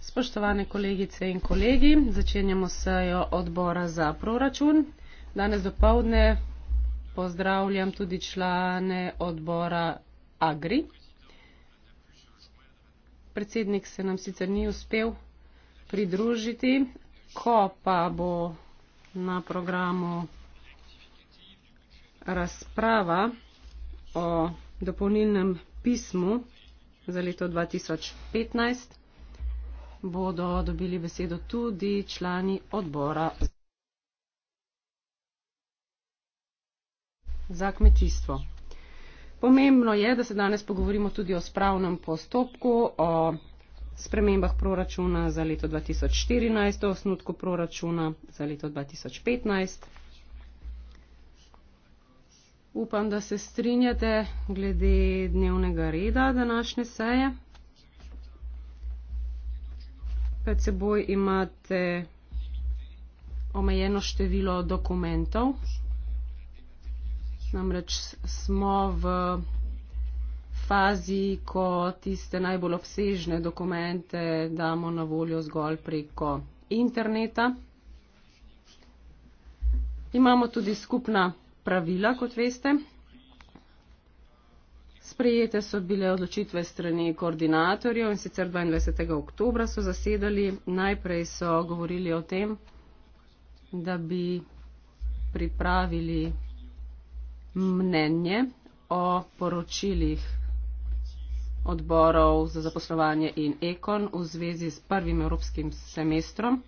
spoštovane kolegice in kolegi začenjamo sejo odbora za proračun danes dopoldne pozdravljam tudi člane odbora agri predsednik se nam sicer ni uspel pridružiti ko pa bo na programu razprava o dopolnilnem pismu za leto 2015 bodo dobili besedo tudi člani odbora za kmetijstvo. Pomembno je, da se danes pogovorimo tudi o spravnem postopku, o spremembah proračuna za leto 2014, o osnutku proračuna za leto 2015. Upam, da se strinjate glede dnevnega reda današnje seje. Pred seboj imate omejeno število dokumentov. Namreč smo v fazi, ko tiste najbolj obsežne dokumente damo na voljo zgolj preko interneta. Imamo tudi skupna pravila, kot veste. Sprejete so bile odločitve strani koordinatorjev in sicer 22. oktobra so zasedali. Najprej so govorili o tem, da bi pripravili mnenje o poročilih odborov za zaposlovanje in ekon v zvezi s prvim evropskim semestrom.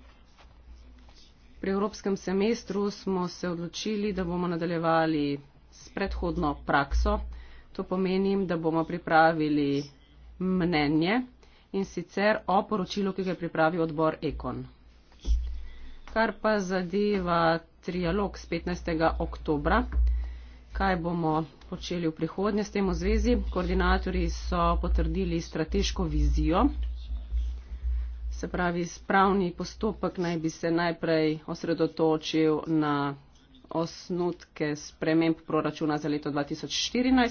Pri evropskem semestru smo se odločili, da bomo nadaljevali s predhodno prakso. To pomeni, da bomo pripravili mnenje in sicer o poročilu, ki ga je pripravil odbor Ekon. Kar pa zadeva trialog z 15. oktobra, kaj bomo počeli v prihodnje s tem v zvezi. Koordinatorji so potrdili strateško vizijo Se pravi, spravni postopek naj bi se najprej osredotočil na osnutke sprememb proračuna za leto 2014,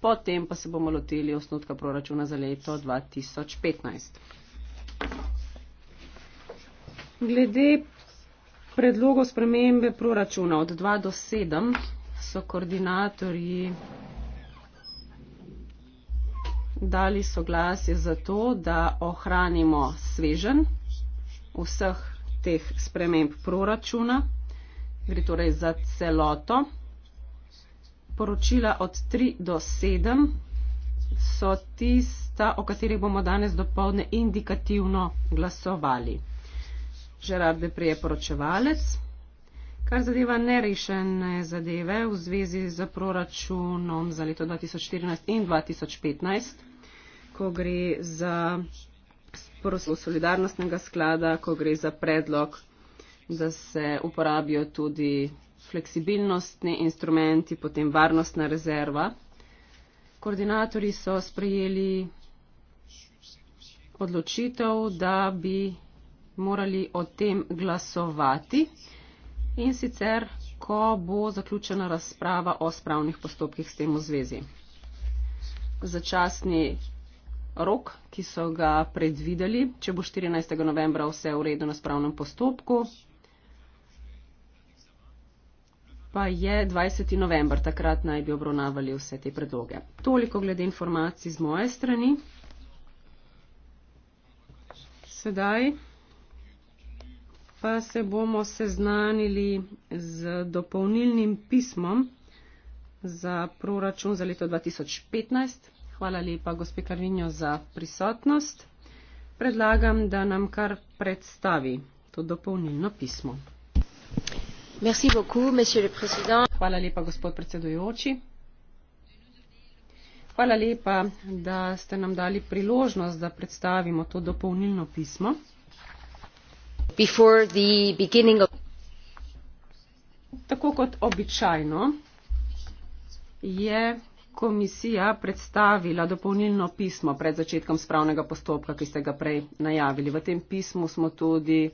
potem pa se bomo lotili osnutka proračuna za leto 2015. Glede predlogov spremembe proračuna od 2 do 7 so koordinatorji dali soglasje za to, da ohranimo svežen vseh teh sprememb proračuna. Gre torej za celoto. Poročila od 3 do 7 so tista, o katerih bomo danes dopolne indikativno glasovali. Žerar de Prije poročevalec. Kar zadeva nerešene zadeve v zvezi z proračunom za leto 2014 in 2015, ko gre za sporozum solidarnostnega sklada, ko gre za predlog, da se uporabijo tudi fleksibilnostni instrumenti, potem varnostna rezerva. Koordinatori so sprejeli odločitev, da bi morali o tem glasovati in sicer, ko bo zaključena razprava o spravnih postopkih s tem v zvezi. Začasni rok, ki so ga predvideli, če bo 14. novembra vse v redu na spravnem postopku, pa je 20. novembar, takrat naj bi obravnavali vse te predloge. Toliko glede informacij z moje strani. Sedaj pa se bomo seznanili z dopolnilnim pismom za proračun za leto 2015. Hvala lepa, gospe Karvinjo, za prisotnost. Predlagam, da nam kar predstavi to dopolnilno pismo. Merci beaucoup, monsieur le président. Hvala lepa, gospod predsedujoči. Hvala lepa, da ste nam dali priložnost, da predstavimo to dopolnilno pismo. Before the beginning of... Tako kot običajno je komisija predstavila dopolnilno pismo pred začetkom spravnega postopka, ki ste ga prej najavili. V tem pismu smo tudi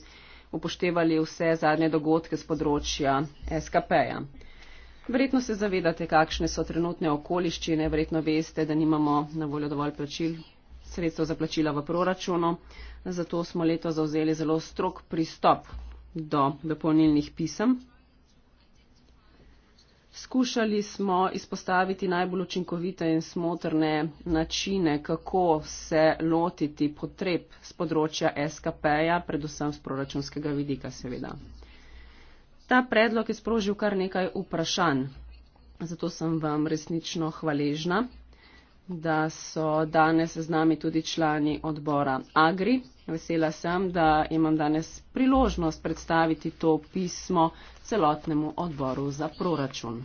upoštevali vse zadnje dogodke z področja SKP-ja. Verjetno se zavedate, kakšne so trenutne okoliščine, verjetno veste, da nimamo na voljo dovolj plačil, sredstev za plačila v proračunu, zato smo leto zauzeli zelo strok pristop do dopolnilnih pisem. Skušali smo izpostaviti najbolj učinkovite in smotrne načine, kako se lotiti potreb z področja SKP-ja, predvsem z proračunskega vidika seveda. Ta predlog je sprožil kar nekaj vprašanj, zato sem vam resnično hvaležna da so danes z nami tudi člani odbora Agri. Vesela sem, da imam danes priložnost predstaviti to pismo celotnemu odboru za proračun.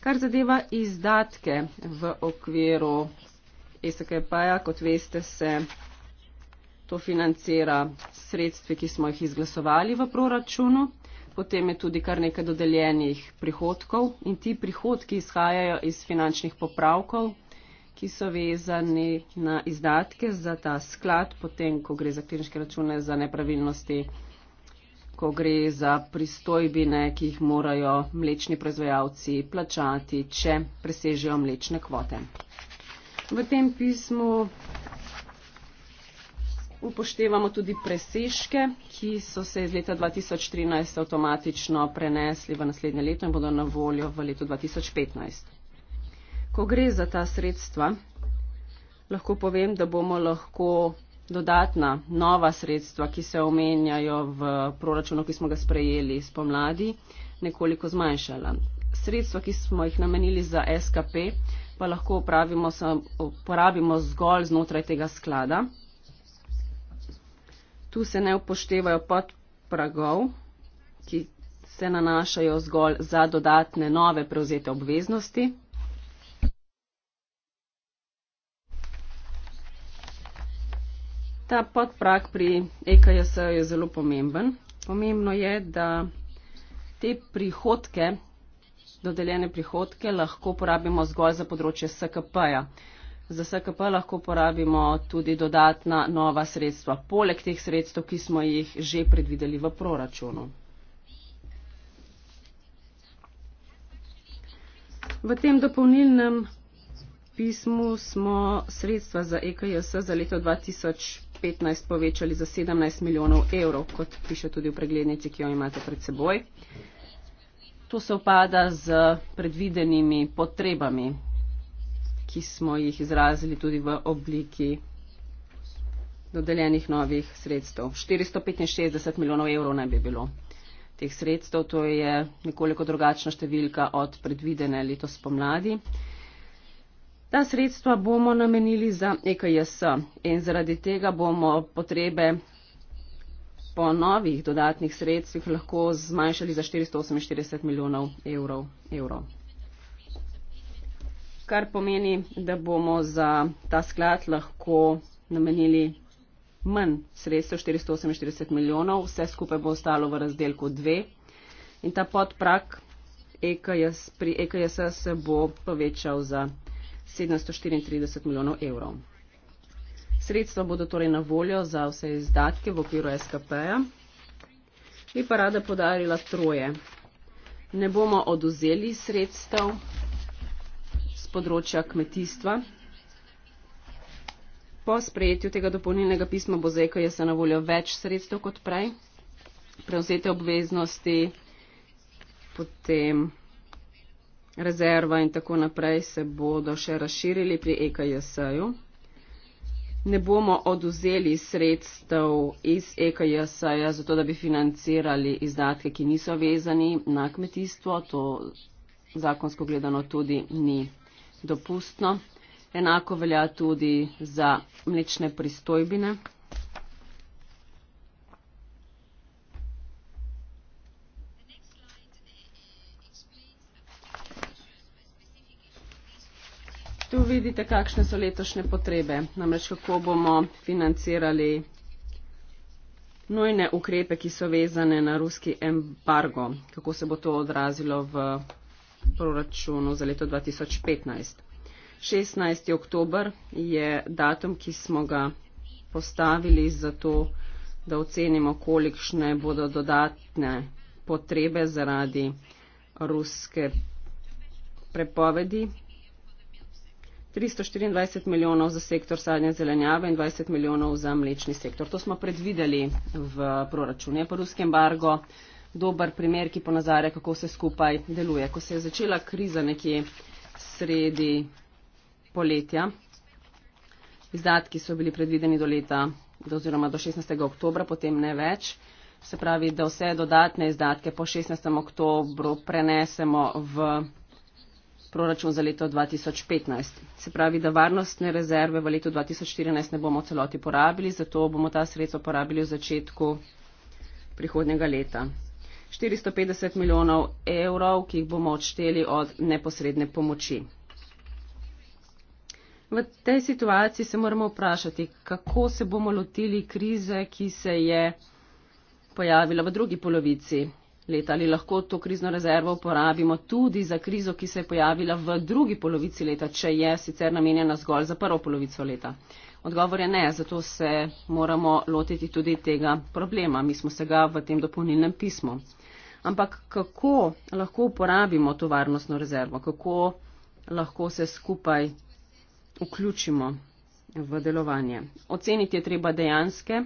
Kar zadeva izdatke v okviru ESKP-ja, kot veste, se to financira sredstvi, ki smo jih izglasovali v proračunu potem je tudi kar nekaj dodeljenih prihodkov in ti prihodki izhajajo iz finančnih popravkov, ki so vezani na izdatke za ta sklad, potem, ko gre za klinične račune, za nepravilnosti, ko gre za pristojbine, ki jih morajo mlečni proizvajalci plačati, če presežejo mlečne kvote. V tem pismu upoštevamo tudi presežke, ki so se iz leta 2013 avtomatično prenesli v naslednje leto in bodo na voljo v letu 2015. Ko gre za ta sredstva, lahko povem, da bomo lahko dodatna nova sredstva, ki se omenjajo v proračunu, ki smo ga sprejeli spomladi, nekoliko zmanjšala. Sredstva, ki smo jih namenili za SKP, pa lahko uporabimo zgolj znotraj tega sklada. Tu se ne upoštevajo podpragov, ki se nanašajo zgolj za dodatne nove prevzete obveznosti. Ta podprag pri EKJS je zelo pomemben. Pomembno je, da te prihodke, dodeljene prihodke, lahko porabimo zgolj za področje SKP-ja. Za SKP lahko porabimo tudi dodatna nova sredstva, poleg teh sredstev, ki smo jih že predvideli v proračunu. V tem dopolnilnem pismu smo sredstva za EKJS za leto 2015 povečali za 17 milijonov evrov, kot piše tudi v preglednici, ki jo imate pred seboj. To se upada z predvidenimi potrebami ki smo jih izrazili tudi v obliki dodeljenih novih sredstev. 465 milijonov evrov naj bi bilo teh sredstev, to je nekoliko drugačna številka od predvidene leto spomladi. Ta sredstva bomo namenili za EKJS in zaradi tega bomo potrebe po novih dodatnih sredstvih lahko zmanjšali za 448 milijonov evrov. evrov kar pomeni, da bomo za ta sklad lahko namenili manj sredstev, 448 milijonov, vse skupaj bo ostalo v razdelku 2 in ta podprak e EKS, pri EKS se bo povečal za 734 milijonov evrov. Sredstva bodo torej na voljo za vse izdatke v okviru SKP-ja. Bi pa rada podarila troje. Ne bomo oduzeli sredstev, področja kmetijstva. Po sprejetju tega dopolnilnega pisma bo ZEKO je se na voljo več sredstev kot prej, prevzete obveznosti, potem rezerva in tako naprej se bodo še razširili pri EKJS-ju. Ne bomo oduzeli sredstev iz EKJS-ja zato, da bi financirali izdatke, ki niso vezani na kmetijstvo. To zakonsko gledano tudi ni dopustno. Enako velja tudi za mlečne pristojbine. Tu vidite, kakšne so letošnje potrebe, namreč kako bomo financirali nujne ukrepe, ki so vezane na ruski embargo, kako se bo to odrazilo v proračunu za leto 2015. 16. oktober je datum, ki smo ga postavili za to, da ocenimo, kolikšne bodo dodatne potrebe zaradi ruske prepovedi. 324 milijonov za sektor sadnje zelenjave in 20 milijonov za mlečni sektor. To smo predvideli v proračunu. Je pa ruski embargo dober primer, ki ponazarja, kako se skupaj deluje. Ko se je začela kriza nekje sredi poletja, izdatki so bili predvideni do leta oziroma do 16. oktobra, potem ne več. Se pravi, da vse dodatne izdatke po 16. oktobru prenesemo v proračun za leto 2015. Se pravi, da varnostne rezerve v letu 2014 ne bomo celoti porabili, zato bomo ta sredstva porabili v začetku prihodnjega leta. 450 milijonov evrov, ki jih bomo odšteli od neposredne pomoči. V tej situaciji se moramo vprašati, kako se bomo lotili krize, ki se je pojavila v drugi polovici leta. Ali lahko to krizno rezervo uporabimo tudi za krizo, ki se je pojavila v drugi polovici leta, če je sicer namenjena zgolj za prvo polovico leta. Odgovor je ne, zato se moramo lotiti tudi tega problema. Mi smo se ga v tem dopolnilnem pismu. Ampak kako lahko uporabimo to varnostno rezervo, kako lahko se skupaj vključimo v delovanje? Oceniti je treba dejanske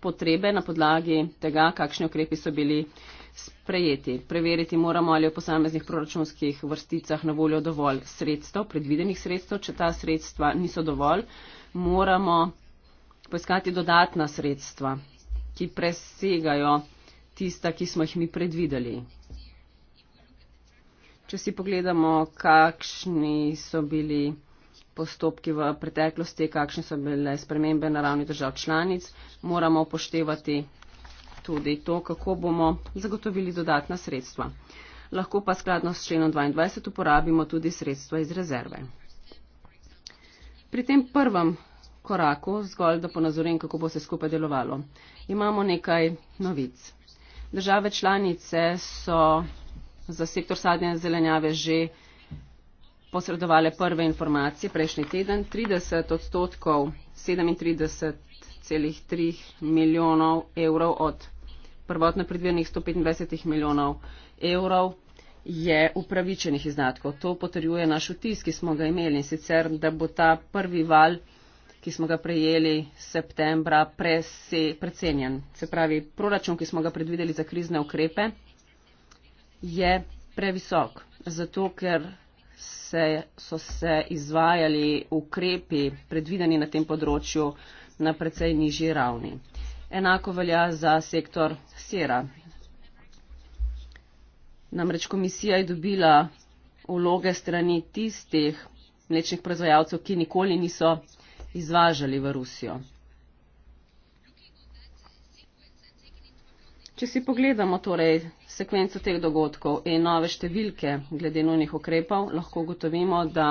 potrebe na podlagi tega, kakšni ukrepi so bili sprejeti. Preveriti moramo, ali je v posameznih proračunskih vrsticah na voljo dovolj sredstev, predvidenih sredstev, če ta sredstva niso dovolj, moramo poiskati dodatna sredstva, ki presegajo tista, ki smo jih mi predvideli. Če si pogledamo, kakšni so bili postopki v preteklosti, kakšne so bile spremembe na ravni držav članic, moramo upoštevati tudi to, kako bomo zagotovili dodatna sredstva. Lahko pa skladno s členom 22 uporabimo tudi sredstva iz rezerve pri tem prvem koraku, zgolj da ponazorim, kako bo se skupaj delovalo. Imamo nekaj novic. Države članice so za sektor sadne zelenjave že posredovale prve informacije prejšnji teden. 30 odstotkov 37,3 milijonov evrov od prvotno predvidenih 125 milijonov evrov je upravičenih izdatkov. To potrjuje naš vtis, ki smo ga imeli in sicer, da bo ta prvi val, ki smo ga prejeli septembra, prese, precenjen. Se pravi, proračun, ki smo ga predvideli za krizne ukrepe, je previsok. Zato, ker se, so se izvajali ukrepi predvideni na tem področju na precej nižji ravni. Enako velja za sektor sera. Namreč komisija je dobila vloge strani tistih mlečnih proizvajalcev, ki nikoli niso izvažali v Rusijo. Če si pogledamo torej sekvenco teh dogodkov in nove številke glede nujnih ukrepov, lahko ugotovimo, da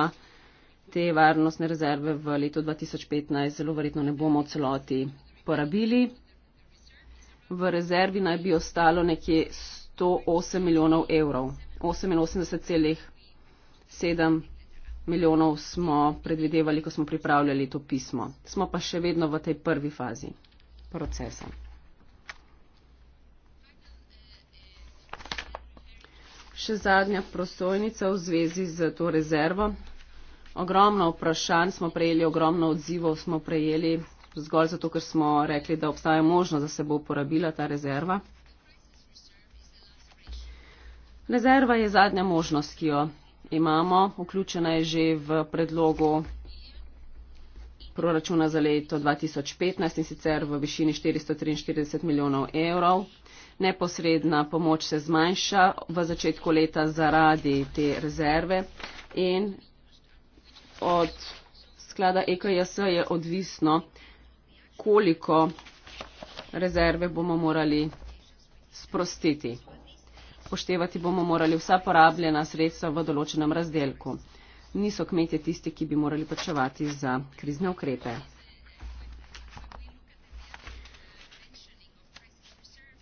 te varnostne rezerve v letu 2015 zelo verjetno ne bomo v celoti porabili. V rezervi naj bi ostalo nekje 100. 108 milijonov evrov. 88,7 milijonov smo predvidevali, ko smo pripravljali to pismo. Smo pa še vedno v tej prvi fazi procesa. Še zadnja prosojnica v zvezi z to rezervo. Ogromno vprašanj smo prejeli, ogromno odzivov smo prejeli, zgolj zato, ker smo rekli, da obstaja možnost, da se bo uporabila ta rezerva. Rezerva je zadnja možnost, ki jo imamo, vključena je že v predlogu proračuna za leto 2015 in sicer v višini 443 milijonov evrov. Neposredna pomoč se zmanjša v začetku leta zaradi te rezerve in od sklada EKJS je odvisno, koliko rezerve bomo morali sprostiti upoštevati bomo morali vsa porabljena sredstva v določenem razdelku. Niso kmetje tisti, ki bi morali plačevati za krizne ukrepe.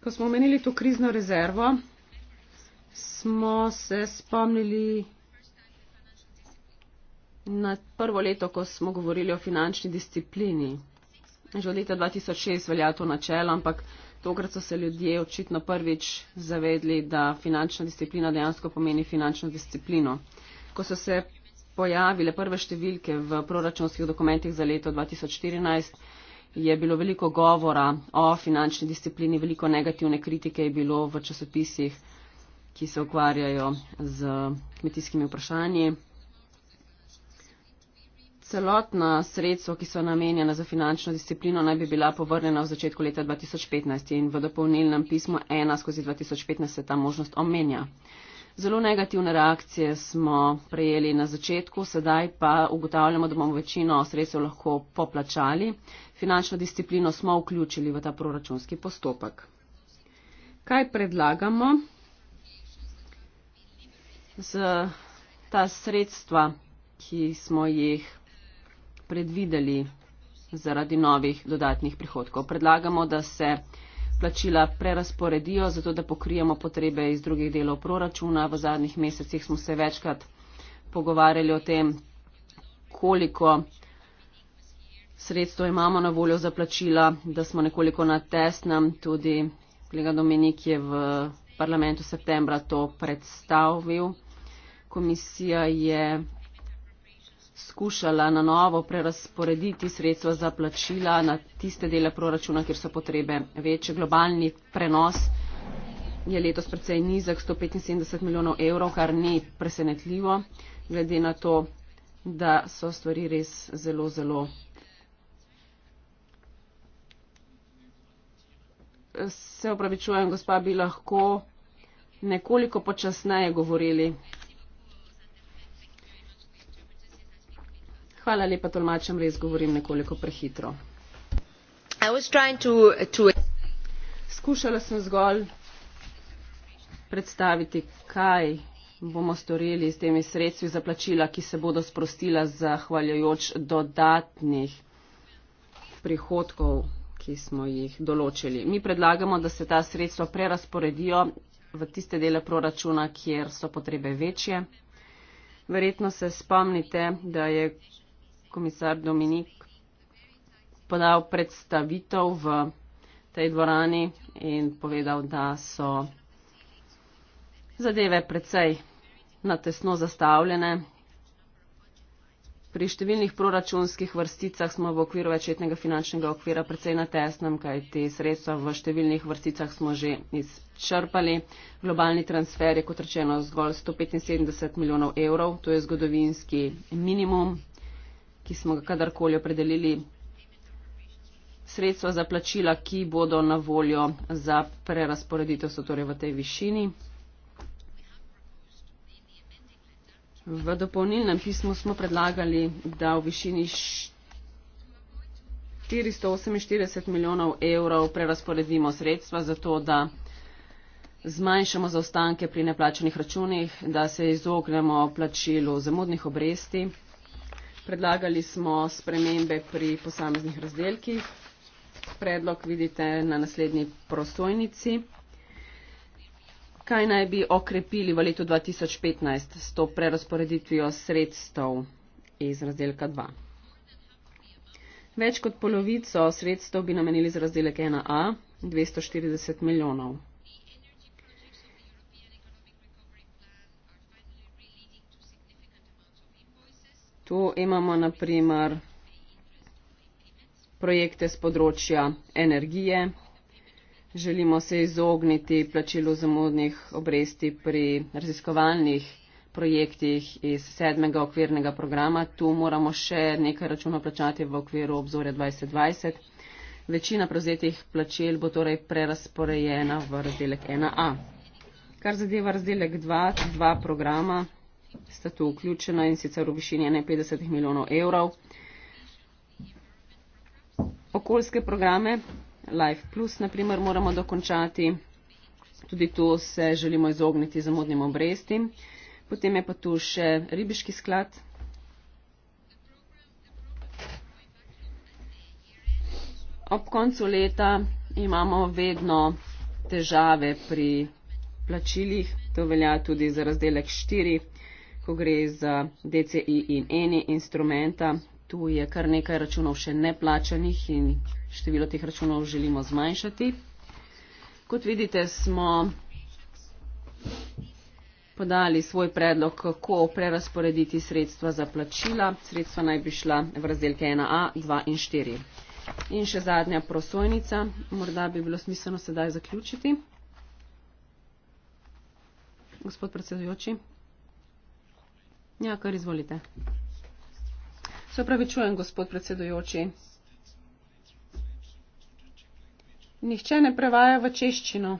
Ko smo omenili to krizno rezervo, smo se spomnili na prvo leto, ko smo govorili o finančni disciplini. Že od leta 2006 velja to načelo, ampak Tokrat so se ljudje očitno prvič zavedli, da finančna disciplina dejansko pomeni finančno disciplino. Ko so se pojavile prve številke v proračunskih dokumentih za leto 2014, je bilo veliko govora o finančni disciplini, veliko negativne kritike je bilo v časopisih, ki se ukvarjajo z kmetijskimi vprašanji celotna sredstva, ki so namenjena za finančno disciplino, naj bi bila povrnjena v začetku leta 2015 in v dopolnilnem pismu 1 skozi 2015 se ta možnost omenja. Zelo negativne reakcije smo prejeli na začetku, sedaj pa ugotavljamo, da bomo večino sredstev lahko poplačali. Finančno disciplino smo vključili v ta proračunski postopek. Kaj predlagamo? Z ta sredstva, ki smo jih predvideli zaradi novih dodatnih prihodkov. Predlagamo, da se plačila prerasporedijo, zato da pokrijemo potrebe iz drugih delov proračuna. V zadnjih mesecih smo se večkrat pogovarjali o tem, koliko sredstvo imamo na voljo za plačila, da smo nekoliko na tesnem. Tudi kolega Dominik je v parlamentu septembra to predstavil. Komisija je skušala na novo prerasporediti sredstva za plačila na tiste dele proračuna, kjer so potrebe večje. Globalni prenos je letos precej nizek, 175 milijonov evrov, kar ni presenetljivo, glede na to, da so stvari res zelo, zelo. Se opravičujem, gospa, bi lahko nekoliko počasneje govorili. Hvala lepa, tolmačem res govorim nekoliko prehitro. To, to... Skušala sem zgolj predstaviti, kaj bomo storili s temi sredstvi za plačila, ki se bodo sprostila zahvaljujoč dodatnih prihodkov, ki smo jih določili. Mi predlagamo, da se ta sredstva prerasporedijo v tiste dele proračuna, kjer so potrebe večje. Verjetno se spomnite, da je komisar Dominik podal predstavitev v tej dvorani in povedal, da so zadeve precej natesno zastavljene. Pri številnih proračunskih vrsticah smo v okviru večetnega finančnega okvira precej na tesnem, kaj te sredstva v številnih vrsticah smo že izčrpali. Globalni transfer je, kot rečeno, zgolj 175 milijonov evrov, to je zgodovinski minimum ki smo ga kadarkoli opredelili, sredstva za plačila, ki bodo na voljo za prerasporeditev, so torej v tej višini. V dopolnilnem pismu smo predlagali, da v višini 448 milijonov evrov prerasporedimo sredstva za to, da zmanjšamo zaostanke pri neplačenih računih, da se izognemo plačilu zamudnih obresti. Predlagali smo spremembe pri posameznih razdelkih. Predlog vidite na naslednji prosojnici. Kaj naj bi okrepili v letu 2015 s to prerasporeditvijo sredstev iz razdelka 2? Več kot polovico sredstev bi namenili za razdelek 1A, 240 milijonov. Tu imamo naprimer projekte z področja energije. Želimo se izogniti plačilu zamudnih obresti pri raziskovalnih projektih iz sedmega okvirnega programa. Tu moramo še nekaj računa plačati v okviru obzorja 2020. Večina prevzetih plačil bo torej prerasporejena v razdelek 1a. Kar zadeva razdelek 2, dva programa, sta tu vključena in sicer v višini 51 milijonov evrov. Okoljske programe, Life Plus naprimer, moramo dokončati. Tudi tu se želimo izogniti zamudnim obrestim. Potem je pa tu še ribiški sklad. Ob koncu leta imamo vedno težave pri plačilih. To velja tudi za razdelek 4 ko gre za DCI in ENI instrumenta. Tu je kar nekaj računov še neplačanih in število teh računov želimo zmanjšati. Kot vidite, smo podali svoj predlog, kako prerasporediti sredstva za plačila. Sredstva naj bi šla v razdelke 1A, 2 in 4. In še zadnja prosojnica, morda bi bilo smiselno sedaj zaključiti. Gospod predsedujoči. Ja, kar izvolite. Se upravičujem, gospod predsedujoči. Nihče ne prevaja v češčino.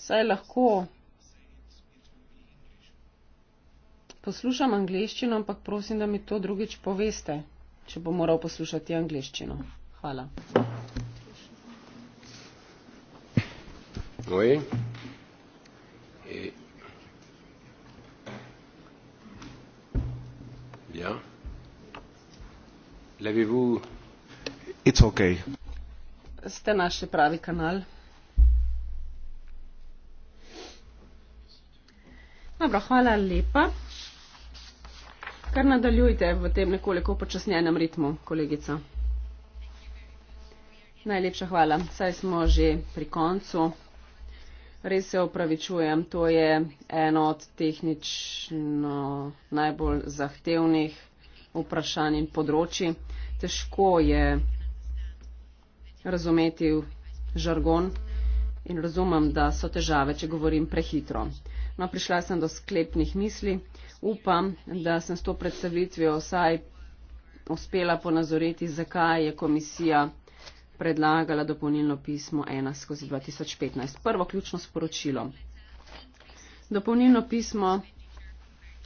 Saj lahko poslušam angliščino, ampak prosim, da mi to drugič poveste, če bom moral poslušati angliščino. Hvala. noé et ja. bien l'avez-vous it's okay c'était notre pravi canal Dobro, hvala lepa. Kar nadaljujte v tem nekoliko počasnjenem ritmu, kolegica. Najlepša hvala. Saj smo že pri koncu. Res se opravičujem, to je eno od tehnično najbolj zahtevnih vprašanj in področji. Težko je razumeti žargon in razumem, da so težave, če govorim prehitro. No, prišla sem do sklepnih misli. Upam, da sem s to predstavitvijo vsaj uspela ponazoriti, zakaj je komisija predlagala dopolnilno pismo 1 skozi 2015. Prvo ključno sporočilo. Dopolnilno pismo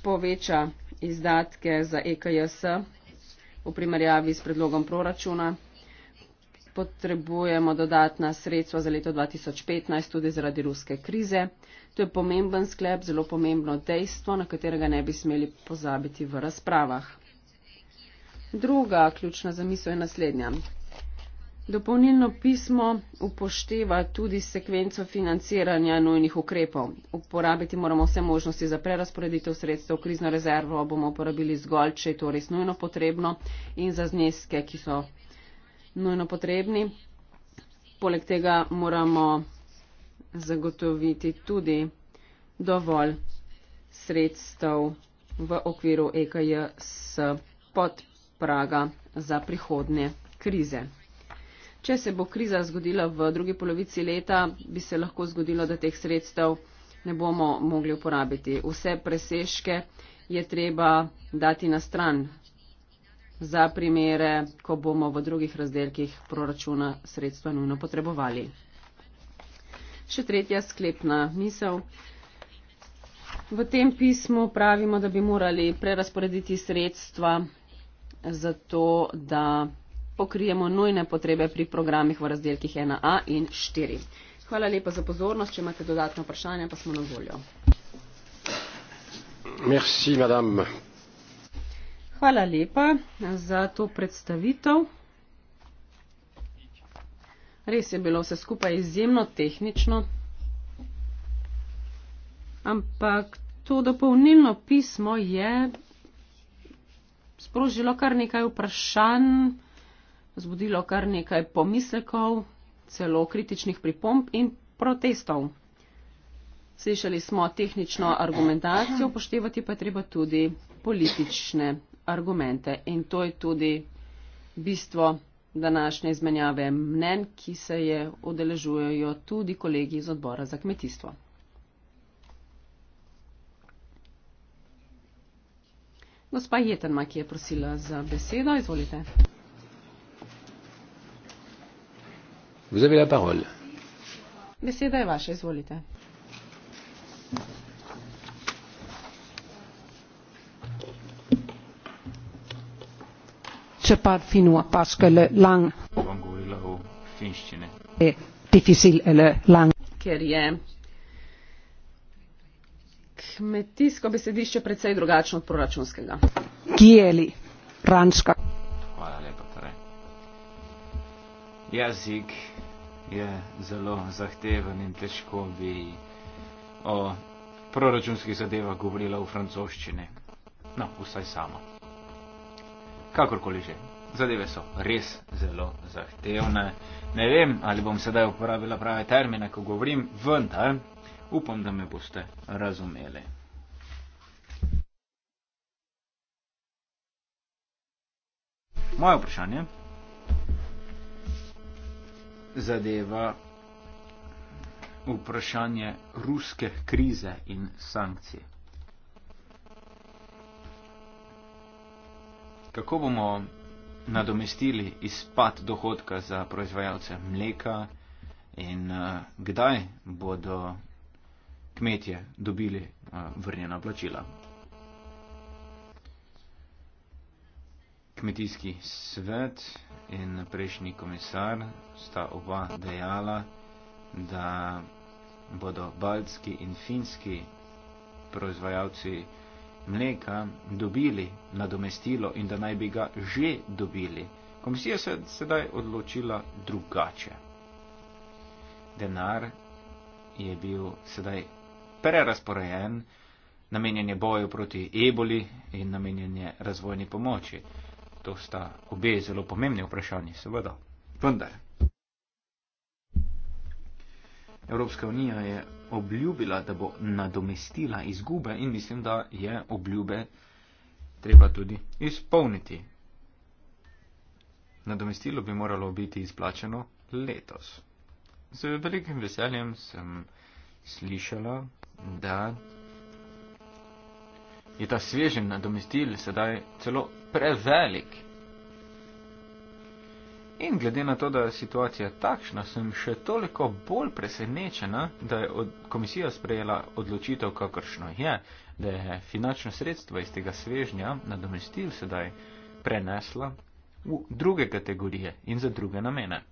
poveča izdatke za EKJS v primerjavi s predlogom proračuna. Potrebujemo dodatna sredstva za leto 2015 tudi zaradi ruske krize. To je pomemben sklep, zelo pomembno dejstvo, na katerega ne bi smeli pozabiti v razpravah. Druga ključna zamisel je naslednja. Dopolnilno pismo upošteva tudi sekvenco financiranja nujnih ukrepov. Uporabiti moramo vse možnosti za prerasporeditev sredstev, krizno rezervo bomo uporabili zgolj, če je to res nujno potrebno in za zneske, ki so nujno potrebni. Poleg tega moramo zagotoviti tudi dovolj sredstev v okviru EKJ s podpraga za prihodnje krize. Če se bo kriza zgodila v drugi polovici leta, bi se lahko zgodilo, da teh sredstev ne bomo mogli uporabiti. Vse preseške je treba dati na stran za primere, ko bomo v drugih razdelkih proračuna sredstva nujno potrebovali. Še tretja sklepna misel. V tem pismu pravimo, da bi morali prerasporediti sredstva za to, da pokrijemo nujne potrebe pri programih v razdelkih 1a in 4. Hvala lepa za pozornost. Če imate dodatno vprašanje, pa smo na voljo. Merci, madame. Hvala lepa za to predstavitev. Res je bilo vse skupaj izjemno tehnično, ampak to dopolnilno pismo je sprožilo kar nekaj vprašanj zbudilo kar nekaj pomislekov, celo kritičnih pripomb in protestov. Slišali smo tehnično argumentacijo, poštevati pa treba tudi politične argumente. In to je tudi bistvo današnje izmenjave mnen, ki se je odeležujejo tudi kolegi iz odbora za kmetijstvo. Gospa Jetenma, ki je prosila za besedo, izvolite. Vous avez la parole. Beseda je vaša, izvolite. Če par finua paskele lang. Je difficil ele lang. Ker je kmetijsko besedišče precej drugačno od proračunskega. Kijeli, ranska. Hvala lepa, torej. Jezik je zelo zahteven in težko bi o proračunskih zadevah govorila v francoščini. No, vsaj sama. Kakorkoli že, zadeve so res zelo zahtevne. Ne vem, ali bom sedaj uporabila prave termine, ko govorim, vendar upam, da me boste razumeli. Moje vprašanje zadeva vprašanje ruske krize in sankcij. Kako bomo nadomestili izpad dohodka za proizvajalce mleka in uh, kdaj bodo kmetje dobili uh, vrnjena plačila? Kmetijski svet in prejšnji komisar sta oba dejala, da bodo baltski in finski proizvajalci mleka dobili nadomestilo in da naj bi ga že dobili. Komisija se je sedaj odločila drugače. Denar je bil sedaj prerasporejen, namenjen je boju proti eboli in namenjen je razvojni pomoči to sta obe zelo pomembni vprašanji, seveda. Vendar. Evropska unija je obljubila, da bo nadomestila izgube in mislim, da je obljube treba tudi izpolniti. Nadomestilo bi moralo biti izplačeno letos. Z velikim veseljem sem slišala, da je ta svežen nadomestil sedaj celo prevelik. In glede na to, da je situacija takšna, sem še toliko bolj presenečena, da je komisija sprejela odločitev, kakršno je, da je finančno sredstvo iz tega svežnja nadomestil sedaj prenesla v druge kategorije in za druge namene.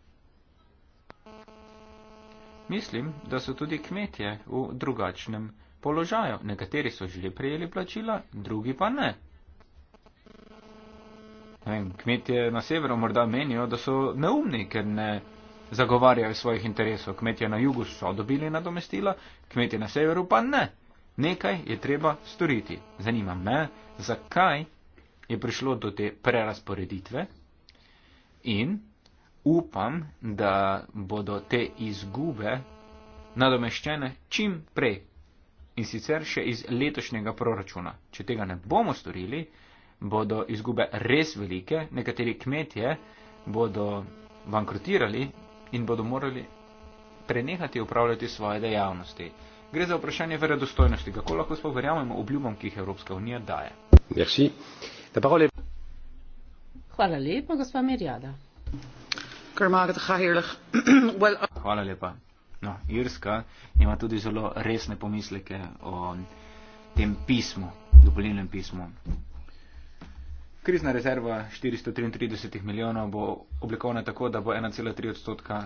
Mislim, da so tudi kmetje v drugačnem položajo. Nekateri so že prejeli plačila, drugi pa ne. ne vem, kmetje na severu morda menijo, da so neumni, ker ne zagovarjajo svojih interesov. Kmetje na jugu so dobili nadomestila, kmetje na severu pa ne. Nekaj je treba storiti. Zanima me, zakaj je prišlo do te prerasporeditve in upam, da bodo te izgube nadomeščene čim prej, in sicer še iz letošnjega proračuna. Če tega ne bomo storili, bodo izgube res velike, nekateri kmetje bodo bankrotirali in bodo morali prenehati upravljati svoje dejavnosti. Gre za vprašanje verodostojnosti, kako lahko sploh verjamemo obljubam, ki jih Evropska unija daje. Merci. Hvala lepa, gospa Mirjada. Uh- Hvala lepa. No, Irska ima tudi zelo resne pomisleke o tem pismu, dopolnilnem pismu. Krizna rezerva 433 milijonov bo oblikovana tako, da bo 1,3 odstotka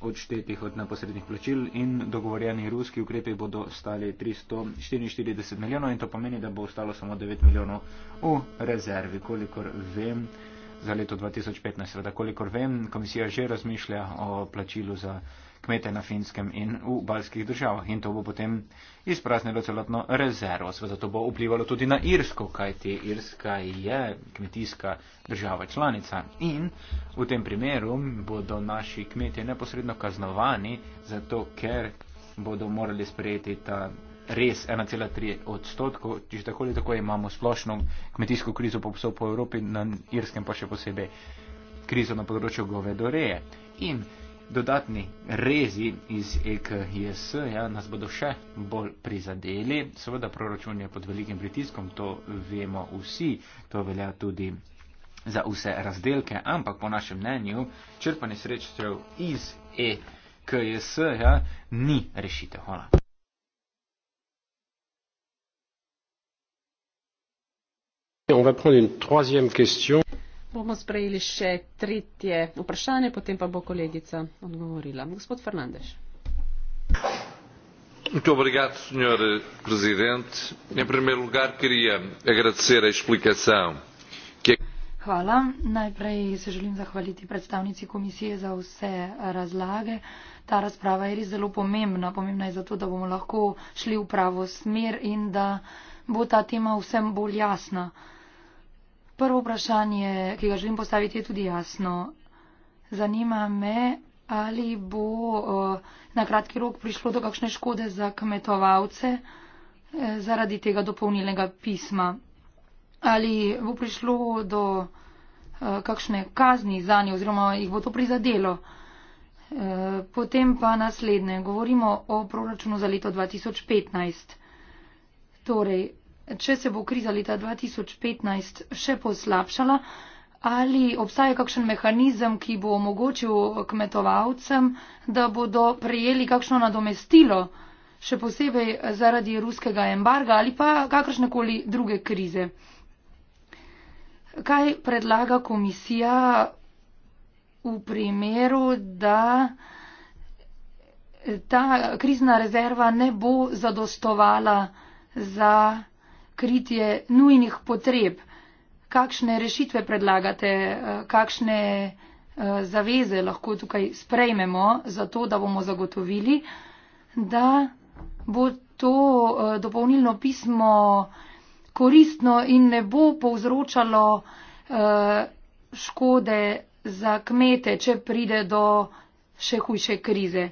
odštetih od neposrednih plačil in dogovorjeni ruski ukrepi bodo stali 344 milijonov in to pomeni, da bo ostalo samo 9 milijonov v rezervi, kolikor vem za leto 2015. Seveda, kolikor vem, komisija že razmišlja o plačilu za kmete na finskem in v balskih državah in to bo potem izpraznilo celotno rezervo. Sve zato bo vplivalo tudi na Irsko, kajti Irska je kmetijska država članica in v tem primeru bodo naši kmetje neposredno kaznovani, zato ker bodo morali sprejeti ta res 1,3 odstotkov, če že tako ali tako imamo splošno kmetijsko krizo po vso po Evropi, na Irskem pa še posebej krizo na področju govedoreje. In dodatni rezi iz EKJS ja, nas bodo še bolj prizadeli. Seveda proračun je pod velikim pritiskom, to vemo vsi, to velja tudi za vse razdelke, ampak po našem mnenju črpanje srečstev iz EKJS ja, ni rešitev. Hvala. On va prendre une troisième question. Bomo sprejeli še tretje vprašanje, potem pa bo kolegica odgovorila. Gospod Fernandez. Muito obrigado, Sr. Presidente. Em primeiro lugar, queria agradecer a explicação. Hvala. Najprej se želim zahvaliti predstavnici komisije za vse razlage. Ta razprava je res zelo pomembna. Pomembna je zato, da bomo lahko šli v pravo smer in da bo ta tema vsem bolj jasna. Uh, Prvo vprašanje, ki ga želim postaviti, je tudi jasno. Zanima me, ali bo eh, na kratki rok prišlo do kakšne škode za kmetovalce eh, zaradi tega dopolnilnega pisma. Ali bo prišlo do eh, kakšne kazni za njih oziroma jih bo to prizadelo. Potem pa naslednje. Govorimo o proračunu za leto 2015. Torej, če se bo kriza leta 2015 še poslabšala, ali obstaja kakšen mehanizem, ki bo omogočil kmetovalcem, da bodo prejeli kakšno nadomestilo, še posebej zaradi ruskega embarga ali pa kakršnekoli druge krize. Kaj predlaga komisija v primeru, da ta krizna rezerva ne bo zadostovala za kritje nujnih potreb. Kakšne rešitve predlagate, eh, kakšne eh, zaveze lahko tukaj sprejmemo za to, da bomo zagotovili, da bo to eh, dopolnilno pismo koristno in ne bo povzročalo škode za kmete, če pride do še hujše krize.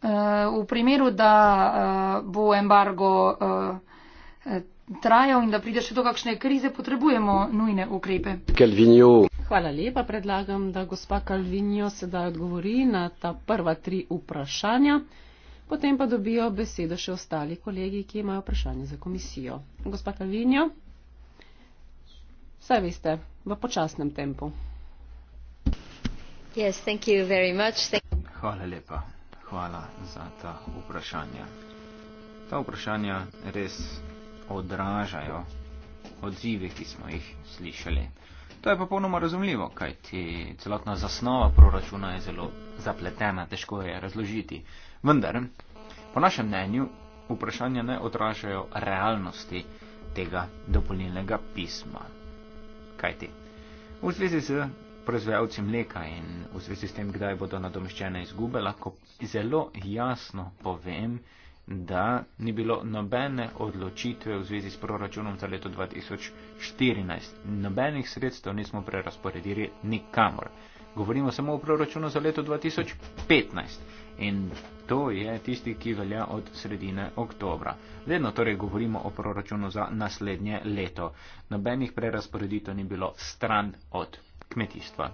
Eh, v primeru, da eh, bo embargo eh, trajal in da pride še do kakšne krize, potrebujemo nujne ukrepe. Calvinio. Hvala lepa. Predlagam, da gospa Kalvinjo sedaj odgovori na ta prva tri vprašanja. Potem pa dobijo besedo še ostali kolegi, ki imajo vprašanje za komisijo. Gospa Kalvinjo, vse veste, v počasnem tempu. Yes, thank you very much. Thank Hvala lepa hvala za ta vprašanja. Ta vprašanja res odražajo odzive, ki smo jih slišali. To je pa popolnoma razumljivo, kajti celotna zasnova proračuna je zelo zapletena, težko je razložiti. Vendar, po našem mnenju, vprašanja ne odražajo realnosti tega dopolnilnega pisma. Kajti, v zvezi z proizvajalci mleka in v zvezi s tem, kdaj bodo nadomeščene izgube, lahko zelo jasno povem, da ni bilo nobene odločitve v zvezi s proračunom za leto 2014. Nobenih sredstev nismo prerasporedili nikamor. Govorimo samo o proračunu za leto 2015 in to je tisti, ki velja od sredine oktobra. Vedno torej govorimo o proračunu za naslednje leto. Nobenih prerasporeditev ni bilo stran od kmetijstva.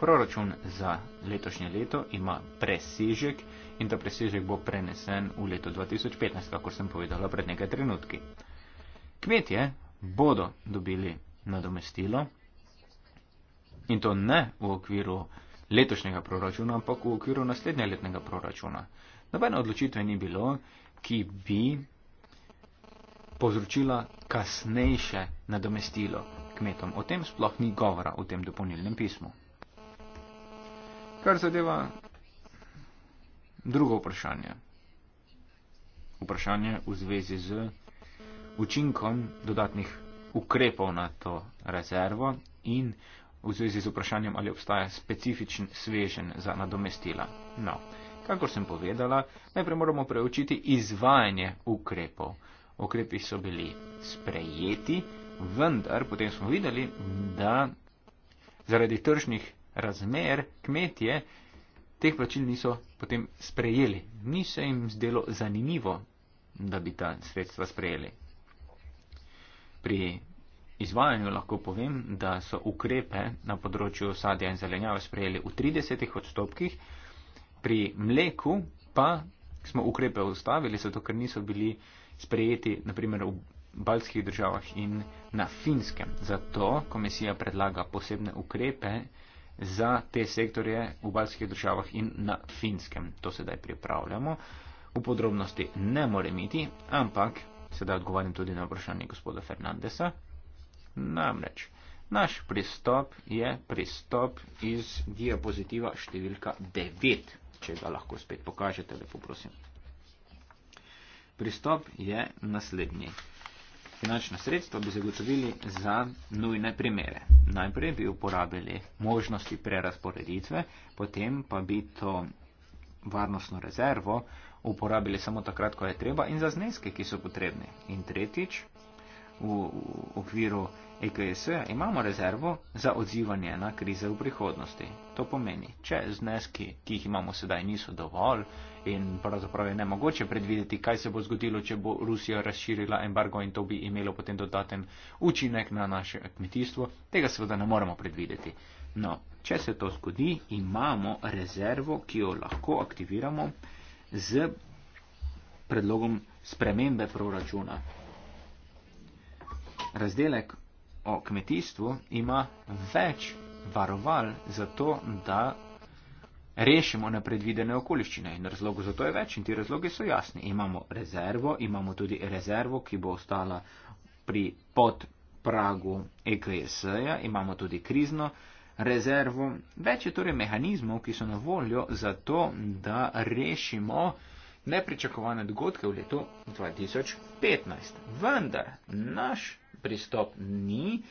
Proračun za letošnje leto ima presežek in ta presežek bo prenesen v leto 2015, kakor sem povedala pred nekaj trenutki. Kmetje bodo dobili nadomestilo in to ne v okviru letošnjega proračuna, ampak v okviru naslednje letnega proračuna. Nobene odločitve ni bilo, ki bi povzročila kasnejše nadomestilo kmetom. O tem sploh ni govora v tem dopolnilnem pismu. Kar zadeva drugo vprašanje. Vprašanje v zvezi z učinkom dodatnih ukrepov na to rezervo in v zvezi z vprašanjem, ali obstaja specifičen svežen za nadomestila. No, kakor sem povedala, najprej moramo preučiti izvajanje ukrepov. Okrepi so bili sprejeti, vendar potem smo videli, da zaradi tržnih razmer kmetje teh plačil niso potem sprejeli. Ni se jim zdelo zanimivo, da bi ta sredstva sprejeli. Pri izvajanju lahko povem, da so ukrepe na področju sadja in zelenjave sprejeli v 30 odstotkih, pri mleku pa smo ukrepe ustavili, zato ker niso bili sprejeti, naprimer, baltskih državah in na finskem. Zato komisija predlaga posebne ukrepe za te sektorje v baltskih državah in na finskem. To sedaj pripravljamo. V podrobnosti ne more imeti, ampak sedaj odgovarjam tudi na vprašanje gospoda Fernandesa. Namreč, naš pristop je pristop iz diapozitiva številka 9, če ga lahko spet pokažete, lepo prosim. Pristop je naslednji finančna sredstva bi zagotovili za nujne primere. Najprej bi uporabili možnosti prerasporeditve, potem pa bi to varnostno rezervo uporabili samo takrat, ko je treba in za zneske, ki so potrebni. In tretjič, v, v okviru EKS -ja imamo rezervo za odzivanje na krize v prihodnosti. To pomeni, če zneski, ki jih imamo sedaj, niso dovolj in pravzaprav je nemogoče predvideti, kaj se bo zgodilo, če bo Rusija razširila embargo in to bi imelo potem dodaten učinek na naše kmetijstvo, tega seveda ne moremo predvideti. No, če se to zgodi, imamo rezervo, ki jo lahko aktiviramo z predlogom spremembe proračuna. Razdelek o kmetijstvu, ima več varoval za to, da rešimo nepredvidene okoliščine. In razlogov za to je več in ti razlogi so jasni. Imamo rezervo, imamo tudi rezervo, ki bo ostala pri pod pragu EKS-ja, imamo tudi krizno rezervo. Več je torej mehanizmov, ki so na voljo za to, da rešimo nepričakovane dogodke v letu 2015. Vendar naš pristop ni,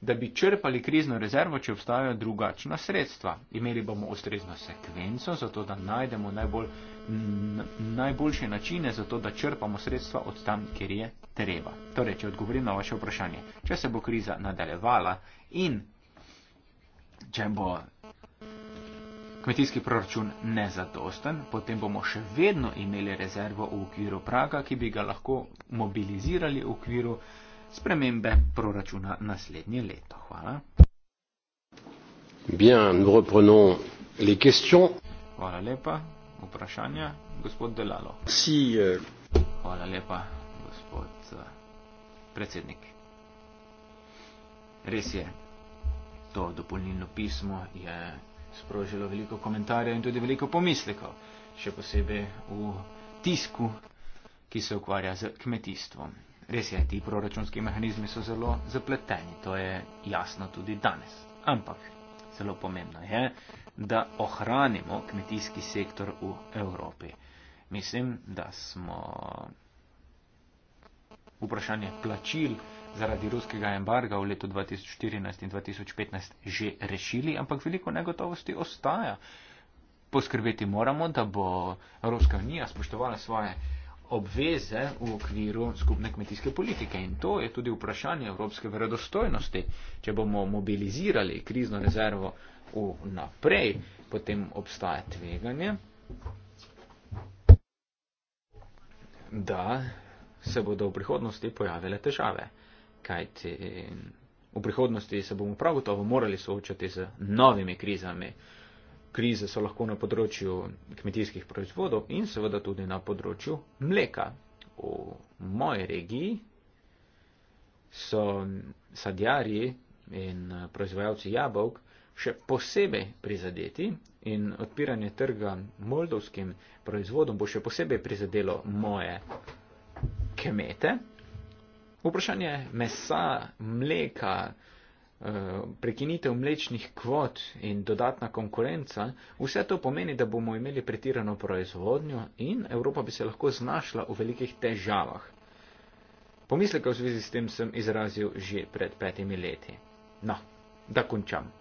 da bi črpali krizno rezervo, če obstajajo drugačna sredstva. Imeli bomo ustrezno sekvenco, zato da najdemo najbolj, najboljše načine za to, da črpamo sredstva od tam, kjer je treba. Torej, če odgovorim na vaše vprašanje, če se bo kriza nadaljevala in če bo kmetijski proračun nezadosten, potem bomo še vedno imeli rezervo v okviru praga, ki bi ga lahko mobilizirali v okviru spremembe proračuna naslednje leto. Hvala. Bien, nous reprenons les questions. Hvala lepa. Vprašanja, gospod Delalo. Si, euh... Hvala lepa, gospod uh, predsednik. Res je, to dopolnilno pismo je sprožilo veliko komentarjev in tudi veliko pomislekov, še posebej v tisku, ki se ukvarja z kmetijstvom. Res je, ti proračunski mehanizmi so zelo zapleteni, to je jasno tudi danes. Ampak zelo pomembno je, da ohranimo kmetijski sektor v Evropi. Mislim, da smo vprašanje plačil zaradi ruskega embarga v letu 2014 in 2015 že rešili, ampak veliko negotovosti ostaja. Poskrbeti moramo, da bo Evropska unija spoštovala svoje obveze v okviru skupne kmetijske politike. In to je tudi vprašanje evropske verodostojnosti. Če bomo mobilizirali krizno rezervo v naprej, potem obstaja tveganje, da se bodo v prihodnosti pojavile težave. Kajti v prihodnosti se bomo prav gotovo morali soočati z novimi krizami krize so lahko na področju kmetijskih proizvodov in seveda tudi na področju mleka. V moji regiji so sadjarji in proizvajalci jabolk še posebej prizadeti in odpiranje trga moldovskim proizvodom bo še posebej prizadelo moje kmete. Vprašanje mesa, mleka, Eh, prekinitev mlečnih kvot in dodatna konkurenca, vse to pomeni, da bomo imeli pretirano proizvodnjo in Evropa bi se lahko znašla v velikih težavah. Pomisleke v zvezi s tem sem izrazil že pred petimi leti. No, da končam.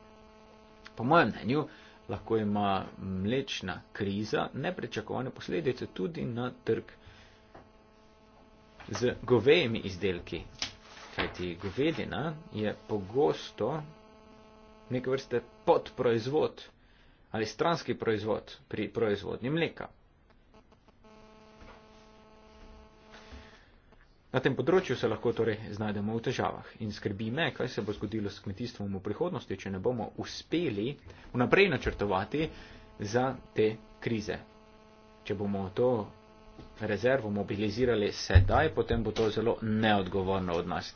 Po mojem mnenju lahko ima mlečna kriza neprečakovane posledice tudi na trg z govejimi izdelki kajti govedina je pogosto neke vrste podproizvod ali stranski proizvod pri proizvodnji mleka. Na tem področju se lahko torej znajdemo v težavah in skrbi me, kaj se bo zgodilo s kmetijstvom v prihodnosti, če ne bomo uspeli vnaprej načrtovati za te krize. Če bomo to rezervo mobilizirali sedaj, potem bo to zelo neodgovorno od nas.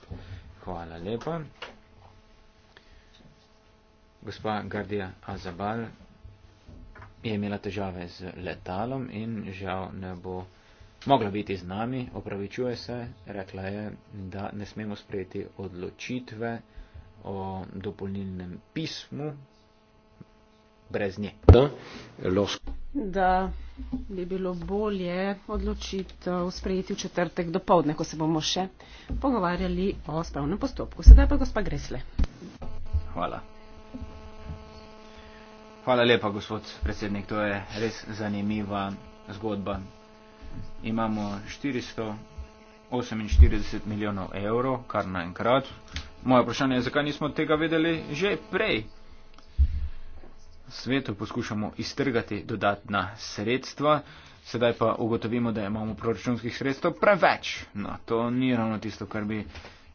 Hvala lepa. Gospa Gardija Azabal je imela težave z letalom in žal ne bo mogla biti z nami. Opravičuje se, rekla je, da ne smemo sprejeti odločitve o dopolnilnem pismu brez nje. Da, losko da bi bilo bolje odločitev sprejeti v četrtek do povdne, ko se bomo še pogovarjali o spravnem postopku. Sedaj pa gospa Gresle. Hvala. Hvala lepa, gospod predsednik. To je res zanimiva zgodba. Imamo 448 milijonov evrov, kar naenkrat. Moje vprašanje je, zakaj nismo tega vedeli že prej? svetu poskušamo iztrgati dodatna sredstva, sedaj pa ugotovimo, da imamo proračunskih sredstev preveč. No, to ni ravno tisto, kar bi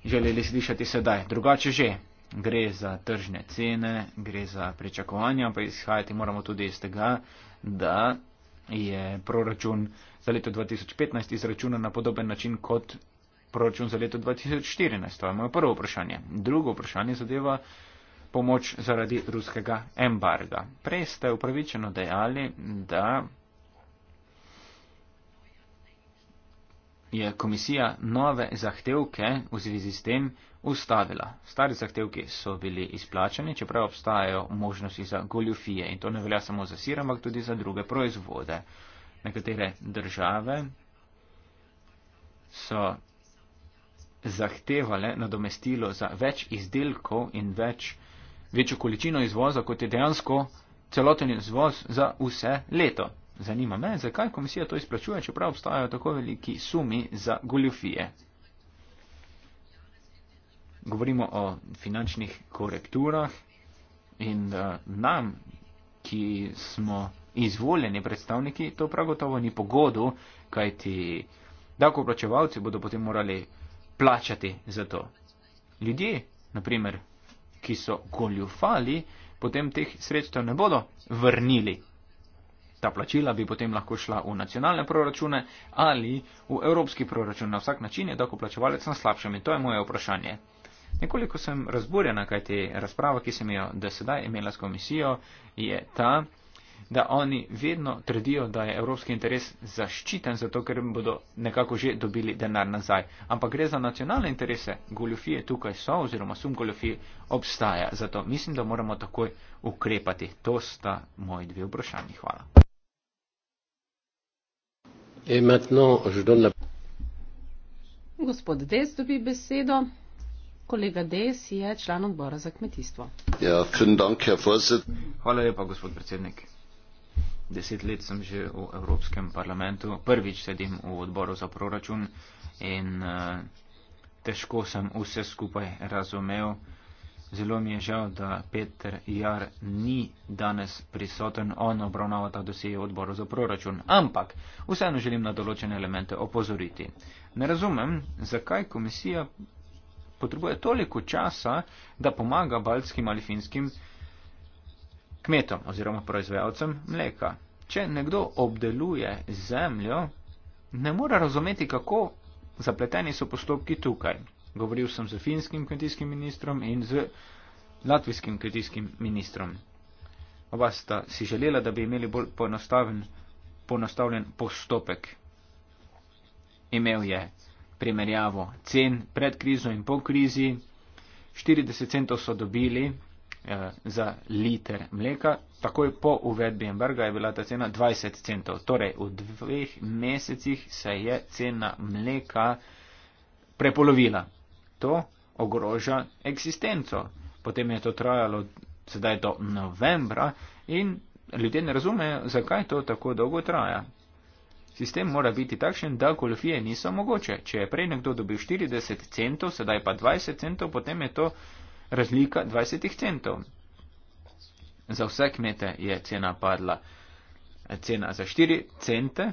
želeli slišati sedaj. Drugače že, gre za tržne cene, gre za pričakovanja, pa izhajati moramo tudi iz tega, da je proračun za leto 2015 izračunan na podoben način kot proračun za leto 2014. To je moje prvo vprašanje. Drugo vprašanje zadeva pomoč zaradi ruskega embarga. Prej ste upravičeno dejali, da je komisija nove zahtevke v zvezi s tem ustavila. Stari zahtevki so bili izplačani, čeprav obstajajo možnosti za goljufije in to ne velja samo za sir, ampak tudi za druge proizvode. Nekatere države so zahtevale nadomestilo za več izdelkov in več proizvodov večjo količino izvoza, kot je dejansko celoten izvoz za vse leto. Zanima me, zakaj komisija to izplačuje, čeprav obstajajo tako veliki sumi za goljofije. Govorimo o finančnih korekturah in uh, nam, ki smo izvoljeni predstavniki, to prav gotovo ni pogodu, kajti davkoplačevalci bodo potem morali plačati za to. Ljudje, naprimer, ki so goljufali, potem teh sredstev ne bodo vrnili. Ta plačila bi potem lahko šla v nacionalne proračune ali v evropski proračun. Na vsak način je dokoplačevalec na slabšem in to je moje vprašanje. Nekoliko sem razburjena, kaj te razprava, ki sem jo do sedaj imela s komisijo, je ta, da oni vedno trdijo, da je evropski interes zaščiten, zato ker bodo nekako že dobili denar nazaj. Ampak gre za nacionalne interese, goljofije tukaj so oziroma sum goljofije obstaja. Zato mislim, da moramo takoj ukrepati. To sta moji dve vprašanji. Hvala. Gospod Des dobi besedo. Kolega Des je član odbora za kmetijstvo. Ja, dank, Hvala lepa, gospod predsednik deset let sem že v Evropskem parlamentu, prvič sedim v odboru za proračun in uh, težko sem vse skupaj razumev. Zelo mi je žal, da Peter Jar ni danes prisoten, on obravnava ta dosje v odboru za proračun. Ampak vseeno želim na določene elemente opozoriti. Ne razumem, zakaj komisija potrebuje toliko časa, da pomaga baltskim ali finskim uh, kmetom oziroma proizvajalcem mleka. Če nekdo obdeluje zemljo, ne mora razumeti, kako zapleteni so postopki tukaj. Govoril sem z finskim kmetijskim ministrom in z latvijskim kmetijskim ministrom. Oba sta si želela, da bi imeli bolj poenostavljen postopek. Imel je primerjavo cen pred krizo in po krizi. 40 centov so dobili, Eh, za liter mleka. Takoj po uvedbi embarga je bila ta cena 20 centov. Torej, v dveh mesecih se je cena mleka prepolovila. To ogroža eksistenco. Potem je to trajalo, sedaj je to novembra in ljudje ne razumejo, zakaj to tako dolgo traja. Sistem mora biti takšen, da kolofije niso mogoče. Če je prej nekdo dobil 40 centov, sedaj pa 20 centov, potem je to razlika 20 centov. Za vse kmete je cena padla cena za 4 cente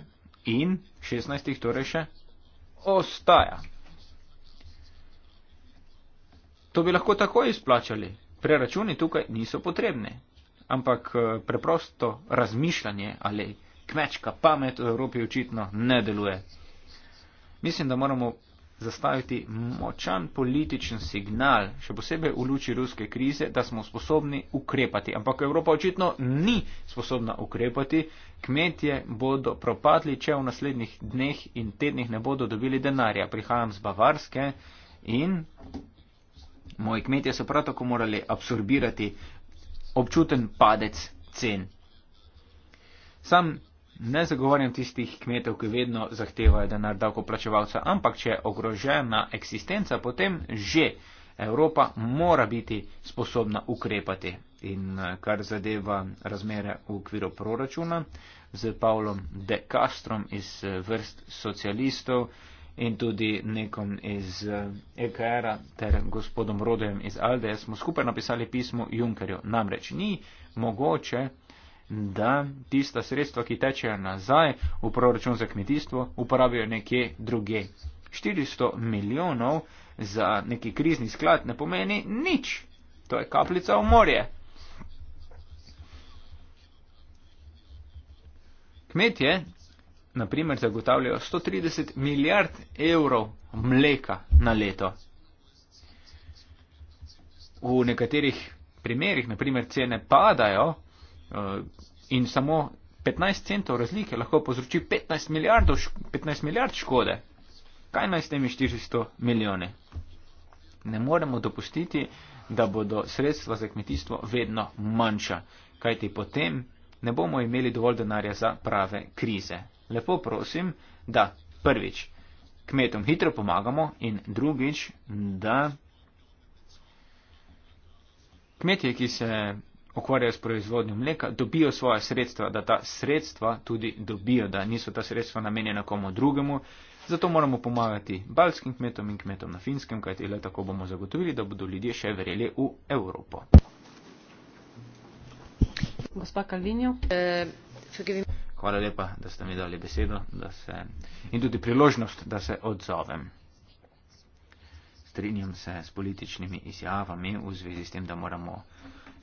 in 16 torej še ostaja. To bi lahko takoj izplačali, preračuni tukaj niso potrebni, ampak eh, preprosto razmišljanje ali kmečka pamet v Evropi očitno ne deluje. Mislim, da moramo zastaviti močan političen signal, še posebej v luči ruske krize, da smo sposobni ukrepati. Ampak Evropa očitno ni sposobna ukrepati. Kmetje bodo propadli, če v naslednjih dneh in tednih ne bodo dobili denarja. Prihajam z Bavarske in moji kmetje so prav tako morali absorbirati občuten padec cen. Sam ne zagovarjam tistih kmetov, ki vedno zahtevajo denar davkoplačevalca, ampak če je ogrožena eksistenca, potem že Evropa mora biti sposobna ukrepati. In eh, kar zadeva razmere v okviru proračuna z Pavlom De Castrom iz eh, vrst socialistov in tudi nekom iz EKR-a eh, e ter gospodom Rodejem iz ALDE, smo skupaj napisali pismo Junkerju. Namreč ni mogoče da tista sredstva, ki tečejo nazaj v proračun za kmetijstvo, uporabijo nekje druge. 400 milijonov za neki krizni sklad ne pomeni nič. To je kapljica v morje. Kmetje, na primer, zagotavljajo 130 milijard evrov mleka na leto. V nekaterih primerih, na primer, cene padajo, Eh, in samo 15 centov razlike lahko povzroči 15 milijard, 15 milijard škode. Kaj naj s temi 400 milijoni? Ne moremo dopustiti, da bodo sredstva za kmetijstvo vedno manjša, kajti potem ne bomo imeli dovolj denarja za prave krize. Lepo prosim, da prvič kmetom hitro pomagamo in drugič, da kmetje, ki se ukvarjajo s proizvodnjo mleka, dobijo svoje sredstva, da ta sredstva tudi dobijo, da niso ta sredstva namenjena komu drugemu. Zato moramo pomagati balskim kmetom in kmetom na finskem, kajti le tako bomo zagotovili, da bodo ljudje še verjeli v Evropo. Gospa Kalvinjo. Hvala lepa, da ste mi dali besedo da se, in tudi priložnost, da se odzovem. Strinjam se s političnimi izjavami v zvezi s tem, da moramo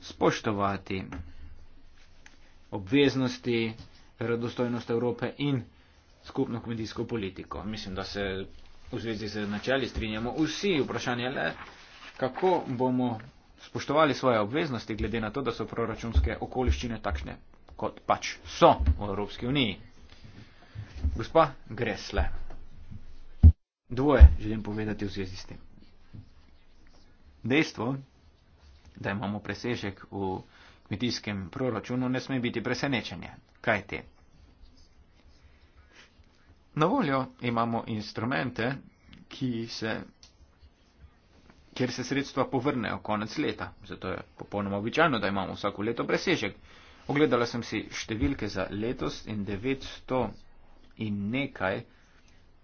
spoštovati obveznosti, verodostojnost Evrope in skupno kmetijsko politiko. Mislim, da se v zvezi z načeli strinjamo vsi. Vprašanje je le, kako bomo spoštovali svoje obveznosti, glede na to, da so proračunske okoliščine takšne, kot pač so v Evropski uniji. Gospa Gresle. Dvoje želim povedati v zvezi s tem. Dejstvo, da imamo presežek v kmetijskem proračunu, ne sme biti presenečenje. Kaj te? Na voljo imamo instrumente, ki se, kjer se sredstva povrnejo konec leta. Zato je popolnoma običajno, da imamo vsako leto presežek. Ogledala sem si številke za letos in 900 in nekaj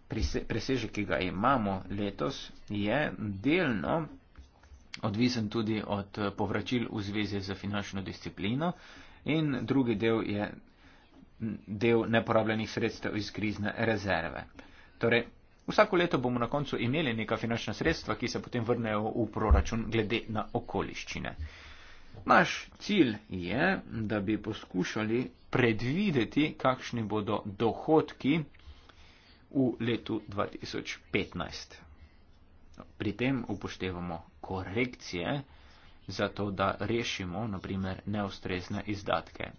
presežek, ki ga imamo letos, je delno odvisen tudi od eh, povračil v zvezi z finančno disciplino in drugi del je del neporabljenih sredstev iz krizne rezerve. Torej, vsako leto bomo na koncu imeli neka finančna sredstva, ki se potem vrnejo v proračun glede na okoliščine. Naš cilj je, da bi poskušali predvideti, kakšni bodo dohodki v letu 2015. Pri tem upoštevamo korekcije, zato da rešimo, naprimer, neustrezne izdatke.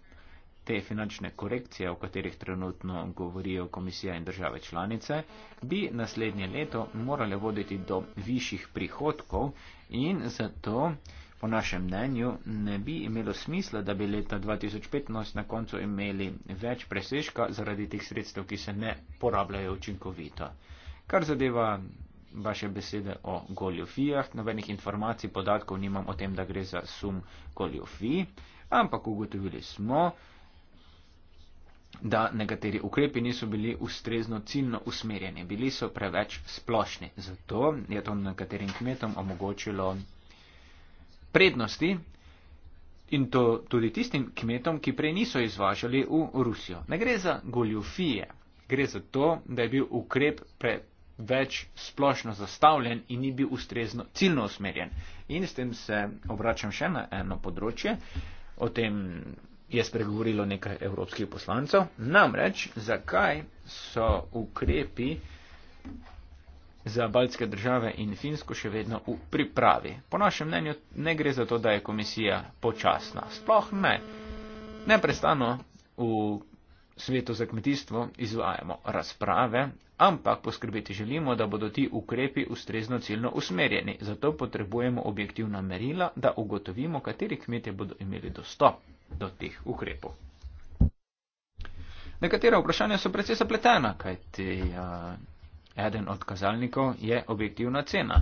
Te finančne korekcije, o katerih trenutno govorijo komisija in države članice, bi naslednje leto morale voditi do višjih prihodkov in zato, po našem mnenju, ne bi imelo smisla, da bi leta 2015 na koncu imeli več presežka zaradi teh sredstev, ki se ne porabljajo učinkovito. Kar zadeva vaše besede o goljofijah, nobenih informacij, podatkov nimam o tem, da gre za sum goljofij, ampak ugotovili smo, da nekateri ukrepi niso bili ustrezno ciljno usmerjeni, bili so preveč splošni. Zato je to nekaterim kmetom omogočilo prednosti in to tudi tistim kmetom, ki prej niso izvažali v Rusijo. Ne gre za goljofije, gre za to, da je bil ukrep pred več splošno zastavljen in ni bil ustrezno ciljno usmerjen. In s tem se obračam še na eno področje, o tem je spregovorilo nekaj evropskih poslancev, namreč zakaj so ukrepi za baltske države in Finsko še vedno v pripravi. Po našem mnenju ne gre za to, da je komisija počasna. Sploh ne. Neprestano v svetu za kmetijstvo izvajamo razprave, ampak poskrbeti želimo, da bodo ti ukrepi ustrezno ciljno usmerjeni. Zato potrebujemo objektivna merila, da ugotovimo, kateri kmetje bodo imeli dostop do teh ukrepov. Nekatera vprašanja so precej zapletena, kajti uh, eden od kazalnikov je objektivna cena.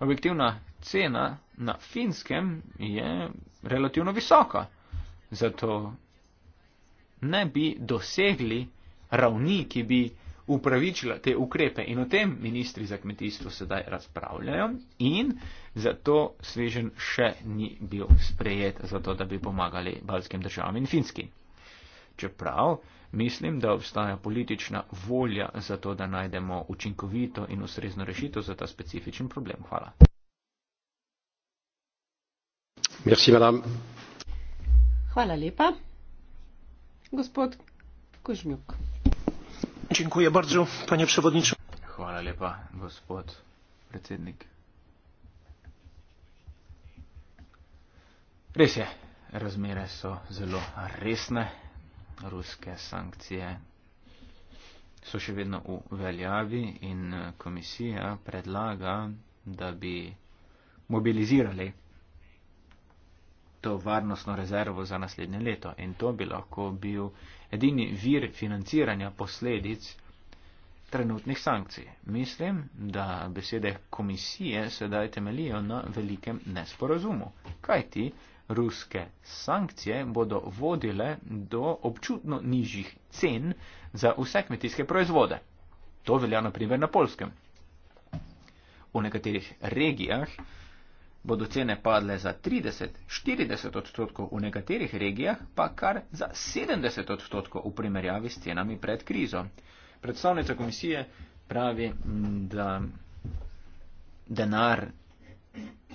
Objektivna cena na finskem je relativno visoka, zato ne bi dosegli ravni, ki bi upravičila te ukrepe in o tem ministri za kmetijstvo sedaj razpravljajo in zato svežen še ni bil sprejet za to, da bi pomagali balskim državam in finski. Čeprav mislim, da obstaja politična volja za to, da najdemo učinkovito in ustrezno rešitev za ta specifičen problem. Hvala. Merci, Hvala lepa. Gospod Kožmjuk. Dziękuję bardzo, panie przewodniczący. Hvala lepa, gospod predsednik. Res je, razmere so zelo resne. Ruske sankcije so še vedno v veljavi in eh, komisija predlaga, da bi mobilizirali to varnostno rezervo za naslednje leto. In to bi lahko bil edini vir financiranja posledic trenutnih sankcij. Mislim, da besede komisije sedaj temelijo na velikem nesporazumu. Kaj ti ruske sankcije bodo vodile do občutno nižjih cen za vse kmetijske proizvode? To velja na primer na polskem. V nekaterih regijah bodo cene padle za 30-40 odstotkov, v nekaterih regijah pa kar za 70 odstotkov v primerjavi s cenami pred krizo. Predstavnica komisije pravi, mm, da denar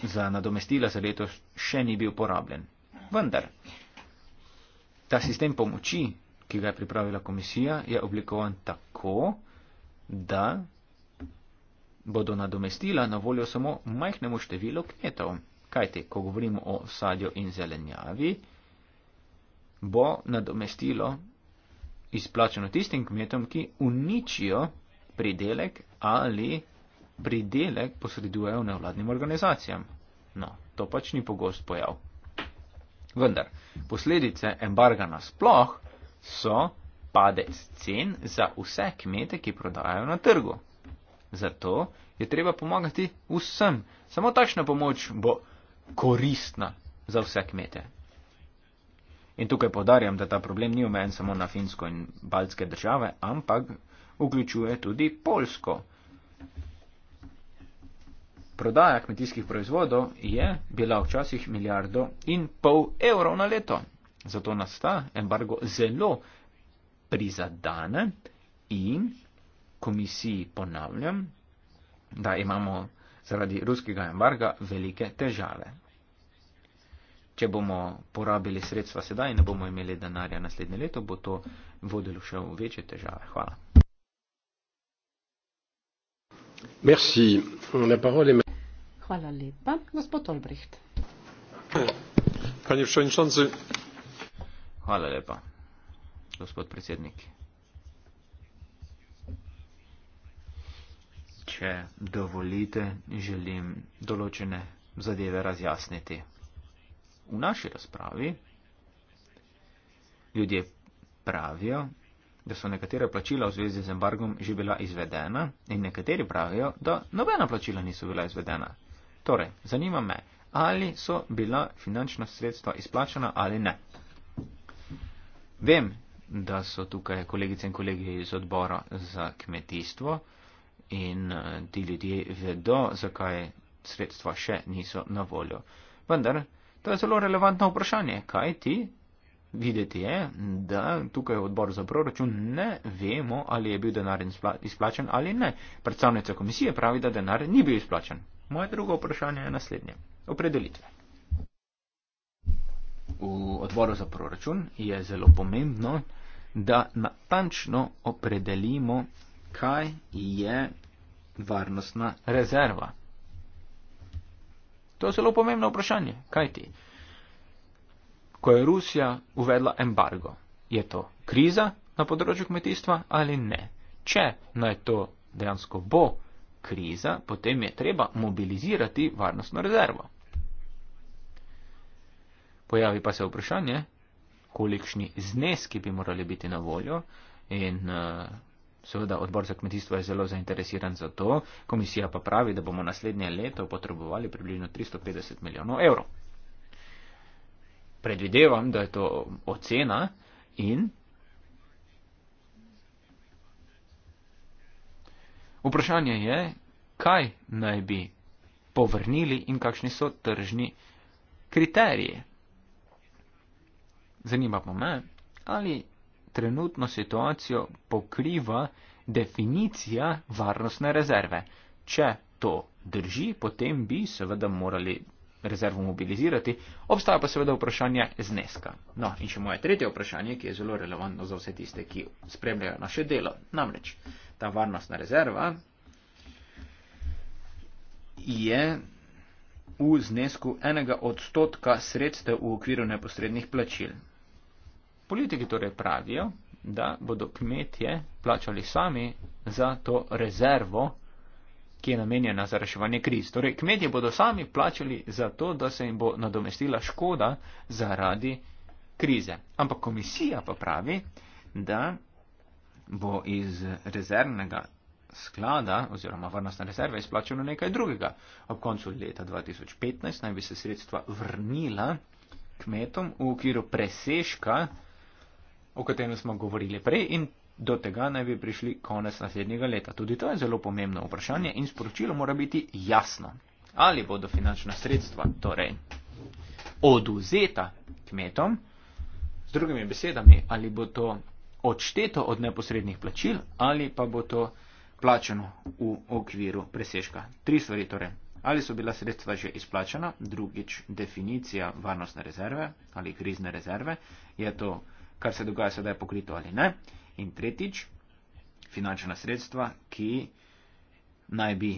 za nadomestila za letos še ni bil porabljen. Vendar, ta sistem pomoči, ki ga je pripravila komisija, je oblikovan tako, da bodo nadomestila na voljo samo majhnemu številu kmetov. Kajte, ko govorimo o sadju in zelenjavi, bo nadomestilo izplačeno tistim kmetom, ki uničijo pridelek ali pridelek posredujejo nevladnim organizacijam. No, to pač ni pogost pojav. Vendar, posledice embarga nasploh so padec cen za vse kmete, ki prodajajo na trgu. Zato je treba pomagati vsem. Samo takšna pomoč bo koristna za vse kmete. In tukaj podarjam, da ta problem ni omejen samo na finsko in baltske države, ampak vključuje tudi polsko. Prodaja kmetijskih proizvodov je bila včasih milijardo in pol evrov na leto. Zato nas ta embargo zelo prizadane in komisiji ponavljam, da imamo zaradi ruskega embarga velike težave. Če bomo porabili sredstva sedaj in ne bomo imeli denarja naslednje leto, bo to vodilo še v večje težave. Hvala. Merci. La parole est... Hvala lepa, gospod Olbricht. Hvala lepa, gospod predsednik. če dovolite, želim določene zadeve razjasniti. V naši razpravi ljudje pravijo, da so nekatere plačila v zvezi z embargom že bila izvedena in nekateri pravijo, da nobena plačila niso bila izvedena. Torej, zanima me, ali so bila finančna sredstva izplačena ali ne. Vem, da so tukaj kolegice in kolegi iz odbora za kmetijstvo, in eh, ti ljudje vedo, zakaj sredstva še niso na voljo. Vendar, to je zelo relevantno vprašanje, kaj ti? Videti je, da tukaj v odboru za proračun ne vemo, ali je bil denar izplačen ali ne. Predstavnica komisije pravi, da denar ni bil izplačen. Moje drugo vprašanje je naslednje. Opredelitve. V odboru za proračun je zelo pomembno, da natančno opredelimo kaj je varnostna rezerva. To je zelo pomembno vprašanje, kaj ti. Ko je Rusija uvedla embargo, je to kriza na področju kmetijstva ali ne? Če naj to dejansko bo kriza, potem je treba mobilizirati varnostno rezervo. Pojavi pa se vprašanje, kolikšni zneski bi morali biti na voljo in eh, Seveda odbor za kmetijstvo je zelo zainteresiran za to, komisija pa pravi, da bomo naslednje leto potrebovali približno 350 milijonov evrov. Predvidevam, da je to ocena in. Vprašanje je, kaj naj bi povrnili in kakšni so tržni kriteriji. Zanima pa me, ali trenutno situacijo pokriva definicija varnostne rezerve. Če to drži, potem bi seveda morali rezervo mobilizirati. Obstaja pa seveda vprašanje zneska. No, in še moje tretje vprašanje, ki je zelo relevantno za vse tiste, ki spremljajo naše delo. Namreč, ta varnostna rezerva je v znesku enega odstotka sredstev v okviru neposrednih plačil. Politiki torej pravijo, da bodo kmetje plačali sami za to rezervo, ki je namenjena za reševanje kriz. Torej, kmetje bodo sami plačali za to, da se jim bo nadomestila škoda zaradi krize. Ampak komisija pa pravi, da bo iz rezervnega sklada oziroma varnostne rezerve izplačeno nekaj drugega. Ob koncu leta 2015 naj bi se sredstva vrnila kmetom v okviru preseška o katerem smo govorili prej in do tega naj bi prišli konec naslednjega leta. Tudi to je zelo pomembno vprašanje in sporočilo mora biti jasno. Ali bodo finančna sredstva torej oduzeta kmetom, z drugimi besedami, ali bo to odšteto od neposrednih plačil ali pa bo to plačeno v okviru presežka. Tri stvari torej. Ali so bila sredstva že izplačena, drugič definicija varnostne rezerve ali krizne rezerve, je to kar se dogaja sedaj pokrito ali ne. In tretjič, finančna sredstva, ki naj bi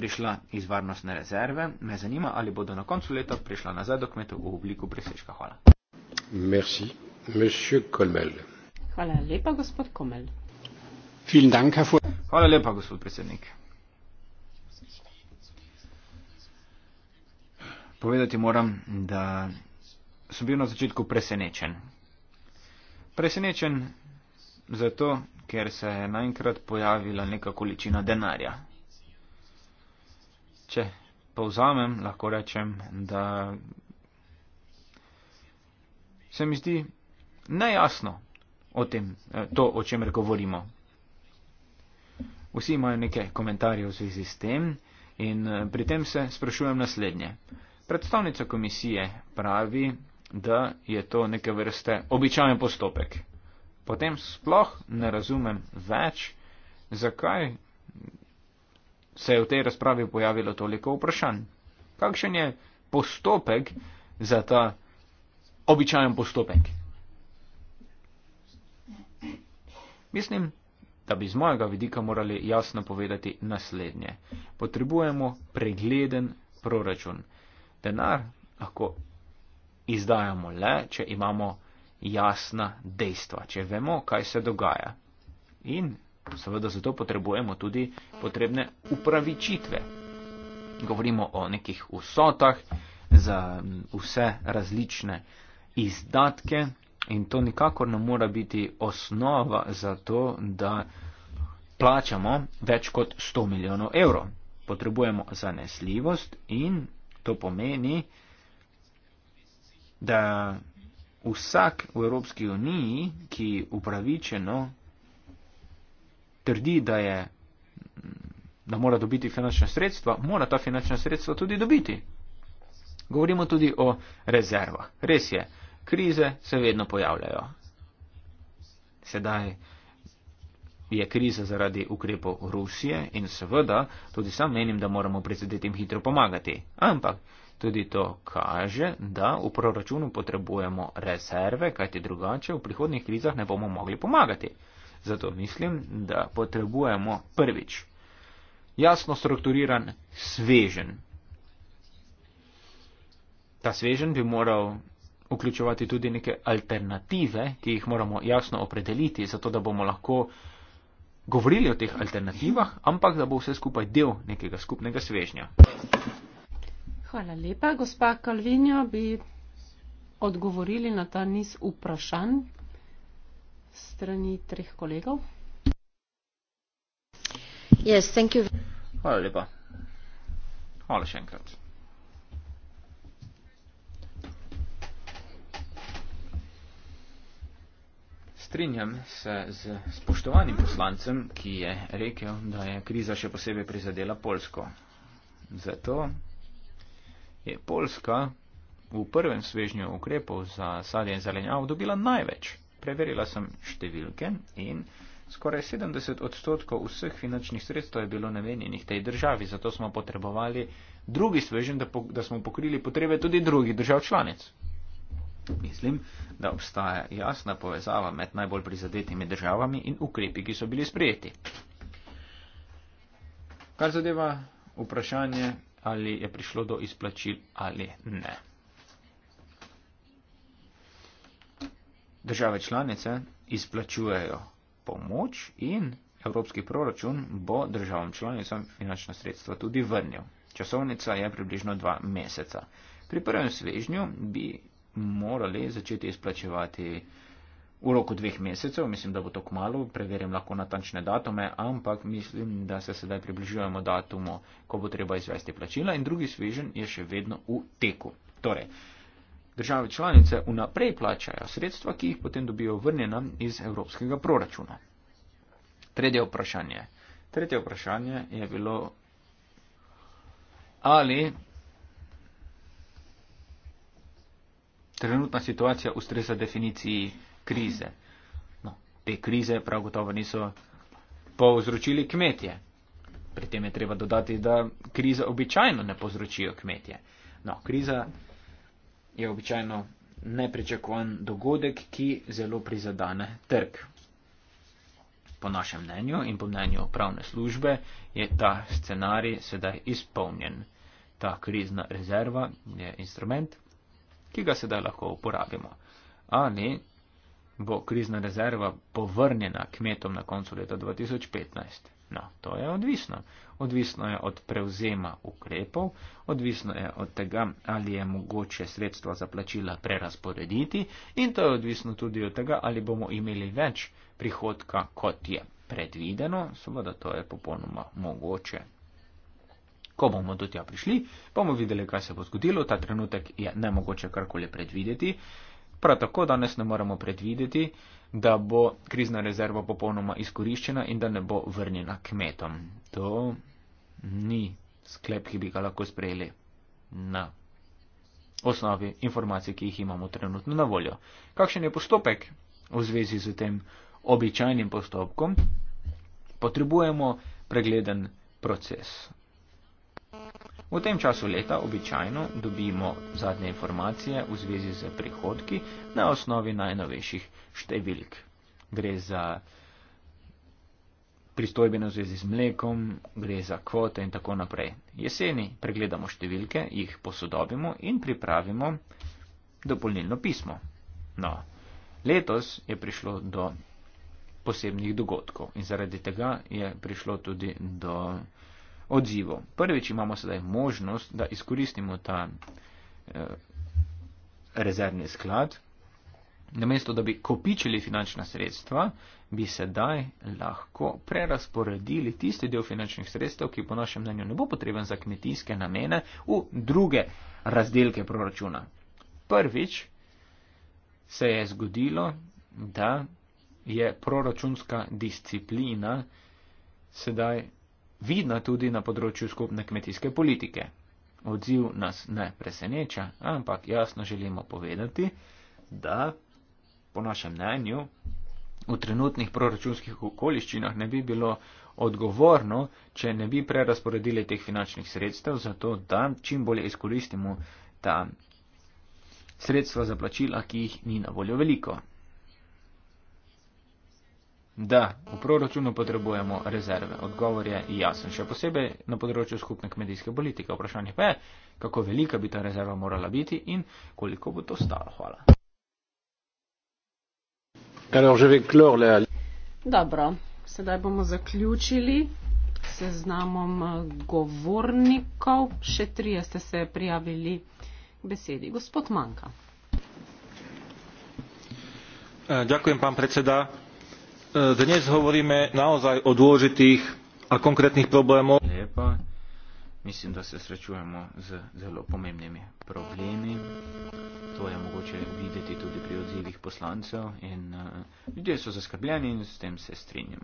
prišla iz varnostne rezerve. Me zanima, ali bodo na koncu leta prišla nazaj do kmetov v obliku presežka. Hvala. Merci, monsieur Komel. Hvala lepa, gospod Komel. Hvala lepa, gospod predsednik. Povedati moram, da sem bil na začetku presenečen, presenečen zato, ker se je naenkrat pojavila neka količina denarja. Če povzamem, lahko rečem, da se mi zdi nejasno o tem, eh, to, o čemer govorimo. Vsi imajo neke komentarje v zvezi s tem in eh, pri tem se sprašujem naslednje. Predstavnica komisije pravi, da je to neke vrste običajen postopek. Potem sploh ne razumem več, zakaj se je v tej razpravi pojavilo toliko vprašanj. Kakšen je postopek za ta običajen postopek? Mislim, da bi z mojega vidika morali jasno povedati naslednje. Potrebujemo pregleden proračun. Denar lahko izdajamo le, če imamo jasna dejstva, če vemo, kaj se dogaja. In seveda zato potrebujemo tudi potrebne upravičitve. Govorimo o nekih vsotah za vse različne izdatke in to nikakor ne mora biti osnova za to, da plačamo več kot 100 milijonov evrov. Potrebujemo zanesljivost in to pomeni, da vsak v Evropski uniji, ki upravičeno trdi, da, je, da mora dobiti finančna sredstva, mora ta finančna sredstva tudi dobiti. Govorimo tudi o rezervah. Res je, krize se vedno pojavljajo. Sedaj je kriza zaradi ukrepov Rusije in seveda tudi sam menim, da moramo predsednikom hitro pomagati. Ampak Tudi to kaže, da v proračunu potrebujemo rezerve, kajti drugače v prihodnih krizah ne bomo mogli pomagati. Zato mislim, da potrebujemo prvič jasno strukturiran svežen. Ta svežen bi moral vključevati tudi neke alternative, ki jih moramo jasno opredeliti, zato da bomo lahko govorili o teh alternativah, ampak da bo vse skupaj del nekega skupnega svežnja. Hvala lepa. Gospa Kalvinjo, bi odgovorili na ta niz vprašanj strani treh kolegov? Yes, thank you. Hvala lepa. Hvala še enkrat. Strinjam se z spoštovanim poslancem, ki je rekel, da je kriza še posebej prizadela Polsko. Zato je Poljska v prvem svežnju ukrepov za sadje in zelenjavo dobila največ. Preverila sem številke in skoraj 70 odstotkov vseh finančnih sredstev je bilo namenjenih tej državi, zato smo potrebovali drugi svežen, da, po, da smo pokrili potrebe tudi drugih držav članic. Mislim, da obstaja jasna povezava med najbolj prizadetimi državami in ukrepi, ki so bili sprejeti. Kar zadeva vprašanje ali je prišlo do izplačil ali ne. Države članice izplačujejo pomoč in evropski proračun bo državam članicam finančno sredstvo tudi vrnil. Časovnica je približno dva meseca. Pri prvem svežnju bi morali začeti izplačevati uh, v roku dveh mesecev, mislim, da bo to kmalo, preverim lahko natančne datume, ampak mislim, da se sedaj približujemo datumu, ko bo treba izvesti plačila in drugi svežen je še vedno v teku. Torej, države članice vnaprej plačajo sredstva, ki jih potem dobijo vrnjena iz evropskega proračuna. Tretje vprašanje. Tretje vprašanje je bilo, ali trenutna situacija ustreza definiciji krize. No, te krize prav gotovo niso povzročili kmetje. Pri tem je treba dodati, da krize običajno ne povzročijo kmetje. No, kriza je običajno nepričakovan dogodek, ki zelo prizadane trg. Po našem mnenju in po mnenju pravne službe je ta scenarij sedaj izpolnjen. Ta krizna rezerva je instrument, ki ga sedaj lahko uporabimo. Ali bo krizna rezerva povrnjena kmetom na koncu leta 2015. No, to je odvisno. Odvisno je od prevzema ukrepov, odvisno je od tega, ali je mogoče sredstva za plačila prerasporediti in to je odvisno tudi od tega, ali bomo imeli več prihodka, kot je predvideno. Seveda, to je popolnoma mogoče. Ko bomo do tja prišli, bomo videli, kaj se bo zgodilo. Ta trenutek je nemogoče karkoli predvideti. Uh, Prav tako danes ne moremo predvideti, da bo krizna rezerva popolnoma izkoriščena in da ne bo vrnjena kmetom. To ni sklep, ki bi ga lahko sprejeli na osnovi informacij, ki jih imamo trenutno na voljo. Kakšen je postopek v zvezi z tem običajnim postopkom? Potrebujemo pregleden proces. V tem času leta običajno dobimo zadnje informacije v zvezi z prihodki na osnovi najnovejših številk. Gre za pristojbeno v zvezi z mlekom, gre za kvote in tako naprej. Jeseni pregledamo številke, jih posodobimo in pripravimo dopolnilno pismo. No, letos je prišlo do posebnih dogodkov in zaradi tega je prišlo tudi do odzivov. Prvič imamo sedaj možnost, da izkoristimo ta eh, rezervni sklad. Namesto, da bi kopičili finančna sredstva, bi sedaj lahko prerasporedili tisti del finančnih sredstev, ki po našem mnenju ne bo potreben za kmetijske namene, v druge razdelke proračuna. Prvič se je zgodilo, da je proračunska disciplina sedaj vidna tudi na področju skupne kmetijske politike. Odziv nas ne preseneča, ampak jasno želimo povedati, da po našem mnenju v trenutnih proračunskih okoliščinah ne bi bilo odgovorno, če ne bi prerasporedili teh finančnih sredstev, zato da čim bolje izkoristimo ta sredstva za plačila, ki jih ni na voljo veliko. Da, v proračunu potrebujemo rezerve. Odgovor je jasen, še posebej na področju skupne kmetijske politike. Vprašanje pa je, kako velika bi ta rezerva morala biti in koliko bo to stalo. Hvala. Dobro, sedaj bomo zaključili seznamom eh, govornikov. Še trije ste se prijavili k besedi. Gospod Manka. Eh, ďakujem, pán predseda. E, dnes hovoríme naozaj o dôležitých a konkrétnych problémoch. Lepa. Mislim, da se srečujemo z zelo pomembnimi problemi. To je mogoče videti tudi pri odzivih poslancev in uh, ljudje so zaskrbljeni in s tem se strinjam.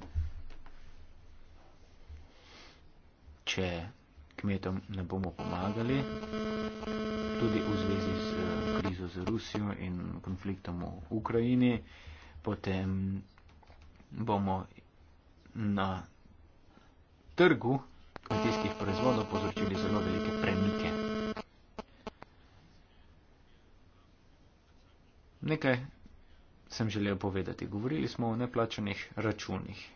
Če kmetom ne bomo pomagali, tudi v zvezi z krizo z Rusijo in konfliktom v Ukrajini, potem bomo na trgu kmetijskih proizvodov povzročili zelo velike premike. Nekaj sem želel povedati. Govorili smo o neplačanih računih.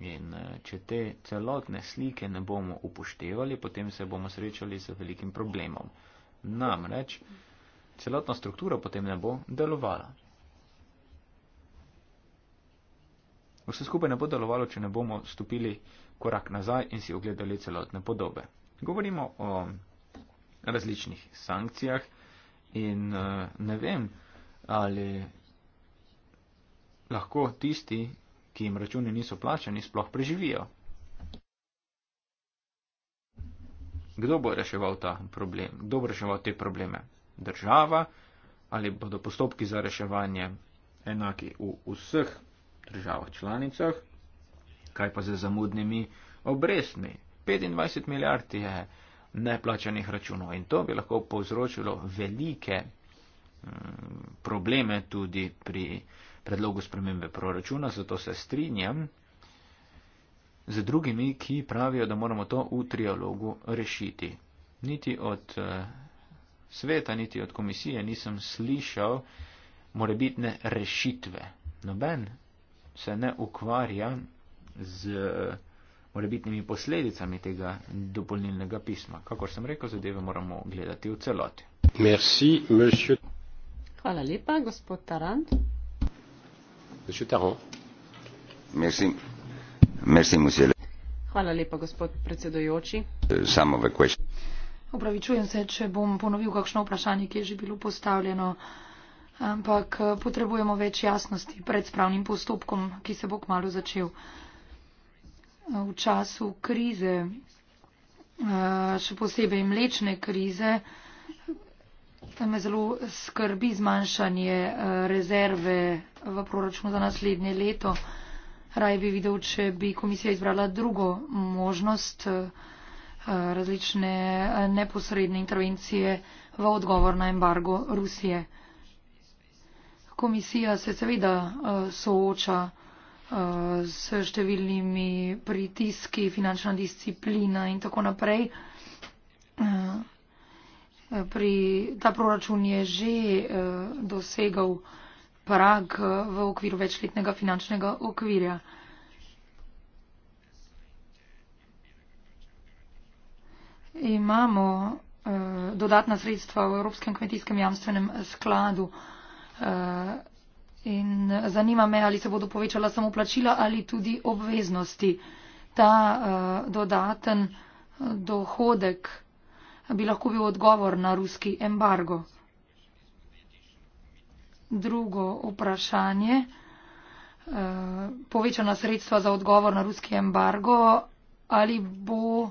In eh, če te celotne slike ne bomo upoštevali, potem se bomo srečali z velikim problemom. Namreč celotna struktura potem ne bo delovala. Vse skupaj ne bo delovalo, če ne bomo stopili korak nazaj in si ogledali celotne podobe. Govorimo o različnih sankcijah in eh, ne vem, ali lahko tisti, ki jim računi niso plačani, sploh preživijo. Kdo bo reševal ta problem? Kdo bo reševal te probleme? Država? Ali bodo postopki za reševanje enaki v vseh državah članicah, kaj pa za zamudnimi obrestmi. 25 milijard je neplačanih računov in to bi lahko povzročilo velike mm, probleme tudi pri predlogu spremembe proračuna, zato se strinjam z drugimi, ki pravijo, da moramo to v trialogu rešiti. Niti od eh, sveta, niti od komisije nisem slišal morebitne rešitve. Noben se ne ukvarja z eh, morebitnimi posledicami tega dopolnilnega pisma. Kakor sem rekel, zadeve moramo gledati v celoti. Merci, monsieur. Hvala lepa, gospod Tarant. Monsieur Tarant. Merci. Merci, monsieur. Hvala lepa, gospod predsedojoči. Eh, samo v question. Opravičujem se, če bom ponovil kakšno vprašanje, ki je že bilo postavljeno ampak eh, potrebujemo več jasnosti pred spravnim postopkom, ki se bo kmalo začel. Eh, v času krize, eh, še posebej mlečne krize, tam me zelo skrbi zmanjšanje rezerve v proračunu za naslednje leto. Raj bi videl, če bi komisija izbrala drugo možnost različne neposredne intervencije v odgovor na embargo Rusije komisija se seveda eh, sooča eh, s številnimi pritiski, finančna disciplina in tako naprej. Eh, pri, ta proračun je že dosegal prag v okviru večletnega finančnega okvirja. Imamo dodatna sredstva v Evropskem kmetijskem jamstvenem skladu. Eh, in zanima me, ali se bodo povečala samo plačila ali tudi obveznosti. Ta eh, dodaten eh, dohodek bi lahko bil odgovor na ruski embargo. Drugo vprašanje. Povečana sredstva za odgovor na ruski embargo ali bo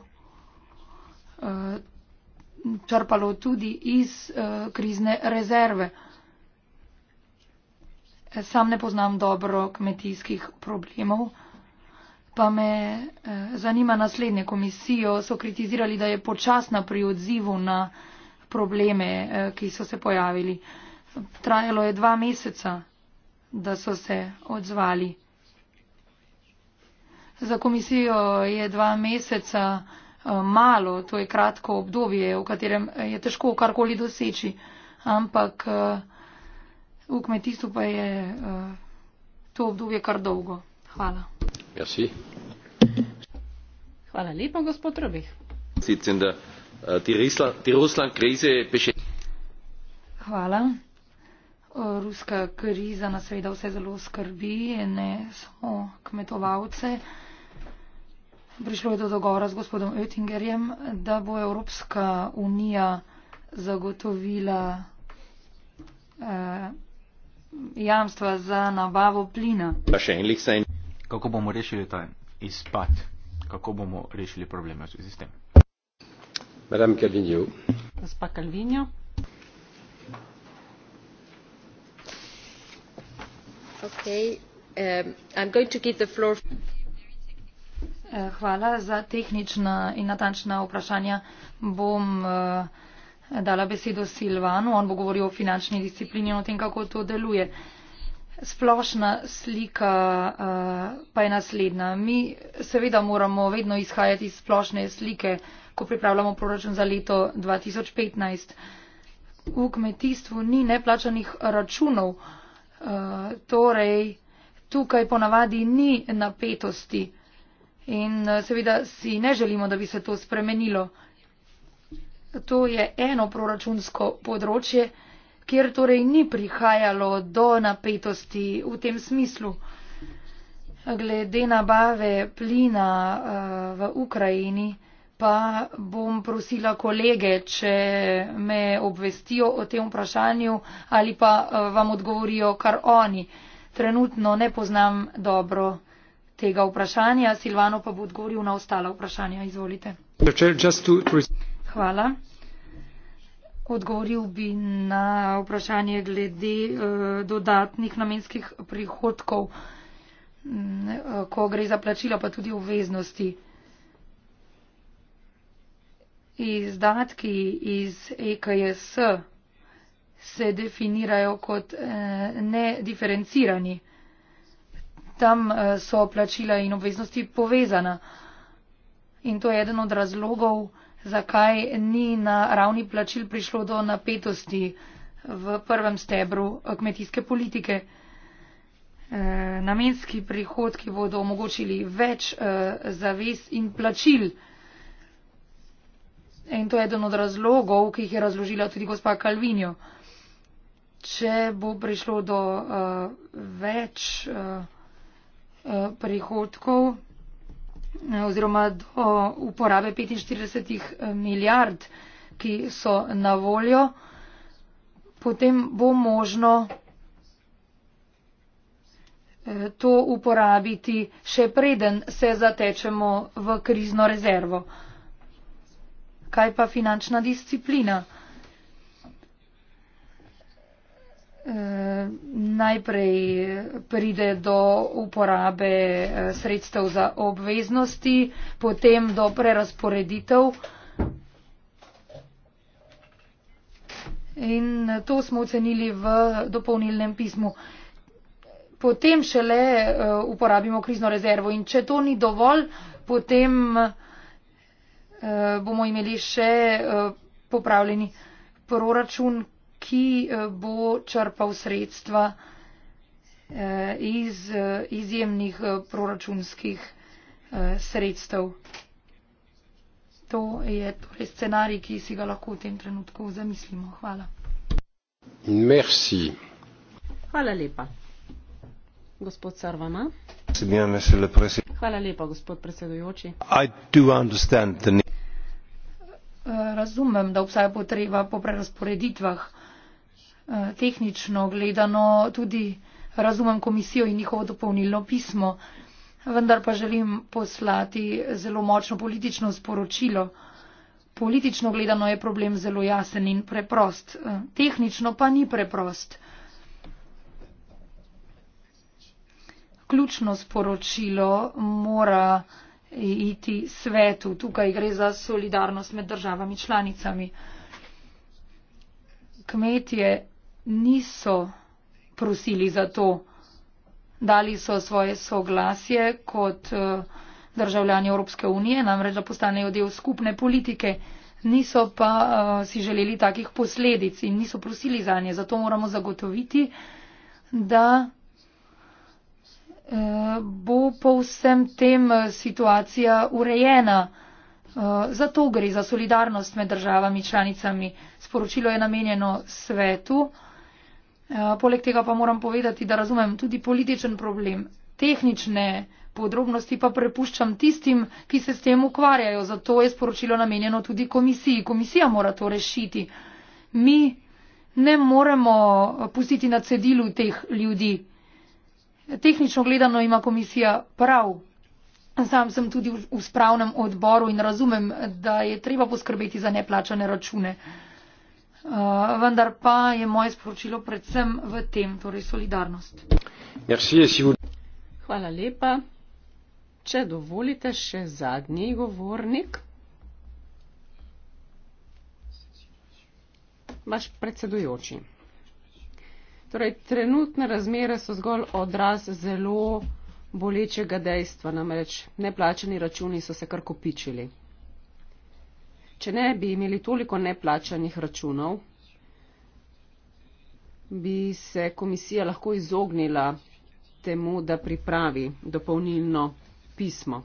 črpalo tudi iz krizne rezerve. Sam ne poznam dobro kmetijskih problemov, pa me eh, zanima naslednje komisijo. So kritizirali, da je počasna pri odzivu na probleme, eh, ki so se pojavili. Trajalo je dva meseca, da so se odzvali. Za komisijo je dva meseca eh, malo, to je kratko obdobje, v katerem je težko karkoli doseči, ampak. V kmetijstvu pa je uh, to obdobje kar dolgo. Hvala. Ja, si. Hvala lepa, gospod Robih. Eh, Hvala. Eh, ruska kriza nas seveda vse zelo skrbi, ne samo kmetovalce. Prišlo je do dogovora z gospodom Oettingerjem, da bo Evropska unija zagotovila eh, jamstva za nabavo plina. Kako bomo rešili ta izpad? Kako bomo rešili probleme v zvezi s tem? Madame Calvinio. Gospa Calvinio. Okay. Um, I'm going to give the floor. Eh, hvala za tehnična in natančna vprašanja. Bom uh, dala besedo Silvanu, on bo govoril o finančni disciplini in o tem, kako to deluje. Splošna slika uh, pa je naslednja. Mi seveda moramo vedno izhajati iz splošne slike, ko pripravljamo proračun za leto 2015. V kmetijstvu ni neplačanih računov, uh, torej tukaj ponavadi ni napetosti. In eh, seveda si ne želimo, da bi se to spremenilo. To je eno proračunsko področje, kjer torej ni prihajalo do napetosti v tem smislu. Glede nabave plina eh, v Ukrajini pa bom prosila kolege, če me obvestijo o tem vprašanju ali pa eh, vam odgovorijo kar oni. Trenutno ne poznam dobro tega vprašanja, Silvano pa bo odgovoril na ostala vprašanja. Izvolite. Just to, to is... Hvala. Odgovoril bi na vprašanje glede eh, dodatnih namenskih prihodkov, mm, ko gre za plačila, pa tudi obveznosti. Izdatki iz EKS se definirajo kot eh, nediferencirani. Tam eh, so plačila in obveznosti povezana. In to je eden od razlogov, zakaj ni na ravni plačil prišlo do napetosti v prvem stebru kmetijske politike. E, namenski prihodki bodo omogočili več e, zavez in plačil. In to je eden od razlogov, ki jih je razložila tudi gospa Kalvinjo. Če bo prišlo do uh, več uh, uh, prihodkov, oziroma do uporabe 45 eh, milijard, ki so na voljo, potem bo možno eh, to uporabiti še preden se zatečemo v krizno rezervo. Kaj pa finančna disciplina? Eh, najprej pride do uporabe eh, sredstev za obveznosti, potem do prerasporeditev. In to smo ocenili v dopolnilnem pismu. Potem šele eh, uporabimo krizno rezervo in če to ni dovolj, potem bomo imeli še popravljeni proračun, ki eh, bo črpal sredstva eh, iz eh, izjemnih proračunskih sredstev. To je torej scenarij, ki si ga lahko v tem trenutku zamislimo. Hvala. Merci. Hvala lepa. Gospod Sarvama. Hvala lepa, gospod predsedujoči. Razumem, da obstaja potreba po prerasporeditvah. Eh, tehnično gledano tudi razumem komisijo in njihovo dopolnilno pismo, vendar pa želim poslati zelo močno politično sporočilo. Politično gledano je problem zelo jasen in preprost, eh, tehnično pa ni preprost. Ključno sporočilo mora iti svetu. Tukaj gre za solidarnost med državami članicami. Kmetje niso prosili za to. Dali so svoje soglasje kot eh, državljani Evropske unije, namreč da postanejo del skupne politike, niso pa eh, si želeli takih posledic in niso prosili za nje. Zato moramo zagotoviti, da eh, bo po vsem tem situacija urejena. Zato gre za solidarnost med državami članicami. Sporočilo je namenjeno svetu. Eh, poleg tega pa moram povedati, da razumem tudi političen problem. Tehnične podrobnosti pa prepuščam tistim, ki se s tem ukvarjajo. Zato je sporočilo namenjeno tudi komisiji. Komisija mora to rešiti. Mi ne moremo pustiti na cedilu teh ljudi. Tehnično gledano ima komisija prav. Sam sem tudi v spravnem odboru in razumem, da je treba poskrbeti za neplačane račune. Uh, Uh, vendar pa je moje sporočilo predvsem v tem, torej solidarnost. Merci, si... Hvala lepa. Če dovolite, še zadnji govornik. Vaš predsedujoči. Torej, trenutne razmere so zgolj odraz zelo bolečega dejstva, namreč neplačeni računi so se kar kopičili če ne bi imeli toliko neplačanih računov, bi se komisija lahko izognila temu, da pripravi dopolnilno pismo,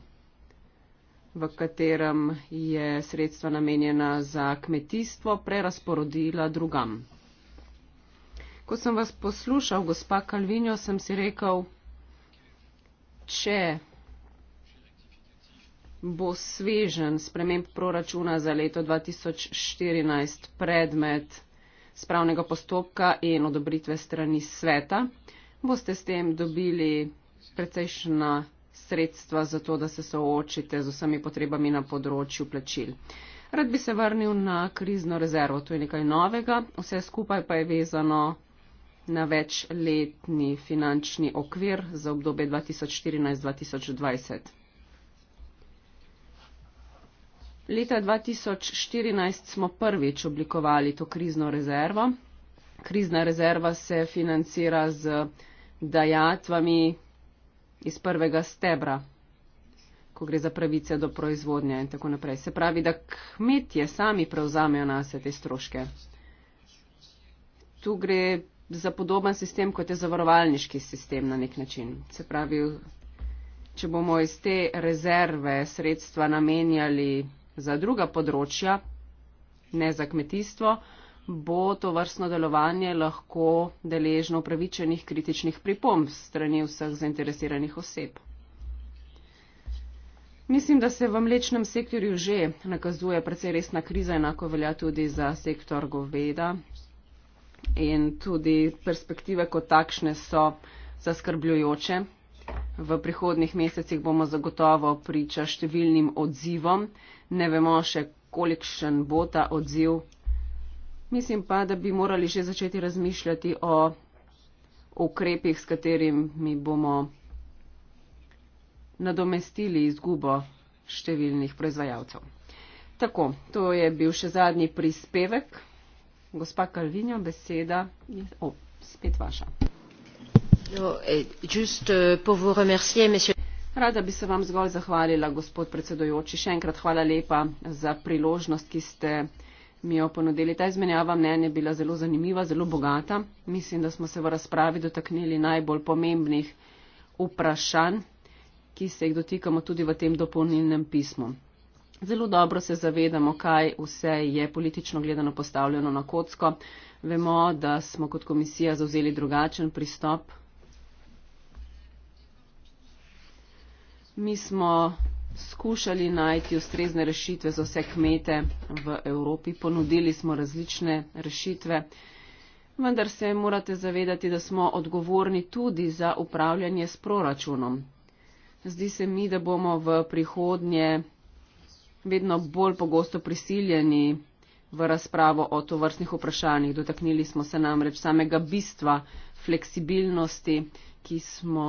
v katerem je sredstva namenjena za kmetijstvo prerasporodila drugam. Ko sem vas poslušal, gospa Kalvinjo, sem si rekel, če bo svežen sprememb proračuna za leto 2014 predmet spravnega postopka in odobritve strani sveta. Boste s tem dobili precejšna sredstva za to, da se soočite z vsemi potrebami na področju plačil. Rad bi se vrnil na krizno rezervo, to je nekaj novega, vse skupaj pa je vezano na večletni finančni okvir za obdobje 2014-2020. Leta 2014 smo prvič oblikovali to krizno rezervo. Krizna rezerva se financira z dajatvami iz prvega stebra, ko gre za pravice do proizvodnje in tako naprej. Se pravi, da kmetje sami prevzamejo na se te stroške. Tu gre za podoben sistem, kot je zavarovalniški sistem na nek način. Se pravi, če bomo iz te rezerve sredstva namenjali za druga področja, ne za kmetijstvo, bo to vrstno delovanje lahko deležno upravičenih kritičnih pripomb strani vseh zainteresiranih oseb. Mislim, da se v mlečnem sektorju že nakazuje precej resna kriza, enako velja tudi za sektor goveda in tudi perspektive kot takšne so zaskrbljujoče. V prihodnih mesecih bomo zagotovo priča številnim odzivom ne vemo še, kolikšen bo ta odziv. Mislim pa, da bi morali že začeti razmišljati o ukrepih, s katerimi bomo nadomestili izgubo številnih proizvajalcev. Tako, to je bil še zadnji prispevek. Gospa Kalvinjo, beseda je oh, spet vaša. No, eh, just, uh, Rada bi se vam zgolj zahvalila, gospod predsedojoči. Še enkrat hvala lepa za priložnost, ki ste mi jo ponudili. Ta izmenjava mnen je bila zelo zanimiva, zelo bogata. Mislim, da smo se v razpravi dotaknili najbolj pomembnih vprašanj, ki se jih dotikamo tudi v tem dopolnilnem pismu. Zelo dobro se zavedamo, kaj vse je politično gledano postavljeno na kocko. Vemo, da smo kot komisija zauzeli drugačen pristop Mi smo skušali najti ustrezne rešitve za vse kmete v Evropi, ponudili smo različne rešitve, vendar se morate zavedati, da smo odgovorni tudi za upravljanje s proračunom. Zdi se mi, da bomo v prihodnje vedno bolj pogosto prisiljeni v razpravo o tovrstnih vprašanjih. Dotaknili smo se namreč samega bistva fleksibilnosti, ki smo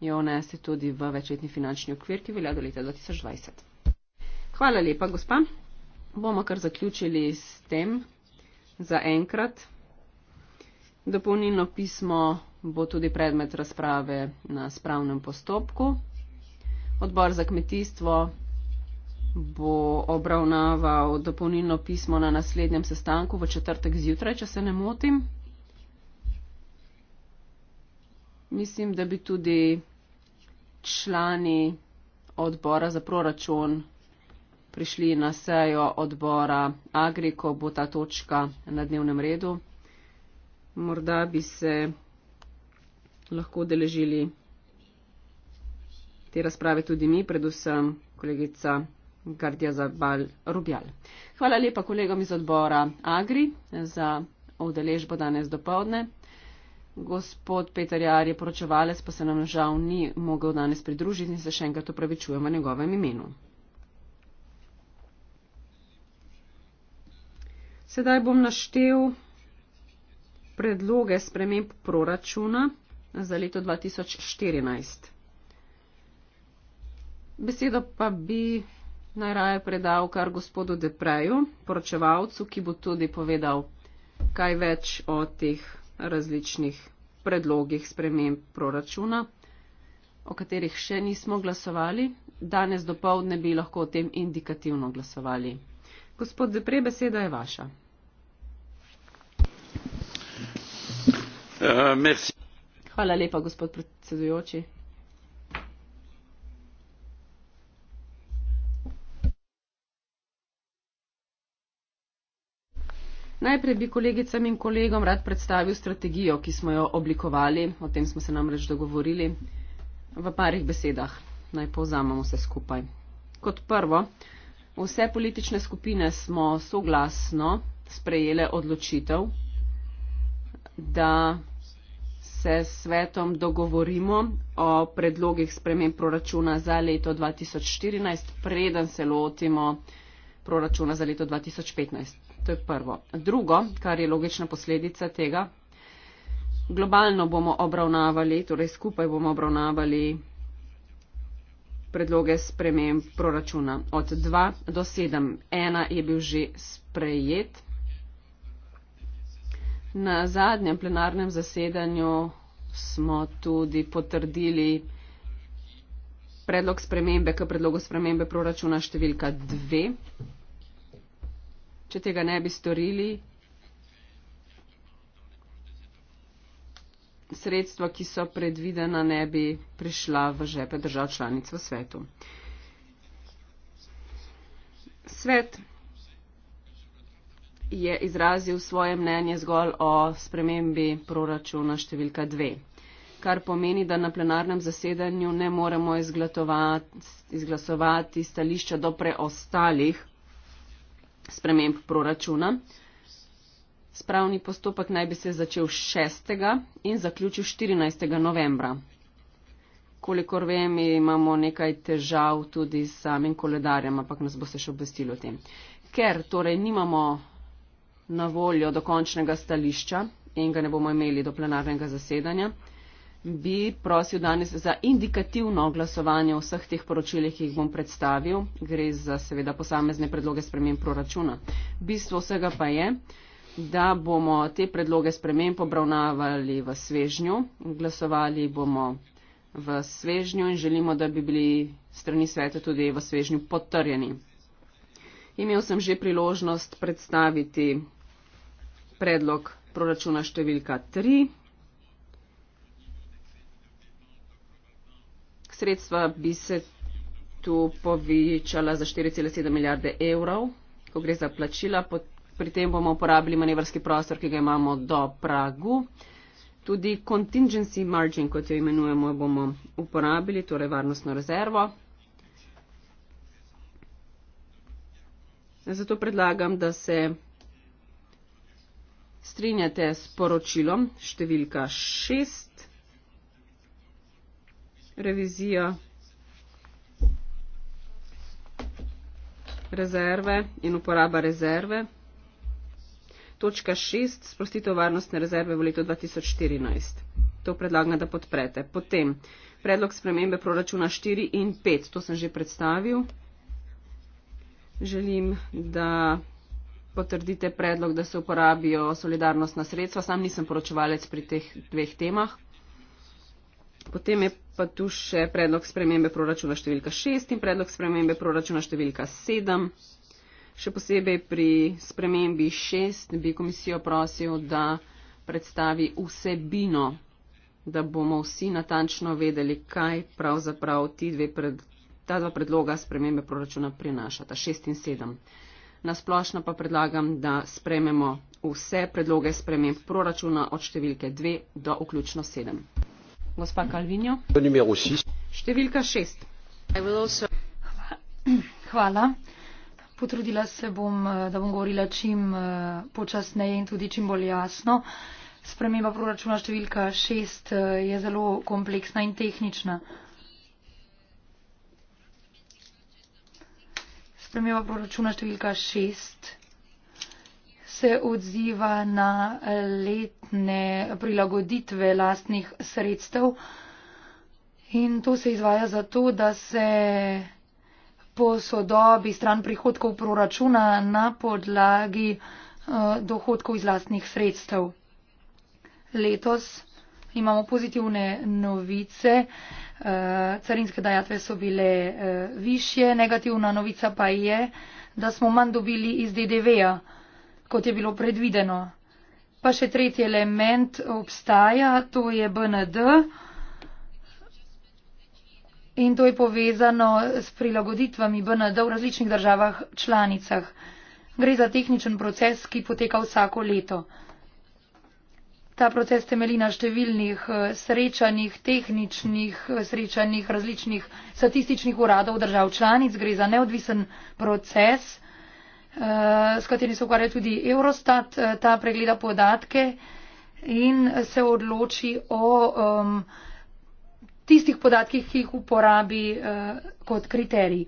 jo unesti tudi v večletni finančni okvir, ki velja do leta 2020. Hvala lepa, gospa. Bomo kar zaključili s tem za enkrat. Dopolnilno pismo bo tudi predmet razprave na spravnem postopku. Odbor za kmetijstvo bo obravnaval dopolnilno pismo na naslednjem sestanku v četrtek zjutraj, če se ne motim. Mislim, da bi tudi člani odbora za proračun prišli na sejo odbora Agri, ko bo ta točka na dnevnem redu. Morda bi se lahko deležili te razprave tudi mi, predvsem kolegica Gardija Zabal Rubjal. Hvala lepa kolegom iz odbora Agri za udeležbo danes do povdne. Gospod Peter Jar je poročevalec, pa se nam žal ni mogel danes pridružiti in se še enkrat opravičujem v njegovem imenu. Sedaj bom naštel predloge sprememb proračuna za leto 2014. Besedo pa bi najraje predal kar gospodu Depreju, poročevalcu, ki bo tudi povedal kaj več o teh različnih predlogih sprememb proračuna, o katerih še nismo glasovali. Danes do povdne bi lahko o tem indikativno glasovali. Gospod Depre, beseda je vaša. Uh, Hvala lepa, gospod predsedujoči. Najprej bi kolegicam in kolegom rad predstavil strategijo, ki smo jo oblikovali, o tem smo se namreč dogovorili, v parih besedah. Naj povzamemo vse skupaj. Kot prvo, vse politične skupine smo soglasno sprejele odločitev, da se s svetom dogovorimo o predlogih sprememb proračuna za leto 2014, preden se lotimo proračuna za leto 2015. To je prvo. Drugo, kar je logična posledica tega, globalno bomo obravnavali, torej skupaj bomo obravnavali predloge sprememb proračuna od 2 do 7. Ena je bil že sprejet. Na zadnjem plenarnem zasedanju smo tudi potrdili predlog spremembe k predlogu spremembe proračuna številka 2 če tega ne bi storili, sredstva, ki so predvidena, ne bi prišla v žepe držav članic v svetu. Svet je izrazil svoje mnenje zgolj o spremembi proračuna številka 2, kar pomeni, da na plenarnem zasedanju ne moremo izglasovati stališča do preostalih sprememb proračuna. Spravni postopek naj bi se začel 6. in zaključil 14. novembra. Kolikor vem, imamo nekaj težav tudi s samim koledarjem, ampak nas bo se še obvestilo o tem. Ker torej nimamo na voljo dokončnega stališča in ga ne bomo imeli do plenarnega zasedanja, bi prosil danes za indikativno glasovanje o vseh teh poročilih, ki jih bom predstavil. Gre za seveda posamezne predloge spremem proračuna. Bistvo vsega pa je, da bomo te predloge spremem obravnavali v svežnju. Glasovali bomo v svežnju in želimo, da bi bili strani sveta tudi v svežnju potrjeni. Imel sem že priložnost predstaviti predlog proračuna številka 3. sredstva bi se tu povečala za 4,7 milijarde evrov, ko gre za plačila. Pri tem bomo uporabili manevrski prostor, ki ga imamo do Pragu. Tudi contingency margin, kot jo imenujemo, bomo uporabili, torej varnostno rezervo. Zato predlagam, da se strinjate s poročilom številka 6 revizijo rezerve in uporaba rezerve. Točka 6. Sprostitev varnostne rezerve v letu 2014. To predlagam, da podprete. Potem predlog spremembe proračuna 4 in 5. To sem že predstavil. Želim, da potrdite predlog, da se uporabijo solidarnostna sredstva. Sam nisem poročevalec pri teh dveh temah. Potem je pa tu še predlog spremembe proračuna številka 6 in predlog spremembe proračuna številka 7. Še posebej pri spremembi 6 bi komisijo prosil, da predstavi vsebino, da bomo vsi natančno vedeli, kaj pravzaprav pred, ta dva predloga spremembe proračuna prinašata, 6 in 7. Nasplošno pa predlagam, da sprememo vse predloge sprememb proračuna od številke 2 do vključno 7 številka šest. Hvala. Potrudila se bom, da bom govorila čim počasneje in tudi čim bolj jasno. Sprememba proračuna številka šest je zelo kompleksna in tehnična. Sprememba proračuna številka šest se odziva na letne prilagoditve lastnih sredstev. In to se izvaja zato, da se posodobi stran prihodkov proračuna na podlagi eh, dohodkov iz lastnih sredstev. Letos imamo pozitivne novice, eh, carinske dajatve so bile eh, višje, negativna novica pa je, da smo manj dobili iz DDV-ja kot je bilo predvideno. Pa še tretji element obstaja, to je BND in to je povezano s prilagoditvami BND v različnih državah članicah. Gre za tehničen proces, ki poteka vsako leto. Ta proces temelji na številnih eh, srečanjih, tehničnih eh, srečanjih različnih statističnih uradov držav članic. Gre za neodvisen proces s katerim se ukvarja tudi Eurostat, eh, ta pregleda podatke in se odloči o um, tistih podatkih, ki jih uporabi uh, kot kriterij.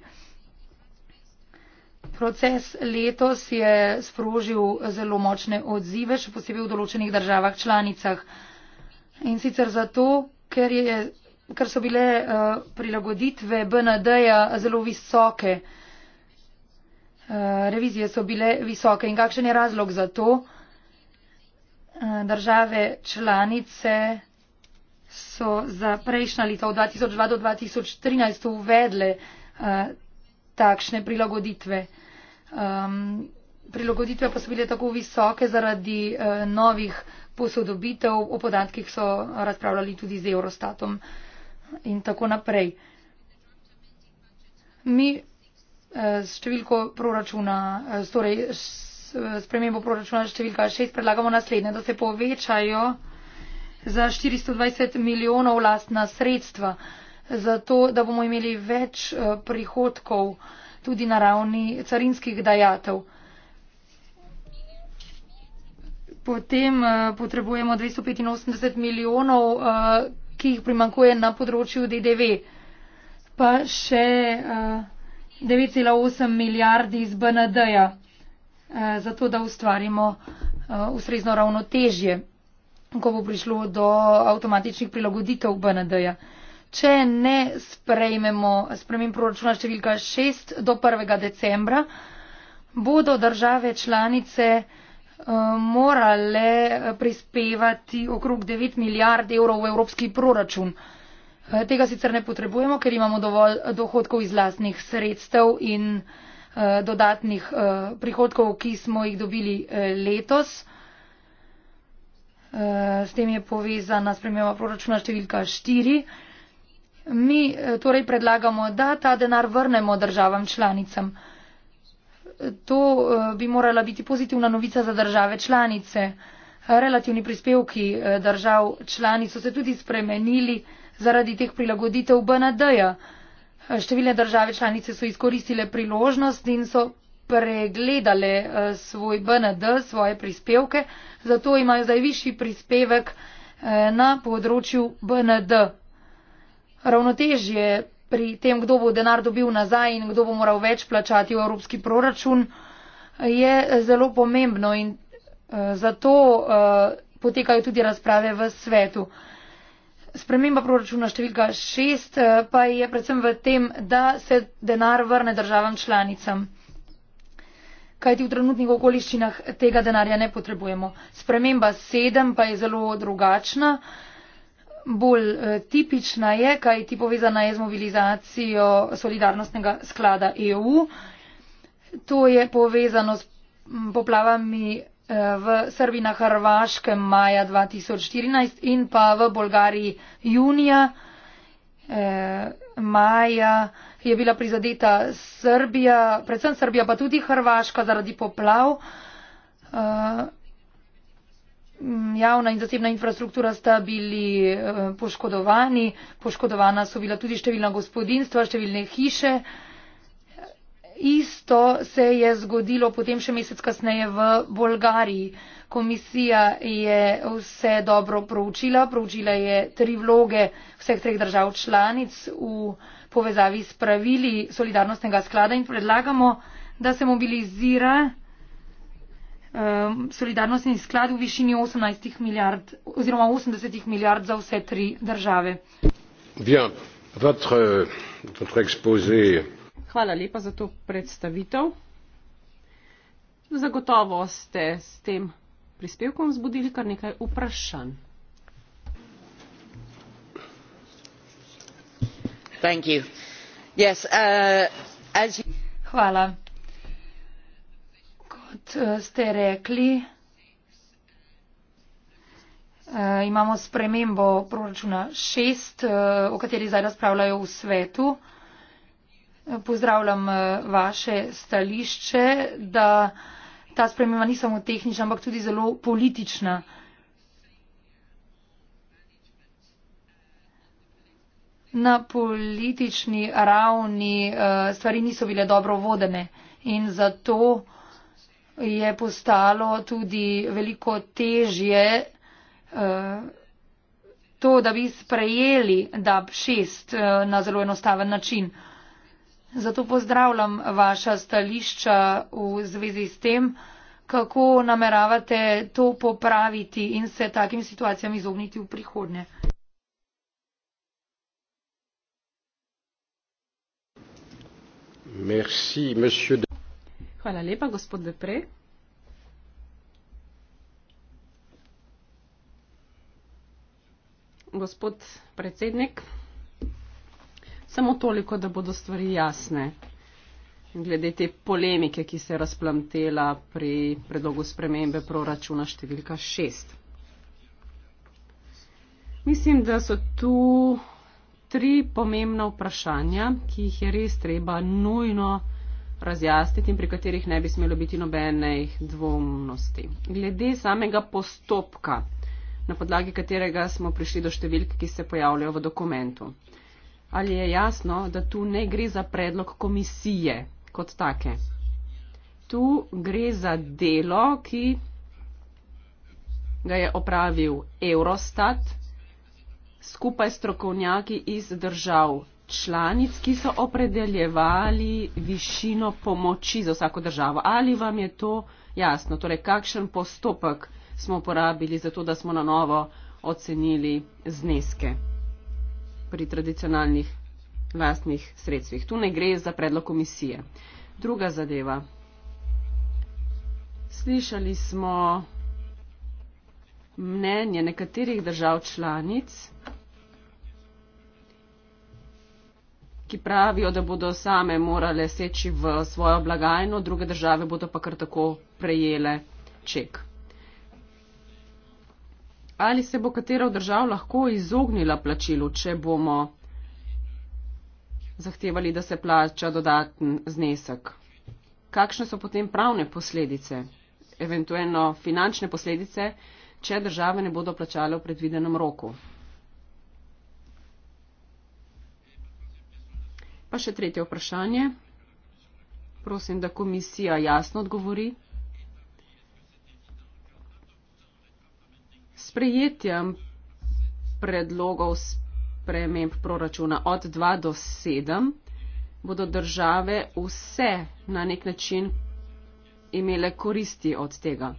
Proces letos je sprožil zelo močne odzive, še posebej v določenih državah članicah. In sicer zato, ker, je, ker so bile uh, prilagoditve BND-ja zelo visoke. Uh, Eh, revizije so bile visoke in kakšen je razlog za to? Eh, države članice so za prejšnja leta od 2002 do 2013 uvedle uh, takšne prilagoditve. Um, prilagoditve pa so bile tako visoke zaradi uh, novih posodobitev, o podatkih so razpravljali tudi z Eurostatom in tako naprej. Mi Eh, številko proračuna, eh, torej eh, spremembo proračuna številka šest predlagamo naslednje, da se povečajo za 420 milijonov lastna sredstva, zato da bomo imeli več prihodkov tudi na ravni carinskih dajatev. Potem potrebujemo 285 milijonov, ki jih primankuje na področju DDV. Pa še 9,8 milijardi iz BND-ja, eh, zato da ustvarimo eh, ustrezno ravnotežje, ko bo prišlo do avtomatičnih prilagoditev BND-ja. Če ne sprejmemo spremem proračuna številka 6 do 1. decembra, bodo države članice eh, morale prispevati okrog 9 milijard evrov v evropski proračun. Eh, tega sicer ne potrebujemo, ker imamo dovolj dohodkov iz lastnih sredstev in eh, dodatnih eh, prihodkov, ki smo jih dobili letos. S tem je povezana sprememba proračuna številka 4. Mi torej predlagamo, da ta denar vrnemo državam članicam. To bi morala biti pozitivna novica za države članice. Relativni prispevki držav članic so se tudi spremenili zaradi teh prilagoditev BND-ja. Številne države članice so izkoristile priložnost in so pregledale eh, svoj BND, svoje prispevke, zato imajo zdaj višji prispevek eh, na področju BND. Ravnotežje pri tem, kdo bo denar dobil nazaj in kdo bo moral več plačati v evropski proračun, je eh, zelo pomembno in zato potekajo tudi razprave v svetu. Sprememba proračuna številka šest eh, pa je predvsem v tem, da se denar vrne državam članicam. Kajti v trenutnih okoliščinah tega denarja ne potrebujemo. Sprememba sedem pa je zelo drugačna. Bolj eh, tipična je, kajti povezana je z mobilizacijo solidarnostnega sklada EU. To je povezano s poplavami v Srbiji na Hrvaškem maja 2014 in pa v Bolgariji junija. Eh, maja je bila prizadeta Srbija, predvsem Srbija, pa tudi Hrvaška zaradi poplav. Eh, javna in zasebna infrastruktura sta bili eh, poškodovani, poškodovana so bila tudi številna gospodinstva, številne hiše isto se je zgodilo potem še mesec kasneje v Bolgariji. Komisija je vse dobro proučila, proučila je tri vloge vseh treh držav članic v povezavi s pravili solidarnostnega sklada in predlagamo, da se mobilizira um, solidarnostni sklad v višini 18 milijard oziroma 80 milijard za vse tri države. Bien. Votre, euh, votre exposé... Hvala lepa za to predstavitev. Zagotovo ste s tem prispevkom zbudili kar nekaj vprašanj. Yes, uh, you... Hvala. Kot uh, ste rekli, uh, imamo spremembo proračuna 6, uh, o kateri zdaj razpravljajo v svetu. Uh, pozdravljam eh, vaše stališče, da ta sprememba ni samo tehnična, ampak tudi zelo politična. Na politični ravni eh, stvari niso bile dobro vodene in zato je postalo tudi veliko težje eh, to, da bi sprejeli DAB 6 na zelo enostaven način. Zato pozdravljam vaša stališča v zvezi s tem, kako nameravate to popraviti in se takim situacijam izogniti v prihodnje. Merci, de... Hvala lepa, gospod Depre. Gospod predsednik samo toliko, da bodo stvari jasne. Glede te polemike, ki se je razplamtela pri predlogu spremembe proračuna številka 6. Mislim, da so tu tri pomembna vprašanja, ki jih je res treba nujno razjasniti in pri katerih ne bi smelo biti nobenej dvomnosti. Glede samega postopka, na podlagi katerega smo prišli do številk, ki se pojavljajo v dokumentu. Ali je jasno, da tu ne gre za predlog komisije kot take? Tu gre za delo, ki ga je opravil Eurostat skupaj s strokovnjaki iz držav članic, ki so opredeljevali višino pomoči za vsako državo. Ali vam je to jasno? Torej, kakšen postopek smo uporabili za to, da smo na novo ocenili zneske? pri tradicionalnih lastnih sredstvih. Tu ne gre za predlog komisije. Druga zadeva. Slišali smo mnenje nekaterih držav članic, ki pravijo, da bodo same morale seči v svojo blagajno, druge države bodo pa kar tako prejele ček ali se bo katera od držav lahko izognila plačilu, če bomo zahtevali, da se plača dodaten znesek. Kakšne so potem pravne posledice, eventualno finančne posledice, če države ne bodo plačale v predvidenem roku? Pa še tretje vprašanje. Prosim, da komisija jasno odgovori. sprejetjem predlogov sprememb proračuna od 2 do 7 bodo države vse na nek način imele koristi od tega.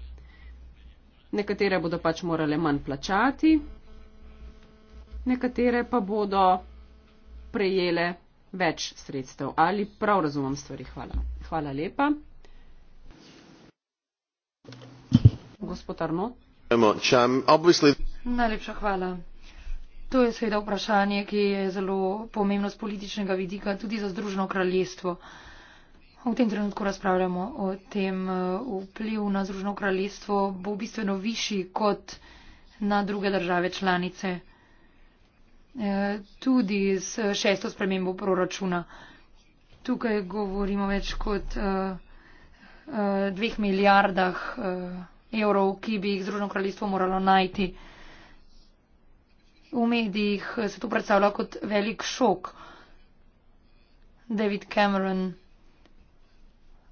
Nekatere bodo pač morale manj plačati, nekatere pa bodo prejele več sredstev. Ali prav razumem stvari? Hvala. Hvala lepa. Gospod Arnot. Um, najlepša hvala to je seveda vprašanje ki je zelo pomembno z političnega vidika tudi za združeno kraljestvo v tem trenutku razpravljamo o tem uh, vpliv na združeno kraljestvo bo bistveno višji kot na druge države članice uh, tudi s šesto spremembo proračuna tukaj govorimo več kot uh, dveh milijardah evrov evrov, ki bi jih Združeno kraljestvo moralo najti. V medijih se to predstavlja kot velik šok. David Cameron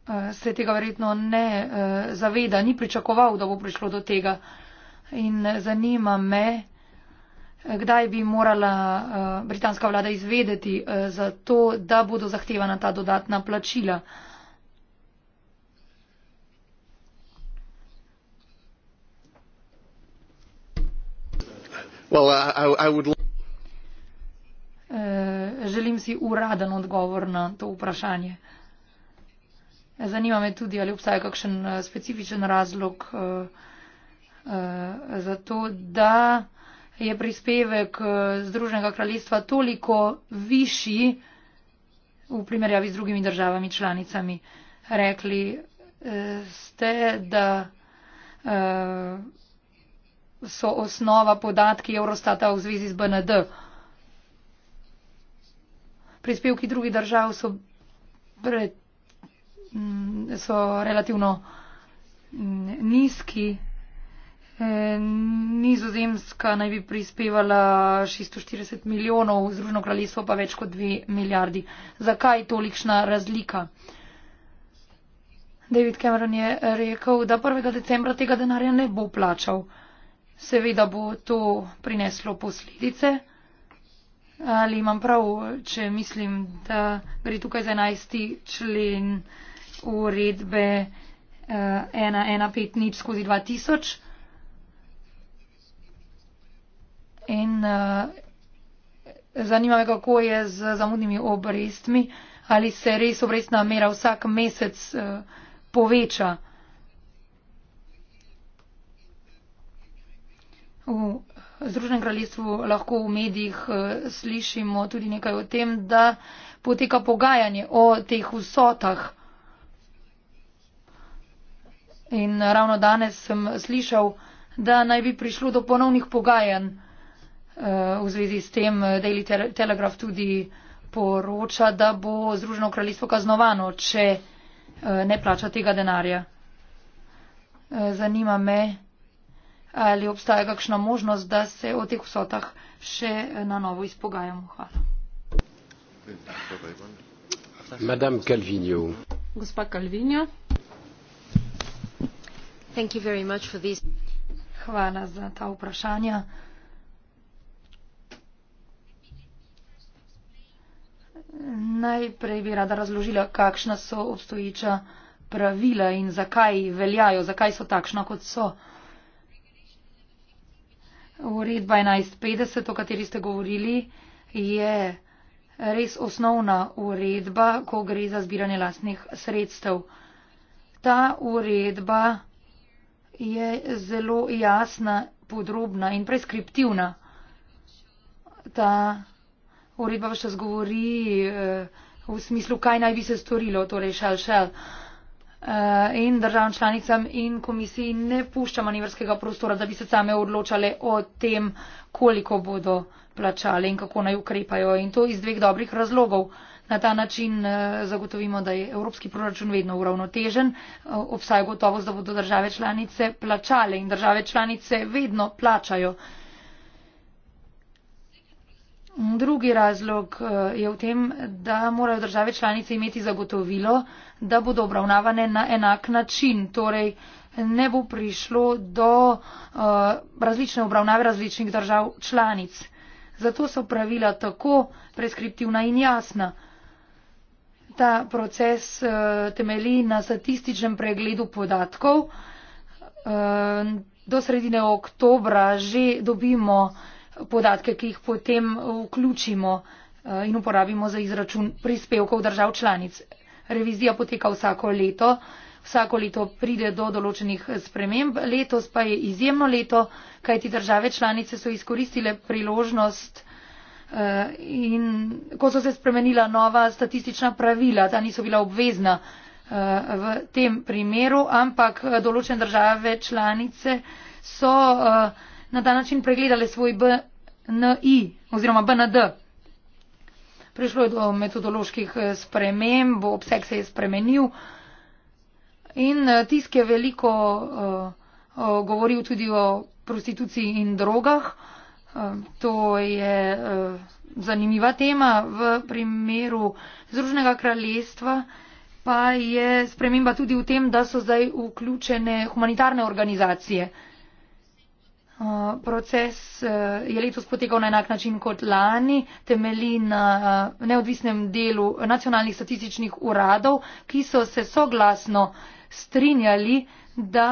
eh, se tega verjetno ne eh, zaveda, ni pričakoval, da bo prišlo do tega. In zanima me, kdaj bi morala eh, britanska vlada izvedeti za to, da bodo zahtevana ta dodatna plačila. Uh, eh, želim si uraden odgovor na to vprašanje. Zanima me tudi, ali obstaja kakšen eh, specifičen razlog eh, za to, da je prispevek Združenega kraljestva toliko višji v primerjavi z drugimi državami članicami. Rekli ste, da so osnova podatki Eurostata v zvezi z BND. Prispevki drugih držav so, pre, mm, so relativno mm, nizki. E, Nizozemska naj bi prispevala 640 milijonov, Združeno kraljestvo pa več kot 2 milijardi. Zakaj tolikšna razlika? David Cameron je rekel, da 1. decembra tega denarja ne bo plačal. Seveda bo to prineslo posledice. Ali imam prav, če mislim, da gre tukaj za 11. člen uredbe 115 eh, skozi 2000. In eh, zanima me, kako je z zamudnimi obrestmi. Ali se res obrestna mera vsak mesec eh, poveča? V Združenem kraljestvu lahko v medijih eh, slišimo tudi nekaj o tem, da poteka pogajanje o teh vsotah. In ravno danes sem slišal, da naj bi prišlo do ponovnih pogajanj eh, v zvezi s tem. Eh, Daily Telegraph tudi poroča, da bo Združeno kraljestvo kaznovano, če ne plača tega denarja. Zanima me ali obstaja kakšna možnost, da se o teh vsotah še na novo izpogajamo. Hvala. Madame Calvinio. Gospa Calvinio. Thank you very much for this. Hvala za ta vprašanja. Najprej bi rada razložila, kakšna so obstojiča pravila in zakaj veljajo, zakaj so takšna, kot so. Uh, Uredba 1150, o kateri ste govorili, je res osnovna uredba, ko gre za zbiranje lastnih sredstev. Ta uredba je zelo jasna, podrobna in preskriptivna. Ta uredba še zgovori eh, v smislu, kaj naj bi se storilo, torej šel šel. Eh, in državam članicam in komisiji ne pušča manevrskega prostora, da bi se same odločale o tem, koliko bodo plačali in kako naj ukrepajo. In to iz dveh dobrih razlogov. Na ta način eh, zagotovimo, da je evropski proračun vedno uravnotežen, eh, obstaja gotovost, da bodo države članice plačale in države članice vedno plačajo. Drugi razlog je v tem, da morajo države članice imeti zagotovilo, da bodo obravnavane na enak način. Torej, ne bo prišlo do uh, različne obravnave različnih držav članic. Zato so pravila tako preskriptivna in jasna. Ta proces uh, eh, temeli na statističnem pregledu podatkov. Uh, do sredine oktobra že dobimo podatke, ki jih potem vključimo uh, in uporabimo za izračun prispevkov držav članic revizija poteka vsako leto. Vsako leto pride do določenih sprememb, letos pa je izjemno leto, kajti države članice so izkoristile priložnost eh, in ko so se spremenila nova statistična pravila, ta niso bila obvezna eh, v tem primeru, ampak eh, določene države članice so na ta način pregledale svoj BNI oziroma BND prišlo je do metodoloških eh, sprememb, obseg se je spremenil in eh, tisk je veliko eh, govoril tudi o prostituciji in drogah. To je zanimiva tema. V primeru Združenega kraljestva pa je sprememba tudi v tem, da so zdaj vključene humanitarne organizacije. Uh, proces uh, je letos potekal na enak način kot lani, temeli na uh, neodvisnem delu nacionalnih statističnih uradov, ki so se soglasno strinjali, da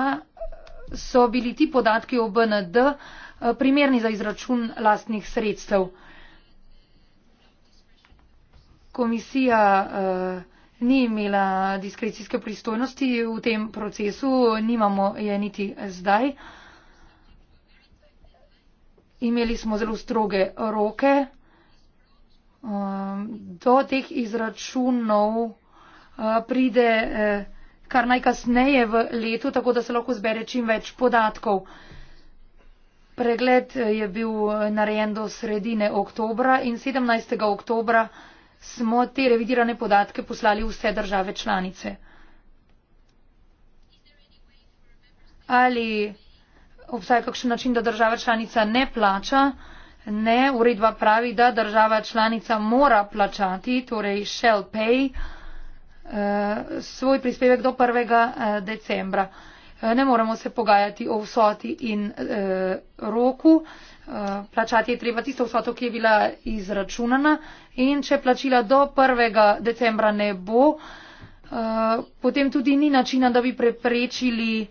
so bili ti podatki o BND primerni za izračun lastnih sredstev. Komisija ni imela diskrecijske pristojnosti v tem procesu, nimamo je niti zdaj imeli smo zelo stroge roke um, do teh izračunov uh, pride uh, kar najkasneje v letu, tako da se lahko zbere čim več podatkov. Pregled uh, je bil narejen do sredine oktobra in 17. oktobra smo te revidirane podatke poslali vse države članice. Ali obstaja kakšen način, da država članica ne plača. Ne, uredba pravi, da država članica mora plačati, torej shall pay, eh, svoj prispevek do 1. Eh, decembra. Eh, ne moramo se pogajati o vsoti in roku. Plačati je treba tisto vsoto, ki je bila izračunana in če plačila do 1. decembra ne bo, potem tudi ni načina, da bi preprečili.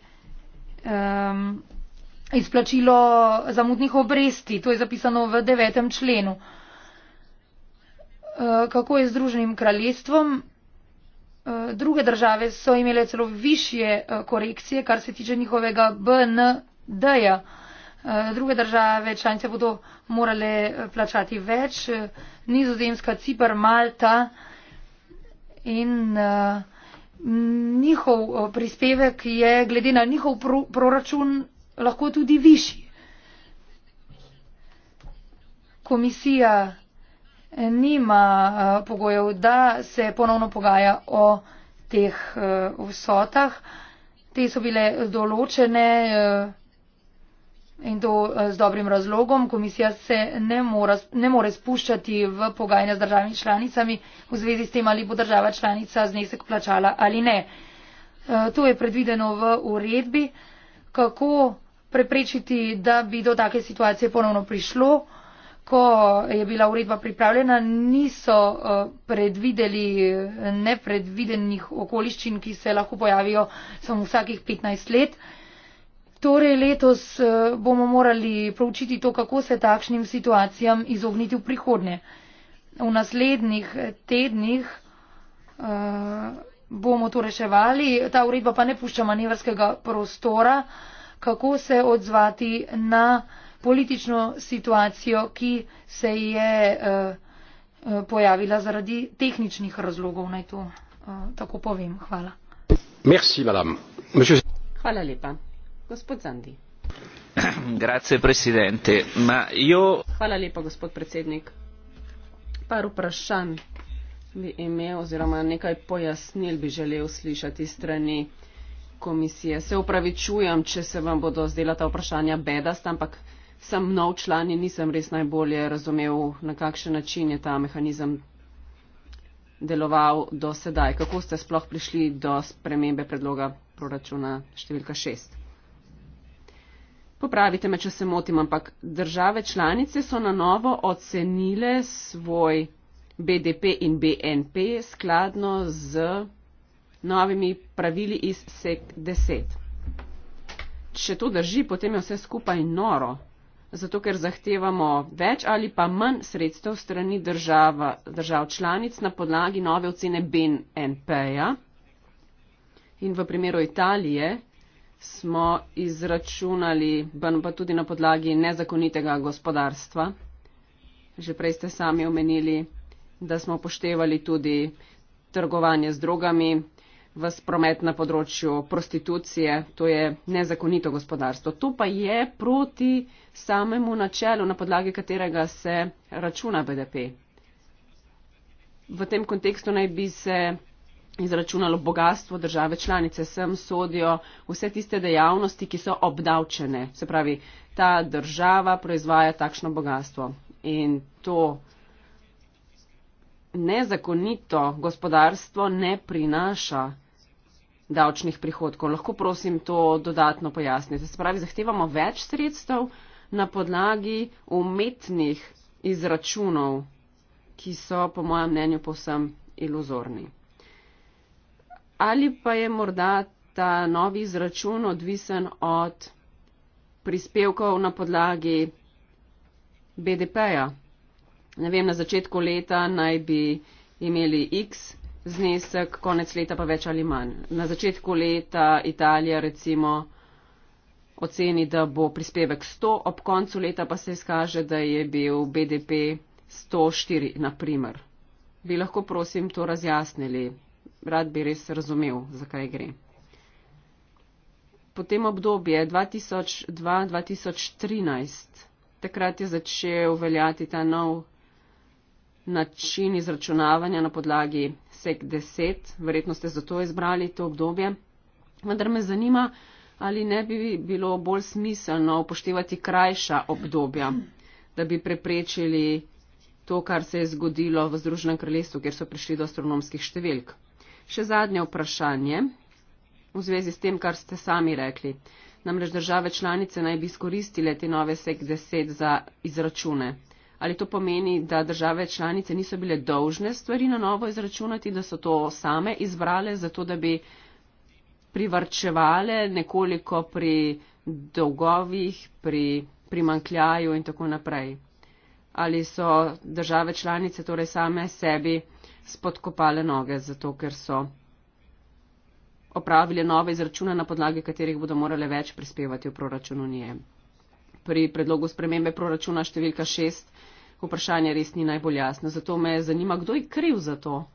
Ehm, izplačilo zamudnih obresti. To je zapisano v devetem členu. Eh, kako je z Združenim kraljestvom? Eh, druge države so imele celo višje eh, korekcije, kar se tiče njihovega BND-ja. Druge države članice bodo morale plačati več, nizozemska, Cipr, Malta in uh, njihov prispevek je glede na njihov pro, proračun lahko tudi višji. Komisija nima eh, pogojev, da se ponovno pogaja o teh eh, vsotah. Te so bile določene eh, in to z dobrim razlogom. Komisija se ne, mora, ne more spuščati v pogajanja z državami članicami v zvezi s tem, ali bo država članica znesek plačala ali ne. To je predvideno v uredbi. Kako preprečiti, da bi do take situacije ponovno prišlo. Ko je bila uredba pripravljena, niso eh, predvideli nepredvidenih okoliščin, ki se lahko pojavijo samo vsakih 15 let. Torej letos eh, bomo morali proučiti to, kako se takšnim situacijam izogniti v prihodnje. V naslednjih tednih eh, bomo to reševali. Ta uredba pa ne pušča manevrskega prostora kako se odzvati na politično situacijo, ki se je eh, eh, pojavila zaradi tehničnih razlogov. Naj to eh, tako povem. Hvala. Merci, Hvala lepa. Gospod Zandi. Grazie, presidente. Ma io... Hvala lepa, gospod predsednik. Par vprašanj bi imel oziroma nekaj pojasnil bi želel slišati strani komisije. Se upravičujem, če se vam bodo zdela ta vprašanja bedast, ampak sem nov član in nisem res najbolje razumel, na kakšen način je ta mehanizem deloval do sedaj. Kako ste sploh prišli do spremembe predloga proračuna številka 6? Popravite me, če se motim, ampak države članice so na novo ocenile svoj BDP in BNP skladno z novimi pravili iz SEC 10. Če to drži, potem je vse skupaj noro, zato ker zahtevamo več ali pa manj sredstev strani država, držav članic na podlagi nove ocene BNP-ja. In v primeru Italije smo izračunali, pa tudi na podlagi nezakonitega gospodarstva. Že prej ste sami omenili, da smo poštevali tudi trgovanje z drogami, vas promet na področju prostitucije, to je nezakonito gospodarstvo. To pa je proti samemu načelu, na podlagi katerega se računa BDP. V tem kontekstu naj bi se izračunalo bogatstvo države članice, sem sodijo vse tiste dejavnosti, ki so obdavčene. Se pravi, ta država proizvaja takšno bogatstvo. In to nezakonito gospodarstvo ne prinaša davčnih prihodkov. Lahko prosim to dodatno pojasnite. Spravi, zahtevamo več sredstev na podlagi umetnih izračunov, ki so po mojem mnenju povsem iluzorni. Ali pa je morda ta novi izračun odvisen od prispevkov na podlagi BDP-ja? Ne vem, na začetku leta naj bi imeli X znesek, konec leta pa več ali manj. Na začetku leta Italija recimo oceni, da bo prispevek 100, ob koncu leta pa se izkaže, da je bil BDP 104, na primer. Bi lahko prosim to razjasnili. Rad bi res razumel, zakaj gre. Potem obdobje 2002-2013, takrat je začel veljati ta nov način izračunavanja na podlagi SEC 10. Verjetno ste zato izbrali to obdobje. Vendar me zanima, ali ne bi bilo bolj smiselno upoštevati krajša obdobja, da bi preprečili to, kar se je zgodilo v Združenem kraljestvu, kjer so prišli do astronomskih številk. Še zadnje vprašanje v zvezi s tem, kar ste sami rekli. Namreč države članice naj bi izkoristile te nove SEC 10 za izračune. Ali to pomeni, da države članice niso bile dolžne stvari na novo izračunati, da so to same izbrale, zato da bi privrčevale nekoliko pri dolgovih, pri primankljaju in tako naprej? Ali so države članice torej same sebi spodkopale noge, zato ker so opravile nove izračune, na podlagi katerih bodo morale več prispevati v proračun unije? pri predlogu spremembe proračuna številka šest vprašanje res ni najbolj jasno. Zato me zanima, kdo je kriv za to.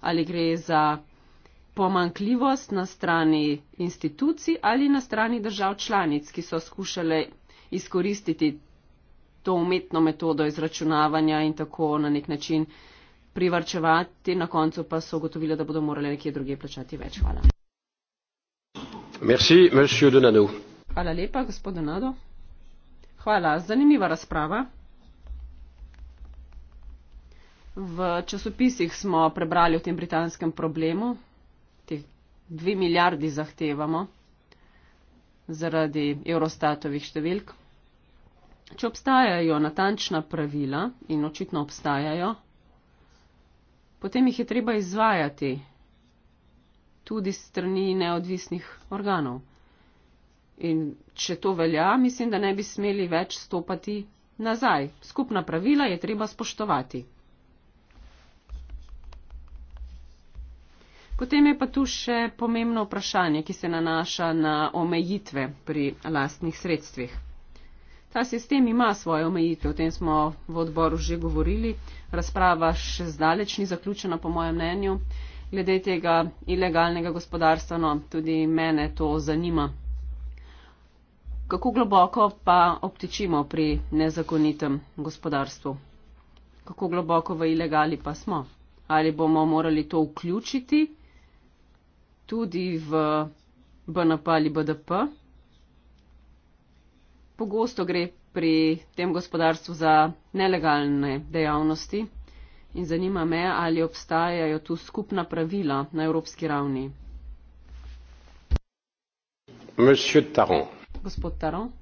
Ali gre za pomankljivost na strani institucij ali na strani držav članic, ki so skušale izkoristiti to umetno metodo izračunavanja in tako na nek način privrčevati, na koncu pa so ugotovile, da bodo morali nekje druge plačati več. Hvala. Merci, Hvala lepa, gospod Donado. Hvala. Zanimiva razprava. V časopisih smo prebrali o tem britanskem problemu. Te dve milijardi zahtevamo zaradi Eurostatovih številk. Če obstajajo natančna pravila in očitno obstajajo, potem jih je treba izvajati tudi strani neodvisnih organov. In če to velja, mislim, da ne bi smeli več stopati nazaj. Skupna pravila je treba spoštovati. Potem je pa tu še pomembno vprašanje, ki se nanaša na omejitve pri lastnih sredstvih. Ta sistem ima svoje omejitve, o tem smo v odboru že govorili. Razprava še zdaleč ni zaključena, po mojem mnenju, glede tega ilegalnega gospodarstva. No, tudi mene to zanima, Kako globoko pa obtičimo pri nezakonitem gospodarstvu? Kako globoko v ilegali pa smo? Ali bomo morali to vključiti tudi v BNP ali BDP? Pogosto gre pri tem gospodarstvu za nelegalne dejavnosti in zanima me, ali obstajajo tu skupna pravila na evropski ravni. Monsieur Taron. Gospod Taron.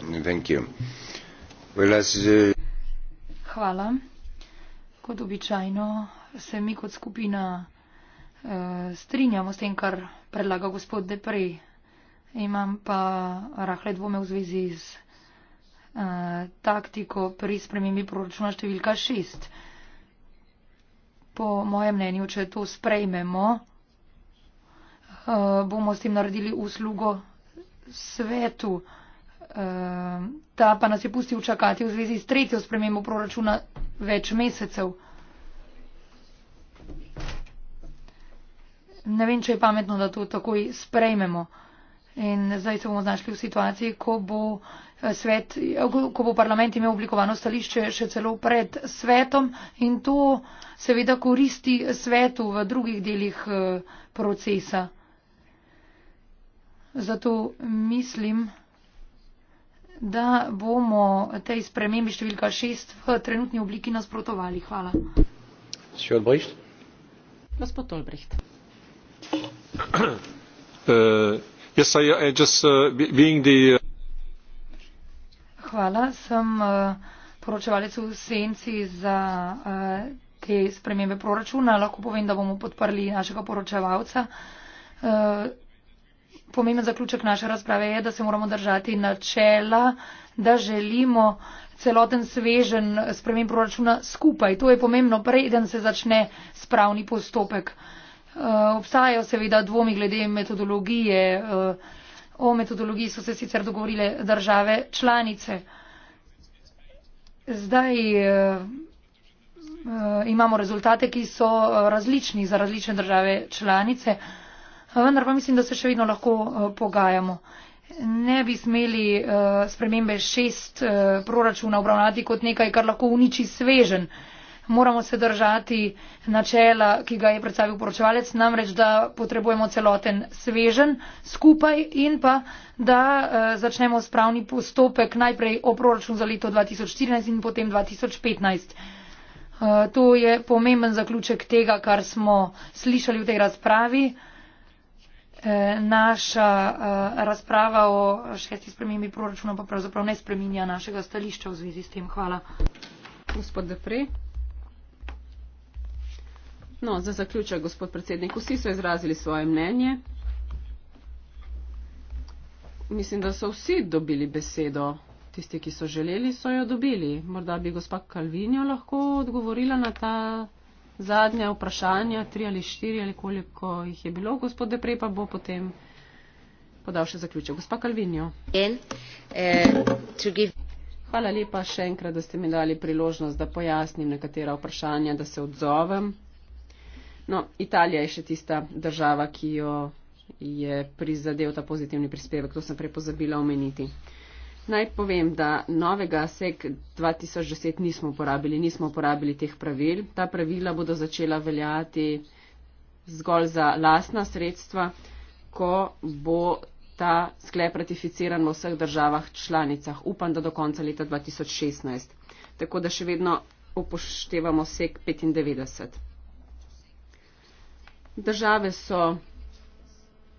Thank you. Well, as, uh... Hvala. Kot običajno se mi kot skupina uh, strinjamo s tem, kar predlaga gospod Depri. Imam pa rahle dvome v zvezi z uh, taktiko pri spremembi proračuna številka šest. Po mojem mnenju, če to sprejmemo, uh, bomo s tem naredili uslugo svetu. Ehm, ta pa nas je pustil čakati v zvezi s tretjo spremembo proračuna več mesecev. Ne vem, če je pametno, da to takoj sprejmemo. In zdaj se bomo znašli v situaciji, ko bo, eh, svet, eh, ko bo parlament imel oblikovano stališče še celo pred svetom in to seveda koristi svetu v drugih delih eh, procesa. Zato mislim, da bomo tej spremembi številka šest v trenutni obliki nasprotovali. Hvala. Gospod Olbricht. Uh, uh, uh, Hvala, sem poročevalec v senci za te spremembe proračuna. Lahko povem, da bomo podprli našega poročevalca pomemben zaključek naše razprave je, da se moramo držati načela, da želimo celoten svežen spremem proračuna skupaj. To je pomembno, preden se začne spravni postopek. Eh, obstajajo seveda dvomi glede metodologije. Eh, o metodologiji so se sicer dogovorile države članice. Zdaj eh, imamo rezultate, ki so različni za različne države članice vendar pa mislim, da se še vedno lahko eh, pogajamo. Ne bi smeli uh, spremembe šest uh, proračuna obravnavati kot nekaj, kar lahko uniči svežen. Moramo se držati načela, ki ga je predstavil poročevalec, namreč, da potrebujemo celoten svežen skupaj in pa, da uh, začnemo spravni postopek najprej o proračun za leto 2014 in potem 2015. Uh, to je pomemben zaključek tega, kar smo slišali v tej razpravi. Uh, Eh, naša eh, razprava o šesti spremembi proračuna pa pravzaprav ne spreminja našega stališča v zvezi s tem. Hvala. Gospod Depre. No, za zaključek, gospod predsednik, vsi so izrazili svoje mnenje. Mislim, da so vsi dobili besedo. Tisti, ki so želeli, so jo dobili. Morda bi gospa Kalvinjo lahko odgovorila na ta zadnja vprašanja, tri ali štiri ali koliko jih je bilo, gospod Deprej pa bo potem podal še zaključek. Gospa Kalvinjo. Eh, Hvala lepa še enkrat, da ste mi dali priložnost, da pojasnim nekatera vprašanja, da se odzovem. No, Italija je še tista država, ki jo je prizadel ta pozitivni prispevek, to sem prej pozabila omeniti. Naj povem, da novega e SEC 2010 nismo uporabili, nismo uporabili teh pravil. Ta pravila bodo začela veljati zgolj za lasna sredstva, ko bo ta sklep ratificiran v vseh državah članicah. Upam, da do konca leta 2016. Tako da še vedno upoštevamo e SEC 95. Države so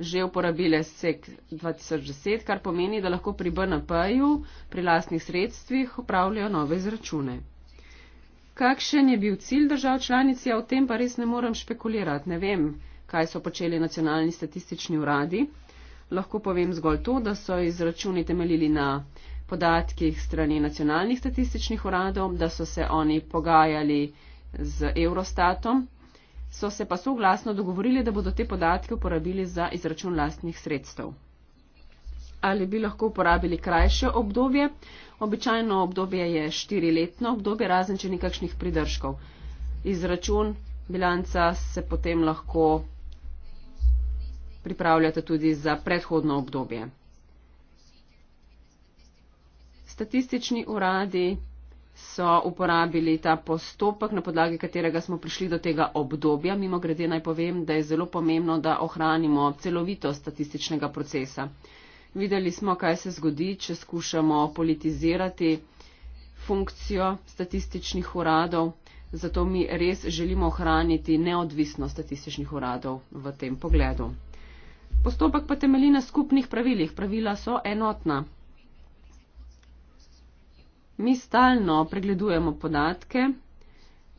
že uporabile SEC 2010, kar pomeni, da lahko pri BNP-ju pri lastnih sredstvih upravljajo nove izračune. Kakšen je bil cilj držav članic, ja o tem pa res ne morem špekulirati. Ne vem, kaj so počeli nacionalni statistični uradi. Lahko povem zgolj to, da so izračuni temeljili na podatkih strani nacionalnih statističnih uradov, da so se oni pogajali z Eurostatom so se pa soglasno dogovorili, da bodo te podatke uporabili za izračun lastnih sredstev. Ali bi lahko uporabili krajše obdobje? Običajno obdobje je štiriletno obdobje, razen če nekakšnih pridržkov. Izračun bilanca se potem lahko pripravljate tudi za predhodno obdobje. Statistični uradi so uporabili ta postopek, na podlagi katerega smo prišli do tega obdobja. Mimo grede naj povem, da je zelo pomembno, da ohranimo celovito statističnega procesa. Videli smo, kaj se zgodi, če skušamo politizirati funkcijo statističnih uradov, zato mi res želimo ohraniti neodvisno statističnih uradov v tem pogledu. Postopek pa temelji na skupnih pravilih. Pravila so enotna. Mi stalno pregledujemo podatke,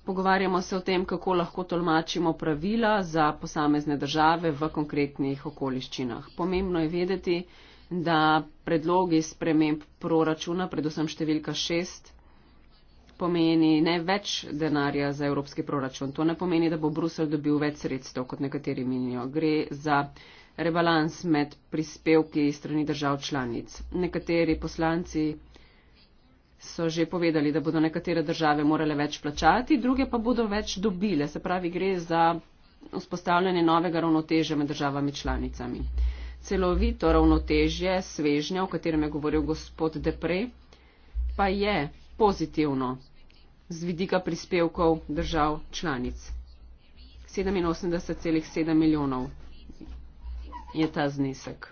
pogovarjamo se o tem, kako lahko tolmačimo pravila za posamezne države v konkretnih okoliščinah. Pomembno je vedeti, da predlogi sprememb proračuna, predvsem številka šest, pomeni ne več denarja za evropski proračun. To ne pomeni, da bo Bruselj dobil več sredstev, kot nekateri menijo. Gre za rebalans med prispevki strani držav članic. Nekateri poslanci so že povedali, da bodo nekatere države morale več plačati, druge pa bodo več dobile. Se pravi, gre za vzpostavljanje novega ravnotežja med državami članicami. Celovito ravnotežje svežnja, o katerem je govoril gospod Depre, pa je pozitivno z vidika prispevkov držav članic. 87,7 milijonov je ta znesek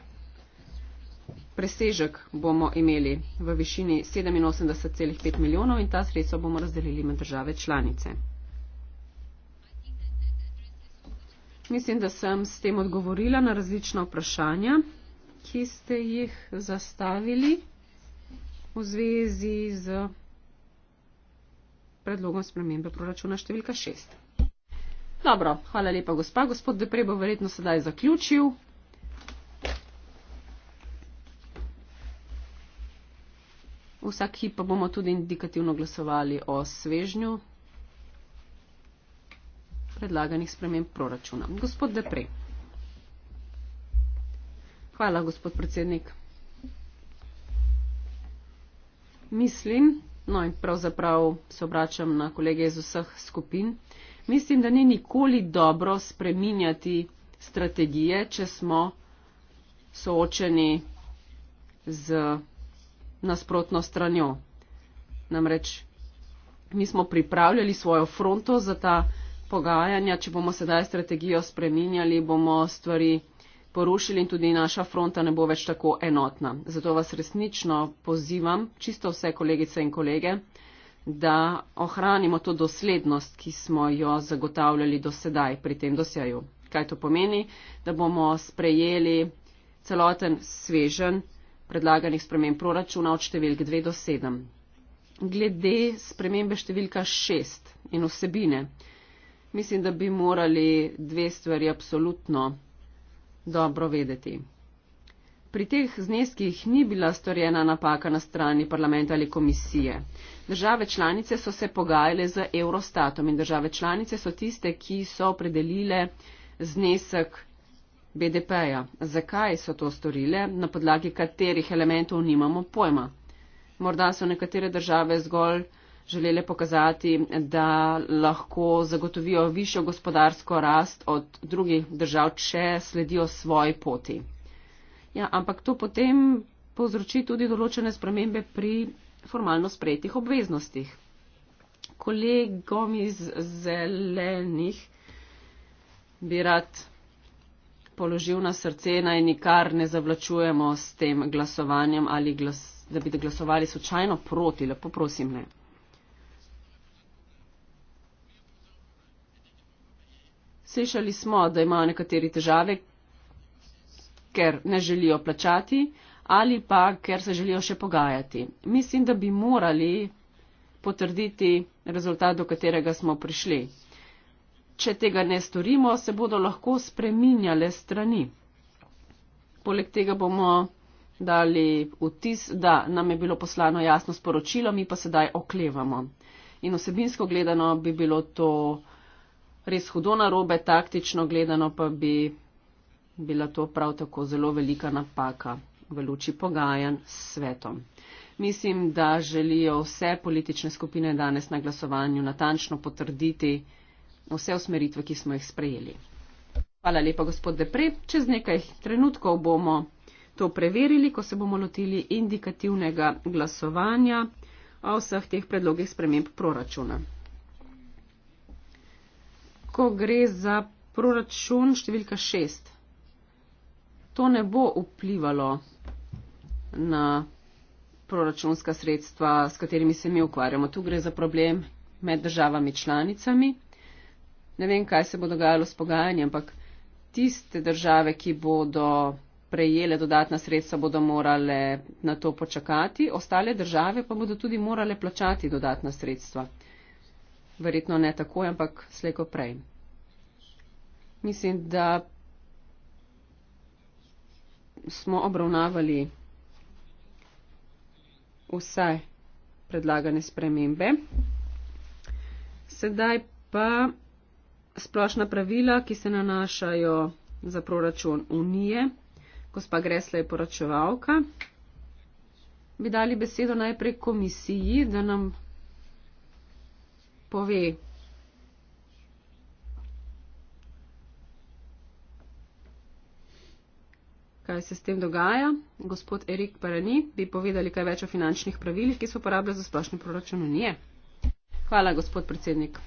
presežek bomo imeli v višini 87,5 milijonov in ta sredstva bomo razdelili med države članice. Mislim, da sem s tem odgovorila na različna vprašanja, ki ste jih zastavili v zvezi z predlogom spremembe proračuna številka 6. Dobro, hvala lepa gospa. Gospod Deprej bo verjetno sedaj zaključil. Vsak hip pa bomo tudi indikativno glasovali o svežnju predlaganih sprememb proračuna. Gospod Depre. Hvala, gospod predsednik. Mislim, no in pravzaprav se obračam na kolege iz vseh skupin, mislim, da ni nikoli dobro spreminjati strategije, če smo soočeni z nasprotno stranjo. Namreč mi smo pripravljali svojo fronto za ta pogajanja, če bomo sedaj strategijo spreminjali, bomo stvari porušili in tudi naša fronta ne bo več tako enotna. Zato vas resnično pozivam, čisto vse kolegice in kolege, da ohranimo to doslednost, ki smo jo zagotavljali do sedaj pri tem dosjaju. Kaj to pomeni? Da bomo sprejeli celoten svežen predlaganih sprememb proračuna od številk 2 do 7. Glede spremembe številka 6 in osebine, mislim, da bi morali dve stvari absolutno dobro vedeti. Pri teh zneskih ni bila storjena napaka na strani parlamenta ali komisije. Države članice so se pogajale z Eurostatom in države članice so tiste, ki so opredelile znesek BDP-ja. Zakaj so to storile, na podlagi katerih elementov nimamo pojma? Morda so nekatere države zgolj želele pokazati, da lahko zagotovijo višjo gospodarsko rast od drugih držav, če sledijo svoji poti. Ja, ampak to potem povzroči tudi določene spremembe pri formalno sprejetih obveznostih. Kolegom iz zelenih bi rad položil na srce, naj nikar ne zavlačujemo s tem glasovanjem ali glas, da bi glasovali slučajno proti, lepo prosim ne. Slišali smo, da imajo nekateri težave, ker ne želijo plačati ali pa ker se želijo še pogajati. Mislim, da bi morali potrditi rezultat, do katerega smo prišli če tega ne storimo, se bodo lahko spreminjale strani. Poleg tega bomo dali vtis, da nam je bilo poslano jasno sporočilo, mi pa sedaj oklevamo. In osebinsko gledano bi bilo to res hudo narobe, taktično gledano pa bi bila to prav tako zelo velika napaka v luči pogajanj s svetom. Mislim, da želijo vse politične skupine danes na glasovanju natančno potrditi, vse usmeritve, ki smo jih sprejeli. Hvala lepa, gospod Depre. Čez nekaj trenutkov bomo to preverili, ko se bomo lotili indikativnega glasovanja o vseh teh predlogih sprememb proračuna. Ko gre za proračun številka 6, to ne bo vplivalo na proračunska sredstva, s katerimi se mi ukvarjamo. Tu gre za problem med državami članicami ne vem, kaj se bo dogajalo s pogajanjem, ampak tiste države, ki bodo prejele dodatna sredstva, bodo morale na to počakati, ostale države pa bodo tudi morale plačati dodatna sredstva. Verjetno ne takoj, ampak slejko prej. Mislim, da smo obravnavali vse predlagane spremembe. Sedaj pa splošna pravila, ki se nanašajo za proračun Unije. Gospa Gresla je poračevalka. Bi dali besedo najprej komisiji, da nam pove. kaj se s tem dogaja. Gospod Erik Parani bi povedali kaj več o finančnih pravilih, ki se uporabljajo za splošni proračun Unije. Hvala, gospod predsednik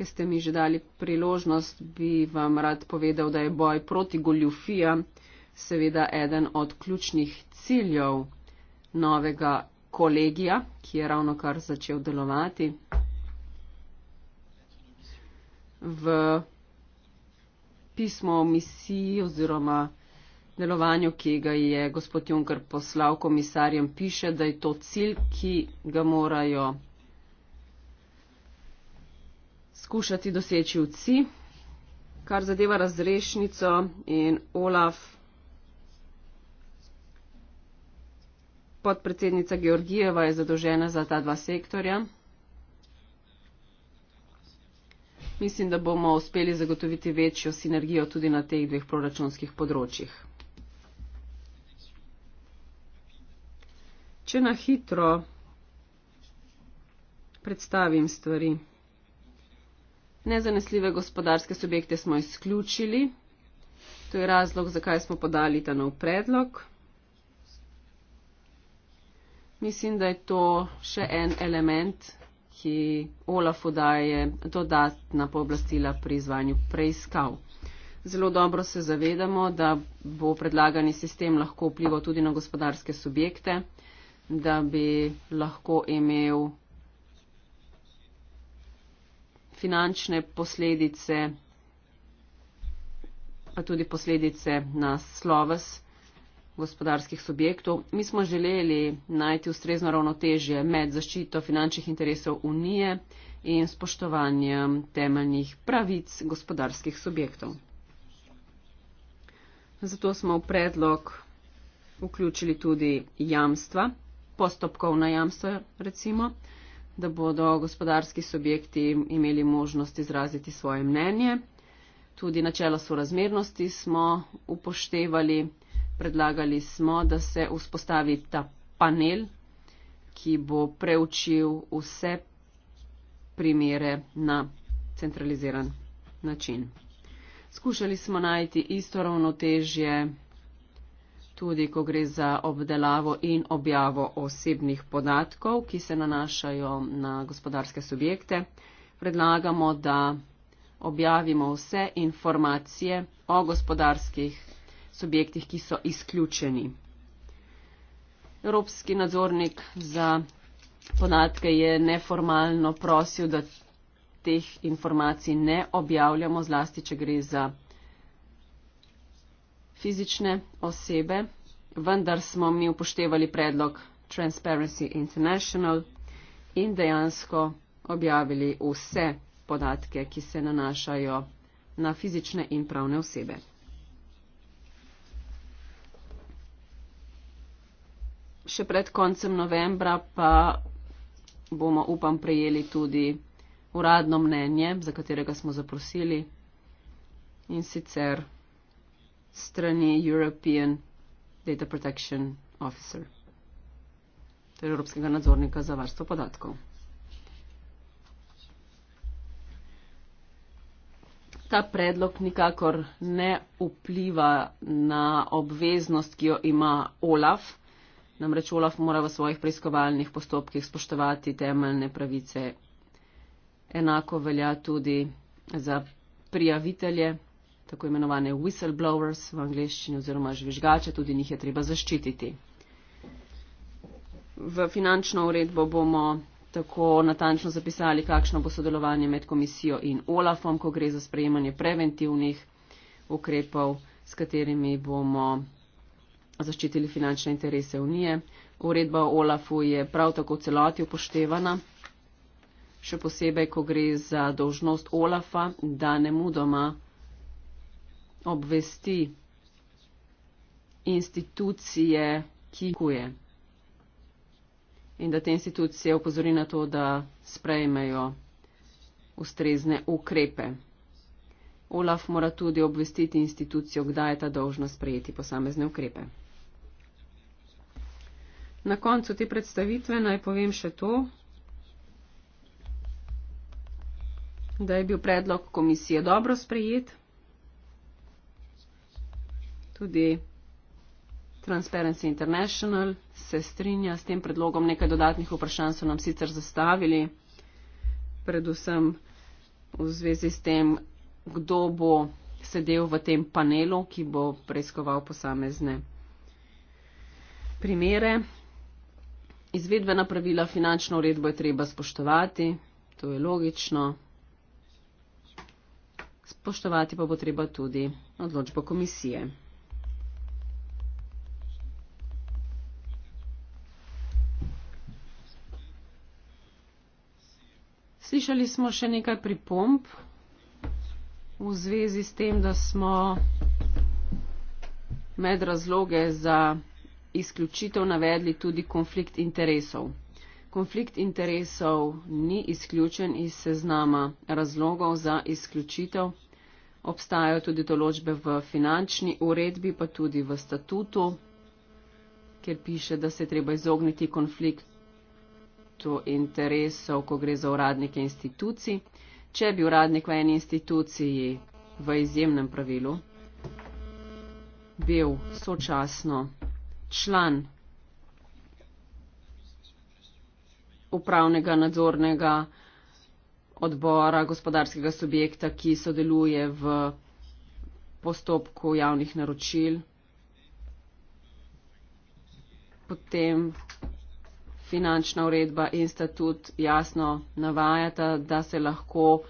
ker ste mi že dali priložnost, bi vam rad povedal, da je boj proti goljufijam seveda eden od ključnih ciljev novega kolegija, ki je ravno kar začel delovati. V pismo o misiji oziroma delovanju, ki ga je gospod Juncker poslal komisarjem, piše, da je to cilj, ki ga morajo skušati doseči vsi, kar zadeva razrešnico in Olaf, podpredsednica Georgijeva je zadolžena za ta dva sektorja. Mislim, da bomo uspeli zagotoviti večjo sinergijo tudi na teh dveh proračunskih področjih. Če na hitro predstavim stvari. Nezanesljive gospodarske subjekte smo izključili. To je razlog, zakaj smo podali ta nov predlog. Mislim, da je to še en element, ki Olafu daje dodatna pooblastila pri izvanju preiskav. Zelo dobro se zavedamo, da bo predlagani sistem lahko vplival tudi na gospodarske subjekte, da bi lahko imel finančne posledice, pa tudi posledice na sloves gospodarskih subjektov. Mi smo želeli najti ustrezno ravnotežje med zaščito finančnih interesov Unije in spoštovanjem temeljnih pravic gospodarskih subjektov. Zato smo v predlog vključili tudi jamstva, postopkovna jamstva recimo da bodo gospodarski subjekti imeli možnost izraziti svoje mnenje. Tudi načelo sorazmernosti smo upoštevali, predlagali smo, da se vzpostavi ta panel, ki bo preučil vse primere na centraliziran način. Skušali smo najti isto ravnotežje tudi ko gre za obdelavo in objavo osebnih podatkov, ki se nanašajo na gospodarske subjekte. Predlagamo, da objavimo vse informacije o gospodarskih subjektih, ki so izključeni. Evropski nadzornik za podatke je neformalno prosil, da teh informacij ne objavljamo, zlasti, če gre za fizične osebe, vendar smo mi upoštevali predlog Transparency International in dejansko objavili vse podatke, ki se nanašajo na fizične in pravne osebe. Še pred koncem novembra pa bomo, upam, prejeli tudi uradno mnenje, za katerega smo zaprosili in sicer strani European Data Protection Officer, to torej je Evropskega nadzornika za varstvo podatkov. Ta predlog nikakor ne vpliva na obveznost, ki jo ima OLAF. Namreč OLAF mora v svojih preiskovalnih postopkih spoštovati temeljne pravice. Enako velja tudi za prijavitelje tako imenovane whistleblowers v angleščini oziroma žvižgače, tudi njih je treba zaščititi. V finančno uredbo bomo tako natančno zapisali, kakšno bo sodelovanje med komisijo in OLAFom, ko gre za sprejemanje preventivnih ukrepov, s katerimi bomo zaščitili finančne interese Unije. Uredba o OLAFu je prav tako celoti upoštevana, še posebej, ko gre za dožnost OLAFa, da ne mudoma obvesti institucije, ki kuje. In da te institucije upozori na to, da sprejmejo ustrezne ukrepe. Olaf mora tudi obvestiti institucijo, kdaj je ta dolžna sprejeti posamezne ukrepe. Na koncu te predstavitve naj povem še to, da je bil predlog komisije dobro sprejet tudi Transparency International se strinja s tem predlogom. Nekaj dodatnih vprašanj so nam sicer zastavili, predvsem v zvezi s tem, kdo bo sedel v tem panelu, ki bo preiskoval posamezne primere. Izvedbena pravila finančno uredbo je treba spoštovati, to je logično. Spoštovati pa bo treba tudi odločbo komisije. Slišali smo še nekaj pripomb v zvezi s tem, da smo med razloge za izključitev navedli tudi konflikt interesov. Konflikt interesov ni izključen iz seznama razlogov za izključitev. Obstajajo tudi določbe v finančni uredbi, pa tudi v statutu, kjer piše, da se je treba izogniti konflikt konfliktu interesov, ko gre za uradnike institucij. Če bi uradnik v eni instituciji v izjemnem pravilu bil sočasno član upravnega nadzornega odbora gospodarskega subjekta, ki sodeluje v postopku javnih naročil, potem finančna uredba in statut jasno navajata, da se lahko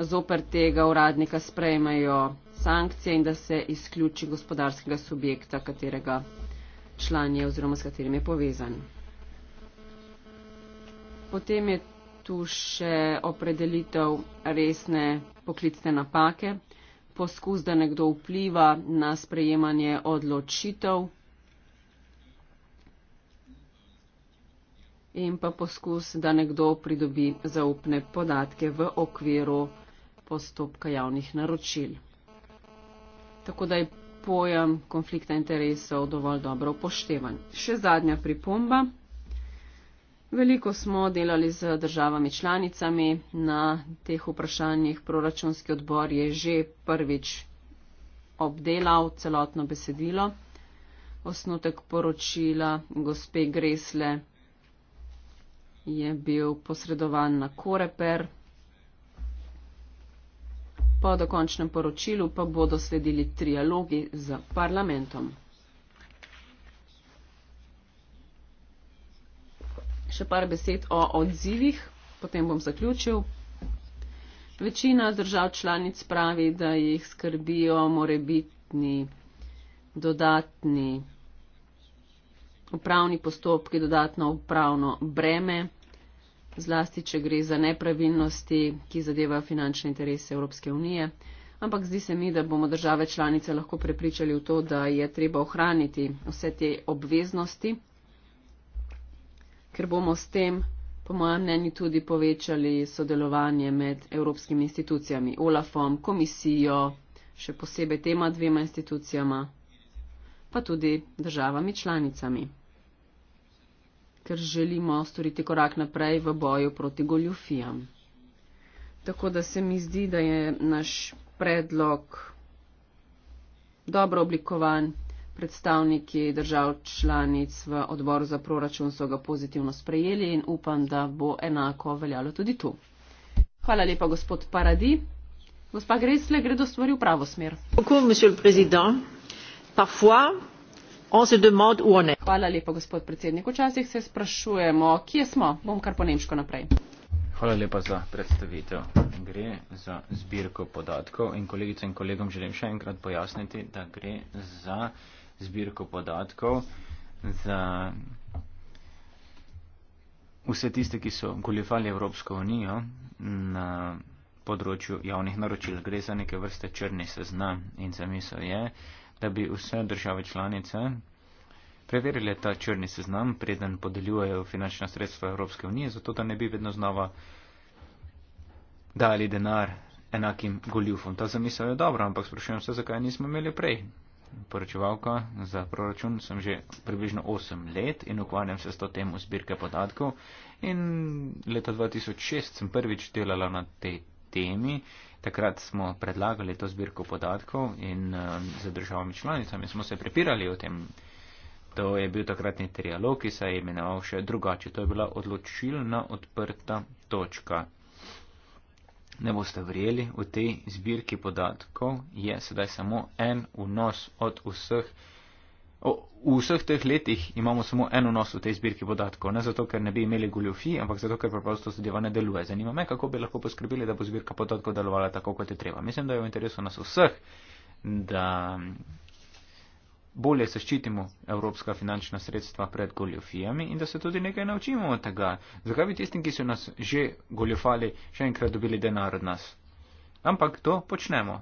zoper tega uradnika sprejmejo sankcije in da se izključi gospodarskega subjekta, katerega član je oziroma s katerim je povezan. Potem je tu še opredelitev resne poklicne napake, poskus, da nekdo vpliva na sprejemanje odločitev. in pa poskus, da nekdo pridobi zaupne podatke v okviru postopka javnih naročil. Tako da je pojem konflikta interesov dovolj dobro upoštevan. Še zadnja pripomba. Veliko smo delali z državami članicami na teh vprašanjih. Proračunski odbor je že prvič obdelal celotno besedilo. Osnutek poročila gospe Gresle je bil posredovan na Koreper. Po dokončnem poročilu pa bodo sledili trialogi z parlamentom. Še par besed o odzivih, potem bom zaključil. Večina držav članic pravi, da jih skrbijo morebitni dodatni upravni postopki, dodatno upravno breme zlasti, če gre za nepravilnosti, ki zadevajo finančne interese Evropske unije. Ampak zdi se mi, da bomo države članice lahko prepričali v to, da je treba ohraniti vse te obveznosti, ker bomo s tem, po mojem mnenju, tudi povečali sodelovanje med evropskimi institucijami, OLAF-om, komisijo, še posebej tema dvema institucijama, pa tudi državami članicami ker želimo storiti korak naprej v boju proti goljufijam. Tako da se mi zdi, da je naš predlog dobro oblikovan, predstavniki držav članic v odboru za proračun so ga pozitivno sprejeli in upam, da bo enako veljalo tudi tu. Hvala lepa, gospod Paradi. Gospa Gresle, gre do stvari v pravo smer. Tako, gospod predsednik, parfois on se demand ou on est. Hvala lepa, gospod predsednik. Včasih se sprašujemo, kje smo. Bom kar po nemško naprej. Hvala lepa za predstavitev. Gre za zbirko podatkov in kolegice in kolegom želim še enkrat pojasniti, da gre za zbirko podatkov za vse tiste, ki so goljefali Evropsko unijo na področju javnih naročil. Gre za neke vrste črni seznam in zamisel je, da bi vse države članice preverile ta črni seznam, preden podeljujejo finančna sredstva Evropske unije, zato da ne bi vedno znova dali denar enakim goljufom. Ta zamisel je dobra, ampak sprašujem se, zakaj nismo imeli prej. Poročevalka za proračun sem že približno 8 let in ukvarjam se s to temo zbirke podatkov. In leta 2006 sem prvič delala na tej temi Takrat smo predlagali to zbirko podatkov in uh, z državami članicami smo se prepirali o tem. To je bil takratni trialog, ki se je imenoval še drugače. To je bila odločilna odprta točka. Ne boste verjeli, v tej zbirki podatkov je sedaj samo en vnos od vseh V vseh teh letih imamo samo en vnos v tej zbirki podatkov, ne zato, ker ne bi imeli goljofij, ampak zato, ker preprosto zadeva ne deluje. Zanima me, kako bi lahko poskrbeli, da bo zbirka podatkov delovala tako, kot je treba. Mislim, da je v interesu nas vseh, da bolje zaščitimo evropska finančna sredstva pred goljofijami in da se tudi nekaj naučimo od tega. Zakaj bi tistim, ki so nas že goljofali, še enkrat dobili denar od nas? Ampak to počnemo.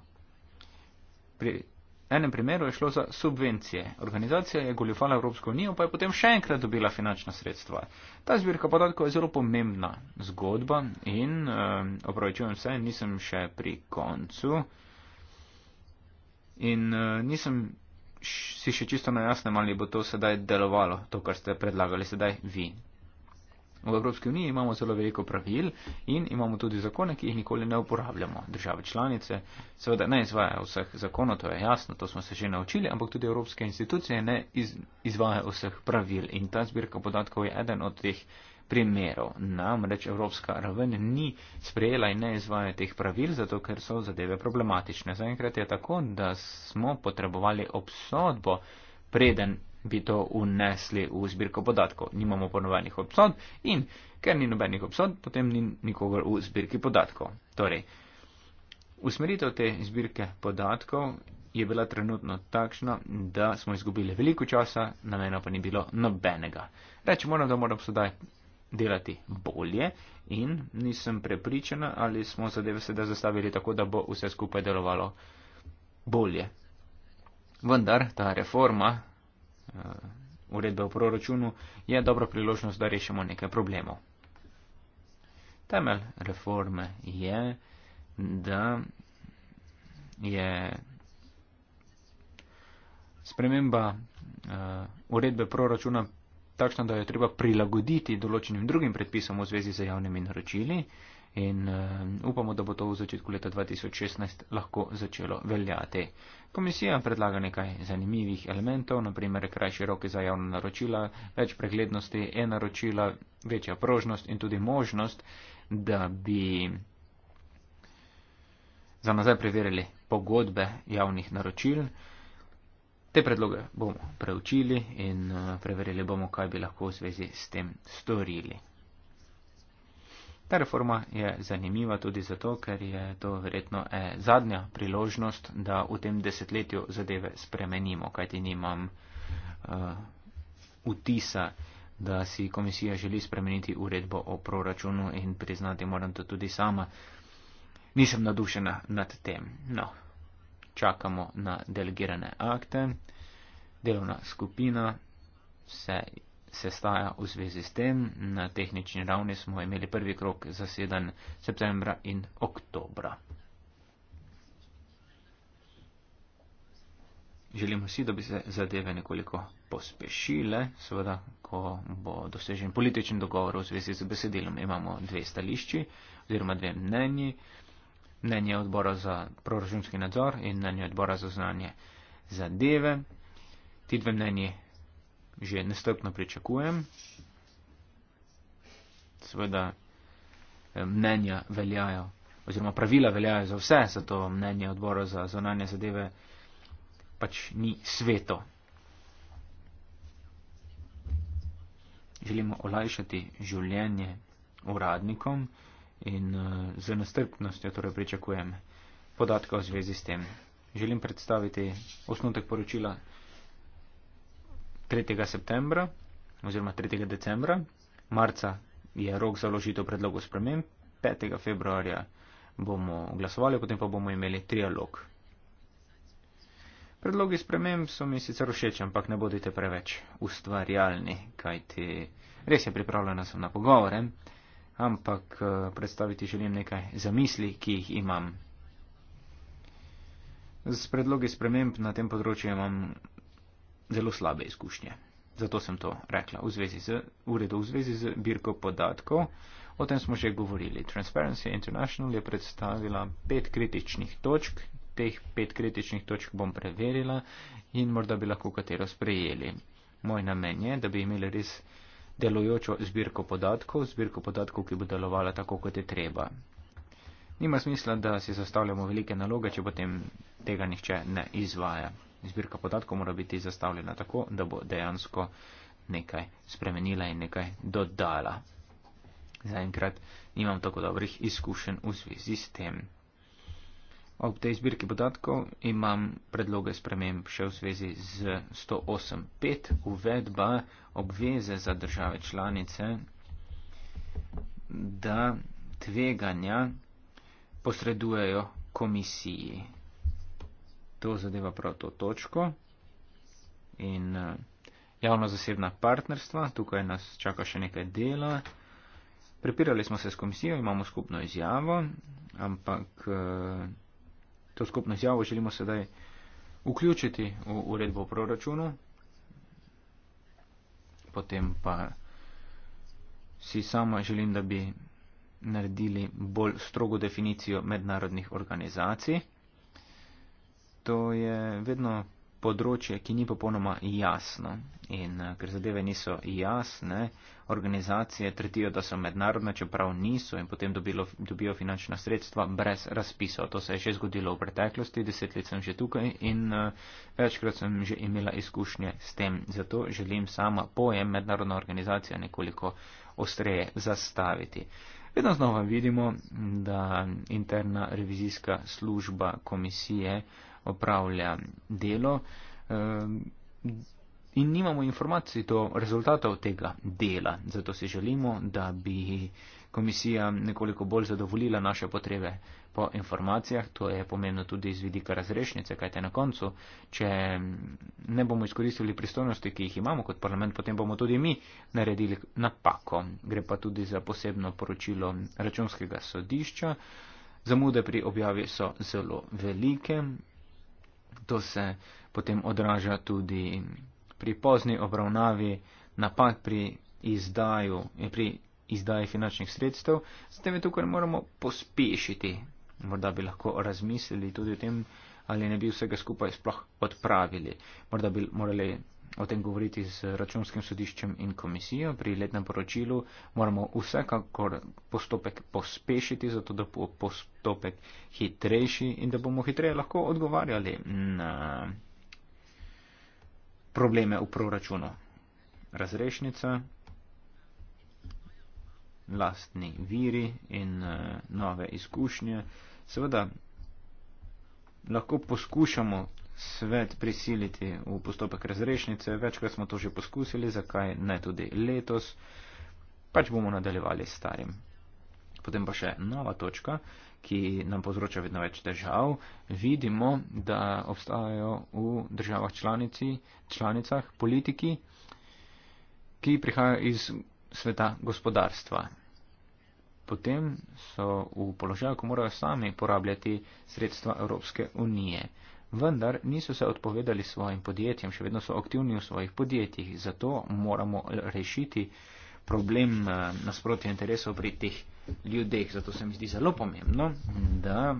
Pri enem primeru je šlo za subvencije. Organizacija je goljufala Evropsko unijo, pa je potem še enkrat dobila finančna sredstva. Ta zbirka podatkov je zelo pomembna zgodba in, uh, opravičujem se, nisem še pri koncu in uh, nisem si še čisto na jasnem, ali bo to sedaj delovalo, to, kar ste predlagali sedaj vi. V Evropski uniji imamo zelo veliko pravil in imamo tudi zakone, ki jih nikoli ne uporabljamo. Države članice seveda ne izvajajo vseh zakonov, to je jasno, to smo se že naučili, ampak tudi evropske institucije ne iz, izvajajo vseh pravil in ta zbirka podatkov je eden od teh primerov. Namreč Evropska raven ni sprejela in ne izvaja teh pravil, zato ker so zadeve problematične. Zaenkrat je tako, da smo potrebovali obsodbo, preden bi to unesli v zbirko podatkov. Nimamo ponovenih obsod in ker ni nobenih obsod, potem ni nikogar v zbirki podatkov. Torej, usmeritev te zbirke podatkov je bila trenutno takšna, da smo izgubili veliko časa, namena pa ni bilo nobenega. Rečemo, da moramo sedaj delati bolje in nisem prepričana, ali smo zadeve sedaj zastavili tako, da bo vse skupaj delovalo bolje. Vendar ta reforma Eh, uredbe o proračunu, je dobra priložnost, da rešimo nekaj problemov. Temelj reforme je, da je sprememba uh, uredbe proračuna takšna, da jo treba prilagoditi določenim drugim predpisom v zvezi z javnimi naročili, uh, in eh, upamo, da bo to v začetku leta 2016 lahko začelo veljati. Komisija predlaga nekaj zanimivih elementov, naprimer krajši roke za javno naročila, več preglednosti, e-naročila, večja prožnost in tudi možnost, da bi za nazaj preverili pogodbe javnih naročil. Te predloge bomo preučili in eh, preverili bomo, kaj bi lahko v zvezi s tem storili. Ta reforma je zanimiva tudi zato, ker je to verjetno eh, zadnja priložnost, da v tem desetletju zadeve spremenimo, kajti nimam uh, vtisa, da si komisija želi spremeniti uredbo o proračunu in priznati moram to tudi sama. Nisem nadušena nad tem. No, čakamo na delegirane akte. Delovna skupina se sestaja v zvezi s tem. Na tehnični ravni smo imeli prvi krok zaseden septembra in oktobra. Želimo si, da bi se zadeve nekoliko pospešile, seveda, ko bo dosežen političen dogovor v zvezi z besedilom. Imamo dve stališči oziroma dve mnenji. Mnenje odbora za proračunski nadzor in mnenje odbora za znanje zadeve. Ti dve mnenji že nestrpno pričakujem. Seveda eh, mnenja veljajo, oziroma pravila veljajo za vse, zato mnenje odbora za zonanje zadeve pač ni sveto. Želimo olajšati življenje uradnikom in eh, z nestrpnostjo torej pričakujem podatka v zvezi s tem. Želim predstaviti osnutek poročila. 3. septembra oziroma 3. decembra, marca je rok za vložitev predlogov sprememb, 5. februarja bomo glasovali, potem pa bomo imeli trialog. Predlogi sprememb so mi sicer všeč, ampak ne bodite preveč ustvarjalni, kajti res je pripravljena sem na pogovore, ampak eh, predstaviti želim nekaj zamisli, ki jih imam. Z predlogi sprememb na tem področju imam zelo slabe izkušnje. Zato sem to rekla v zvezi z uredu, v zvezi z birko podatkov. O tem smo že govorili. Transparency International je predstavila pet kritičnih točk. Teh pet kritičnih točk bom preverila in morda bi lahko katero sprejeli. Moj namen je, da bi imeli res delujočo zbirko podatkov, zbirko podatkov, ki bo delovala tako, kot je treba. Nima smisla, da si zastavljamo velike naloge, če potem tega nihče ne izvaja zbirka podatkov mora biti zastavljena tako, da bo dejansko nekaj spremenila in nekaj dodala. Zaenkrat nimam tako dobrih izkušenj v zvezi s tem. Ob tej zbirki podatkov imam predloge sprememb še v zvezi z 108.5 uvedba obveze za države članice, da tveganja posredujejo komisiji to zadeva prav to točko. In eh, javno-zasebna partnerstva, tukaj nas čaka še nekaj dela. Prepirali smo se s komisijo, imamo skupno izjavo, ampak eh, to skupno izjavo želimo sedaj vključiti v uredbo o proračunu. Potem pa si sama želim, da bi naredili bolj strogo definicijo mednarodnih organizacij to je vedno področje, ki ni popolnoma jasno. In eh, ker zadeve niso jasne, organizacije trdijo, da so mednarodne, čeprav niso in potem dobilo, dobijo finančna sredstva brez razpisa. To se je že zgodilo v preteklosti, deset let sem že tukaj in uh, večkrat sem že imela izkušnje s tem. Zato želim sama pojem mednarodna organizacija nekoliko ostreje zastaviti. Vedno znova vidimo, da interna revizijska služba komisije uh, opravlja delo ehm, in nimamo informacij do rezultatov tega dela. Zato si želimo, da bi komisija nekoliko bolj zadovoljila naše potrebe po informacijah. To je pomembno tudi iz vidika razrešnice, kajte na koncu, če ne bomo izkoristili pristojnosti, ki jih imamo kot parlament, potem bomo tudi mi naredili napako. Gre pa tudi za posebno poročilo računskega sodišča. Zamude pri objavi so zelo velike, to se potem odraža tudi pri pozni obravnavi napak pri izdaju, eh, pri izdaji finančnih sredstev, zatem je tukaj moramo pospešiti. Morda bi lahko razmislili tudi o tem, ali ne bi vsega skupaj sploh odpravili. Morda bi morali o tem govoriti z računskim sodiščem in komisijo. Pri letnem poročilu moramo vsekakor postopek pospešiti, zato da bo postopek hitrejši in da bomo hitreje lahko odgovarjali na probleme v proračunu. Razrešnica, lastni viri in eh, nove izkušnje. Seveda lahko poskušamo svet prisiliti v postopek razrešnice. Večkrat smo to že poskusili, zakaj ne tudi letos. Pač bomo nadaljevali s starim. Potem pa še nova točka, ki nam povzroča vedno več držav. Vidimo, da obstajajo v državah članici, članicah politiki, ki prihajajo iz sveta gospodarstva. Potem so v položaju, ko morajo sami porabljati sredstva Evropske unije vendar niso se odpovedali svojim podjetjem, še vedno so aktivni v svojih podjetjih. Zato moramo rešiti problem eh, nasprotja interesov pri teh ljudeh. Zato se mi zdi zelo pomembno, da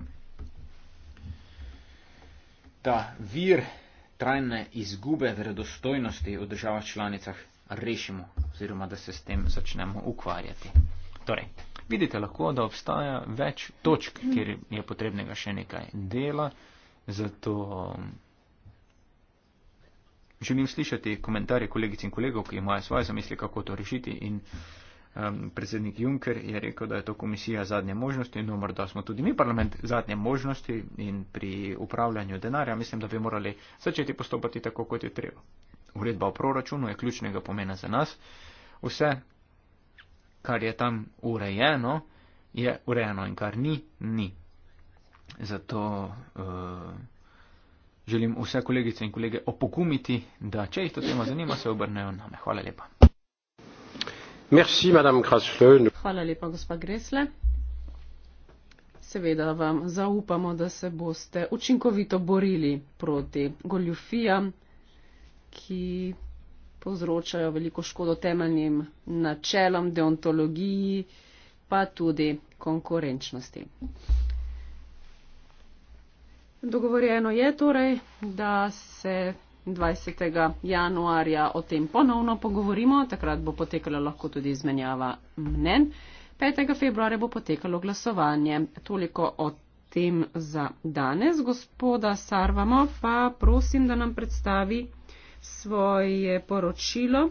ta vir trajne izgube verodostojnosti v državah članicah rešimo oziroma da se s tem začnemo ukvarjati. Torej, vidite lahko, da obstaja več točk, kjer je potrebnega še nekaj dela. Zato um, želim slišati komentarje kolegic in kolegov, ki imajo svoje zamisli, kako to rešiti. In um, predsednik Juncker je rekel, da je to komisija zadnje možnosti, no morda smo tudi mi parlament zadnje možnosti in pri upravljanju denarja mislim, da bi morali začeti postopati tako, kot je treba. Uredba o proračunu je ključnega pomena za nas. Vse, kar je tam urejeno, je urejeno in kar ni, ni. Zato uh, želim vse kolegice in kolege opogumiti, da če jih to tema zanima, se obrnejo na me. Hvala lepa. Merci, Hvala lepa, gospa Gresle. Seveda vam zaupamo, da se boste učinkovito borili proti goljufijam, ki povzročajo veliko škodo temeljnim načelom deontologiji, pa tudi konkurenčnosti. Dogovorjeno je torej, da se 20. januarja o tem ponovno pogovorimo, takrat bo potekala lahko tudi izmenjava mnen. 5. februarja bo potekalo glasovanje. Toliko o tem za danes. Gospoda Sarvamo pa prosim, da nam predstavi svoje poročilo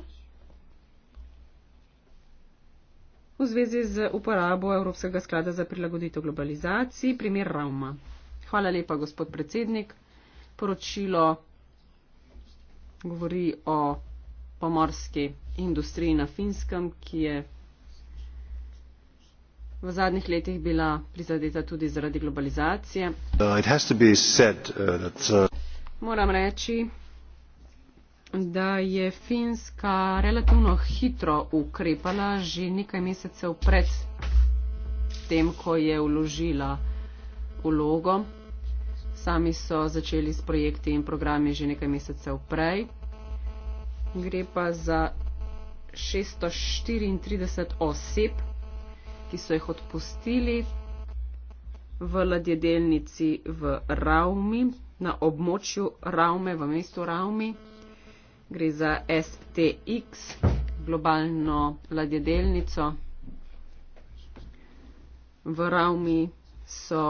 v zvezi z uporabo Evropskega sklada za prilagoditev globalizaciji, primer Rauma. Hvala lepa, gospod predsednik. Poročilo govori o pomorski industriji na Finskem, ki je v zadnjih letih bila prizadeta tudi zaradi globalizacije. Uh, said, uh, uh... Moram reči, da je Finska relativno hitro ukrepala že nekaj mesecev pred tem, ko je vložila vlogo. Sami so začeli s projekti in programi že nekaj mesecev prej. Gre pa za 634 oseb, ki so jih odpustili v ladjedelnici v Raumi, na območju Raume, v mestu Raumi. Gre za STX, globalno ladjedelnico. V Raumi so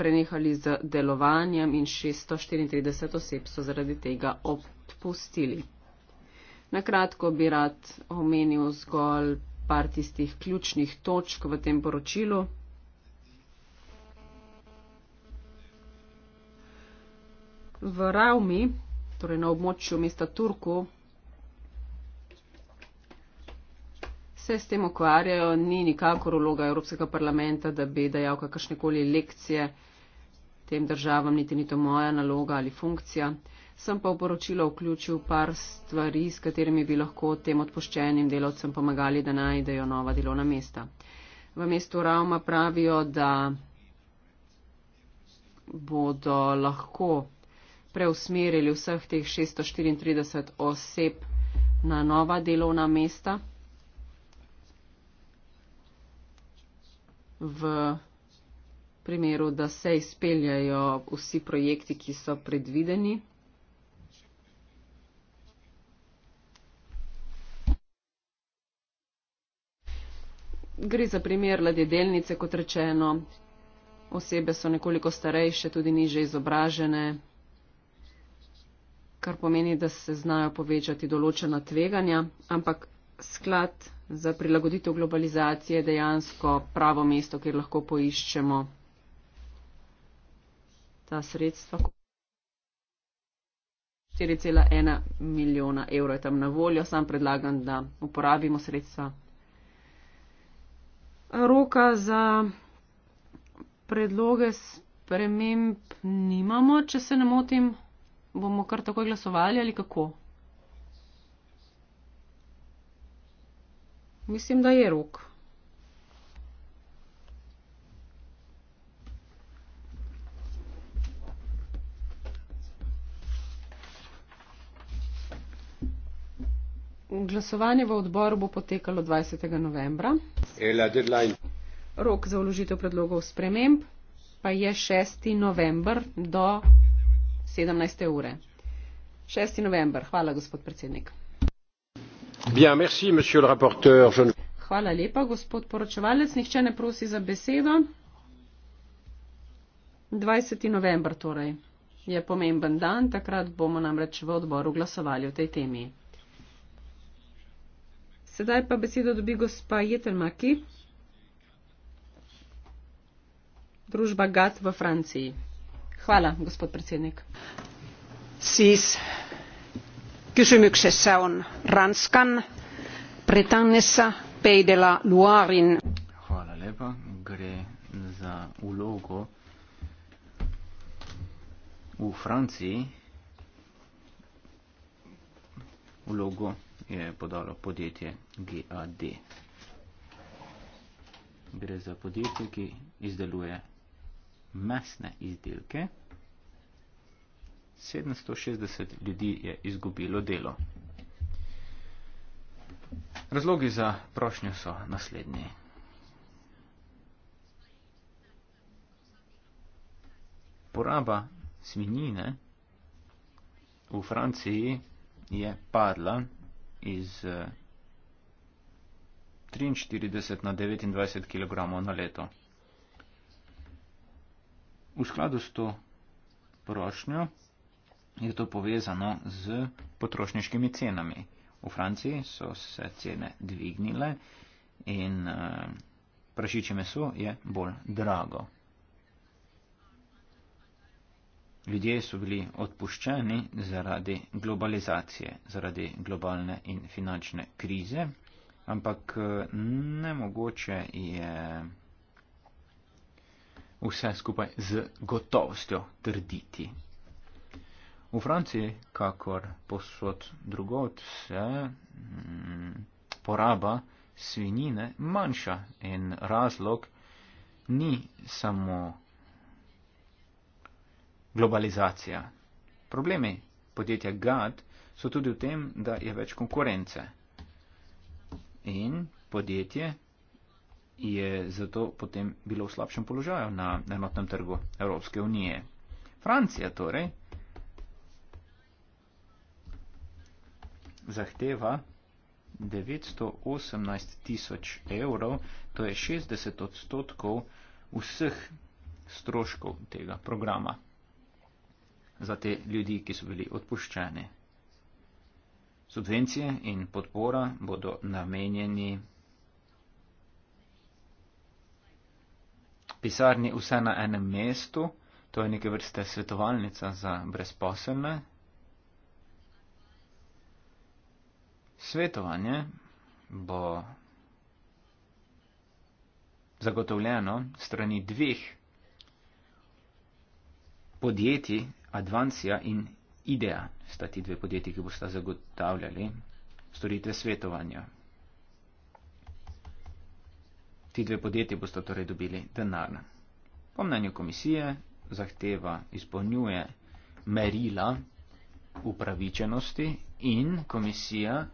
prenehali z delovanjem in 634 oseb so zaradi tega odpustili. Na kratko bi rad omenil zgolj par tistih ključnih točk v tem poročilu. V Ravmi, torej na območju mesta Turku, se s tem ukvarjajo, ni nikakor uloga Evropskega parlamenta, da bi dajal kakršnekoli lekcije tem državam niti ni to moja naloga ali funkcija. Sem pa v poročilo vključil par stvari, s katerimi bi lahko tem odpoščenim delavcem pomagali, da najdejo nova delovna mesta. V mestu Rauma pravijo, da bodo lahko preusmerili vseh teh 634 oseb na nova delovna mesta v primeru, da se izpeljajo vsi projekti, ki so predvideni. Gre za primer ladjedelnice, kot rečeno. Osebe so nekoliko starejše, tudi niže izobražene, kar pomeni, da se znajo povečati določena tveganja, ampak sklad za prilagoditev globalizacije je dejansko pravo mesto, kjer lahko poiščemo ta sredstva. 4,1 milijona evrov je tam na voljo, sam predlagam, da uporabimo sredstva. Roka za predloge sprememb nimamo, če se ne motim, bomo kar takoj glasovali ali kako? Mislim, da je rok. Glasovanje v odboru bo potekalo 20. novembra. Eh, Rok za vložitev predlogov sprememb pa je 6. november do 17. ure. 6. november. Hvala, gospod predsednik. Bien, merci, Je... Hvala lepa, gospod poročevalec. Nihče ne prosi za besedo. 20. november torej je pomemben dan, takrat bomo namreč v odboru glasovali o tej temi. Sedaj pa besedo dobi gospa Jetelmaki, družba GAT v Franciji. Hvala, gospod predsednik. Siis, kysymyksessä on Ranskan, Britannissa Peidela Luarin. Hvala lepa, gre za ulogo u Franciji, ulogo je podalo podjetje GAD. Gre za podjetje, ki izdeluje mesne izdelke. 760 ljudi je izgubilo delo. Razlogi za prošnjo so naslednji. Poraba svinjine v Franciji je padla iz 43 eh, na 29 kg na leto. V skladu s to prošnjo je to povezano z potrošniškimi cenami. V Franciji so se cene dvignile in eh, prašiče meso je bolj drago. Ljudje so bili odpuščeni zaradi globalizacije, zaradi globalne in finančne krize, ampak eh, nemogoče je vse skupaj z gotovostjo trditi. V Franciji, kakor posod drugot, se mm, poraba svinjine manjša in razlog ni samo globalizacija. Problemi podjetja GAD so tudi v tem, da je več konkurence. In podjetje je zato potem bilo v slabšem položaju na enotnem trgu Evropske unije. Francija torej zahteva 918 tisoč evrov, to je 60 odstotkov vseh stroškov tega programa za te ljudi, ki so bili odpuščeni. Subvencije in podpora bodo namenjeni pisarni vse na enem mestu, to je neke vrste svetovalnica za brezposelne. Svetovanje bo zagotovljeno strani dveh podjetij, Advancia in IDEA sta ti dve podjetji, ki bosta zagotavljali storitve svetovanja. Ti dve podjetji bosta torej dobili denar. Po mnenju komisije zahteva izpolnjuje merila upravičenosti in komisija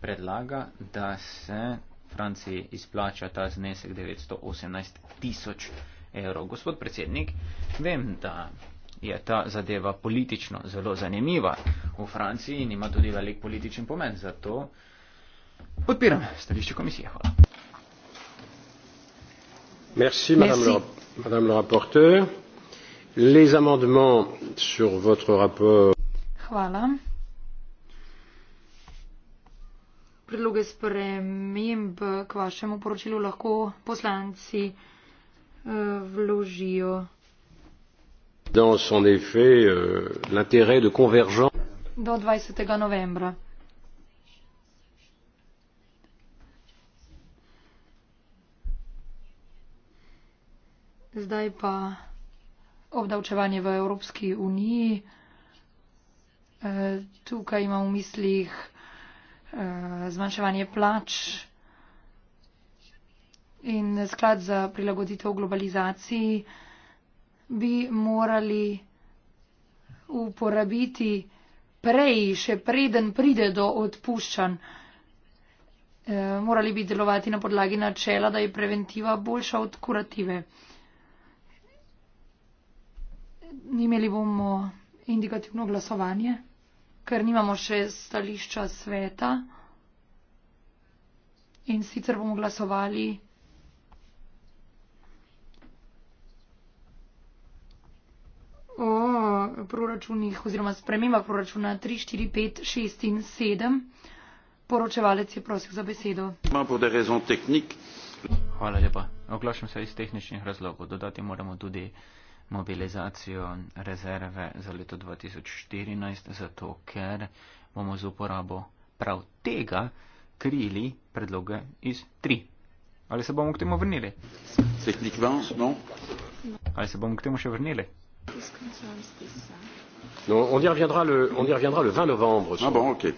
predlaga, da se Franciji izplača ta znesek 918 tisoč evrov. Gospod predsednik, vem, da je ta zadeva politično zelo zanimiva v Franciji in ima tudi velik političen pomen. Zato podpiram stališče komisije. Hvala. Merci, madame, Merci. Le, madame le rapporteur. Les amendements sur votre rapport. Hvala. Predloge sprememb k vašemu poročilu lahko poslanci uh, vložijo dans en effet euh, l'intérêt de convergence. Do 20. novembra. Zdaj pa obdavčevanje v Evropski uniji. E, tukaj imam v mislih e, zmanjševanje plač in sklad za prilagoditev globalizaciji. E, bi morali uporabiti prej, še preden pride do odpuščanj. E, morali bi delovati na podlagi načela, da je preventiva boljša od kurative. Imeli bomo indikativno glasovanje, ker nimamo še stališča sveta. In sicer bomo glasovali. o proračunih oziroma sprememba proračuna 3, 4, 5, 6 in 7. Poročevalec je prosil za besedo. Hvala lepa. Oglašam se iz tehničnih razlogov. Dodati moramo tudi mobilizacijo rezerve za leto 2014, zato ker bomo z uporabo prav tega krili predloge iz 3. Ali se bomo k temu vrnili? Tehnik vans, no. Ali se bomo k temu še vrnili? No, on, y reviendra le, on y reviendra le 20 novembre. Ah bon, ok.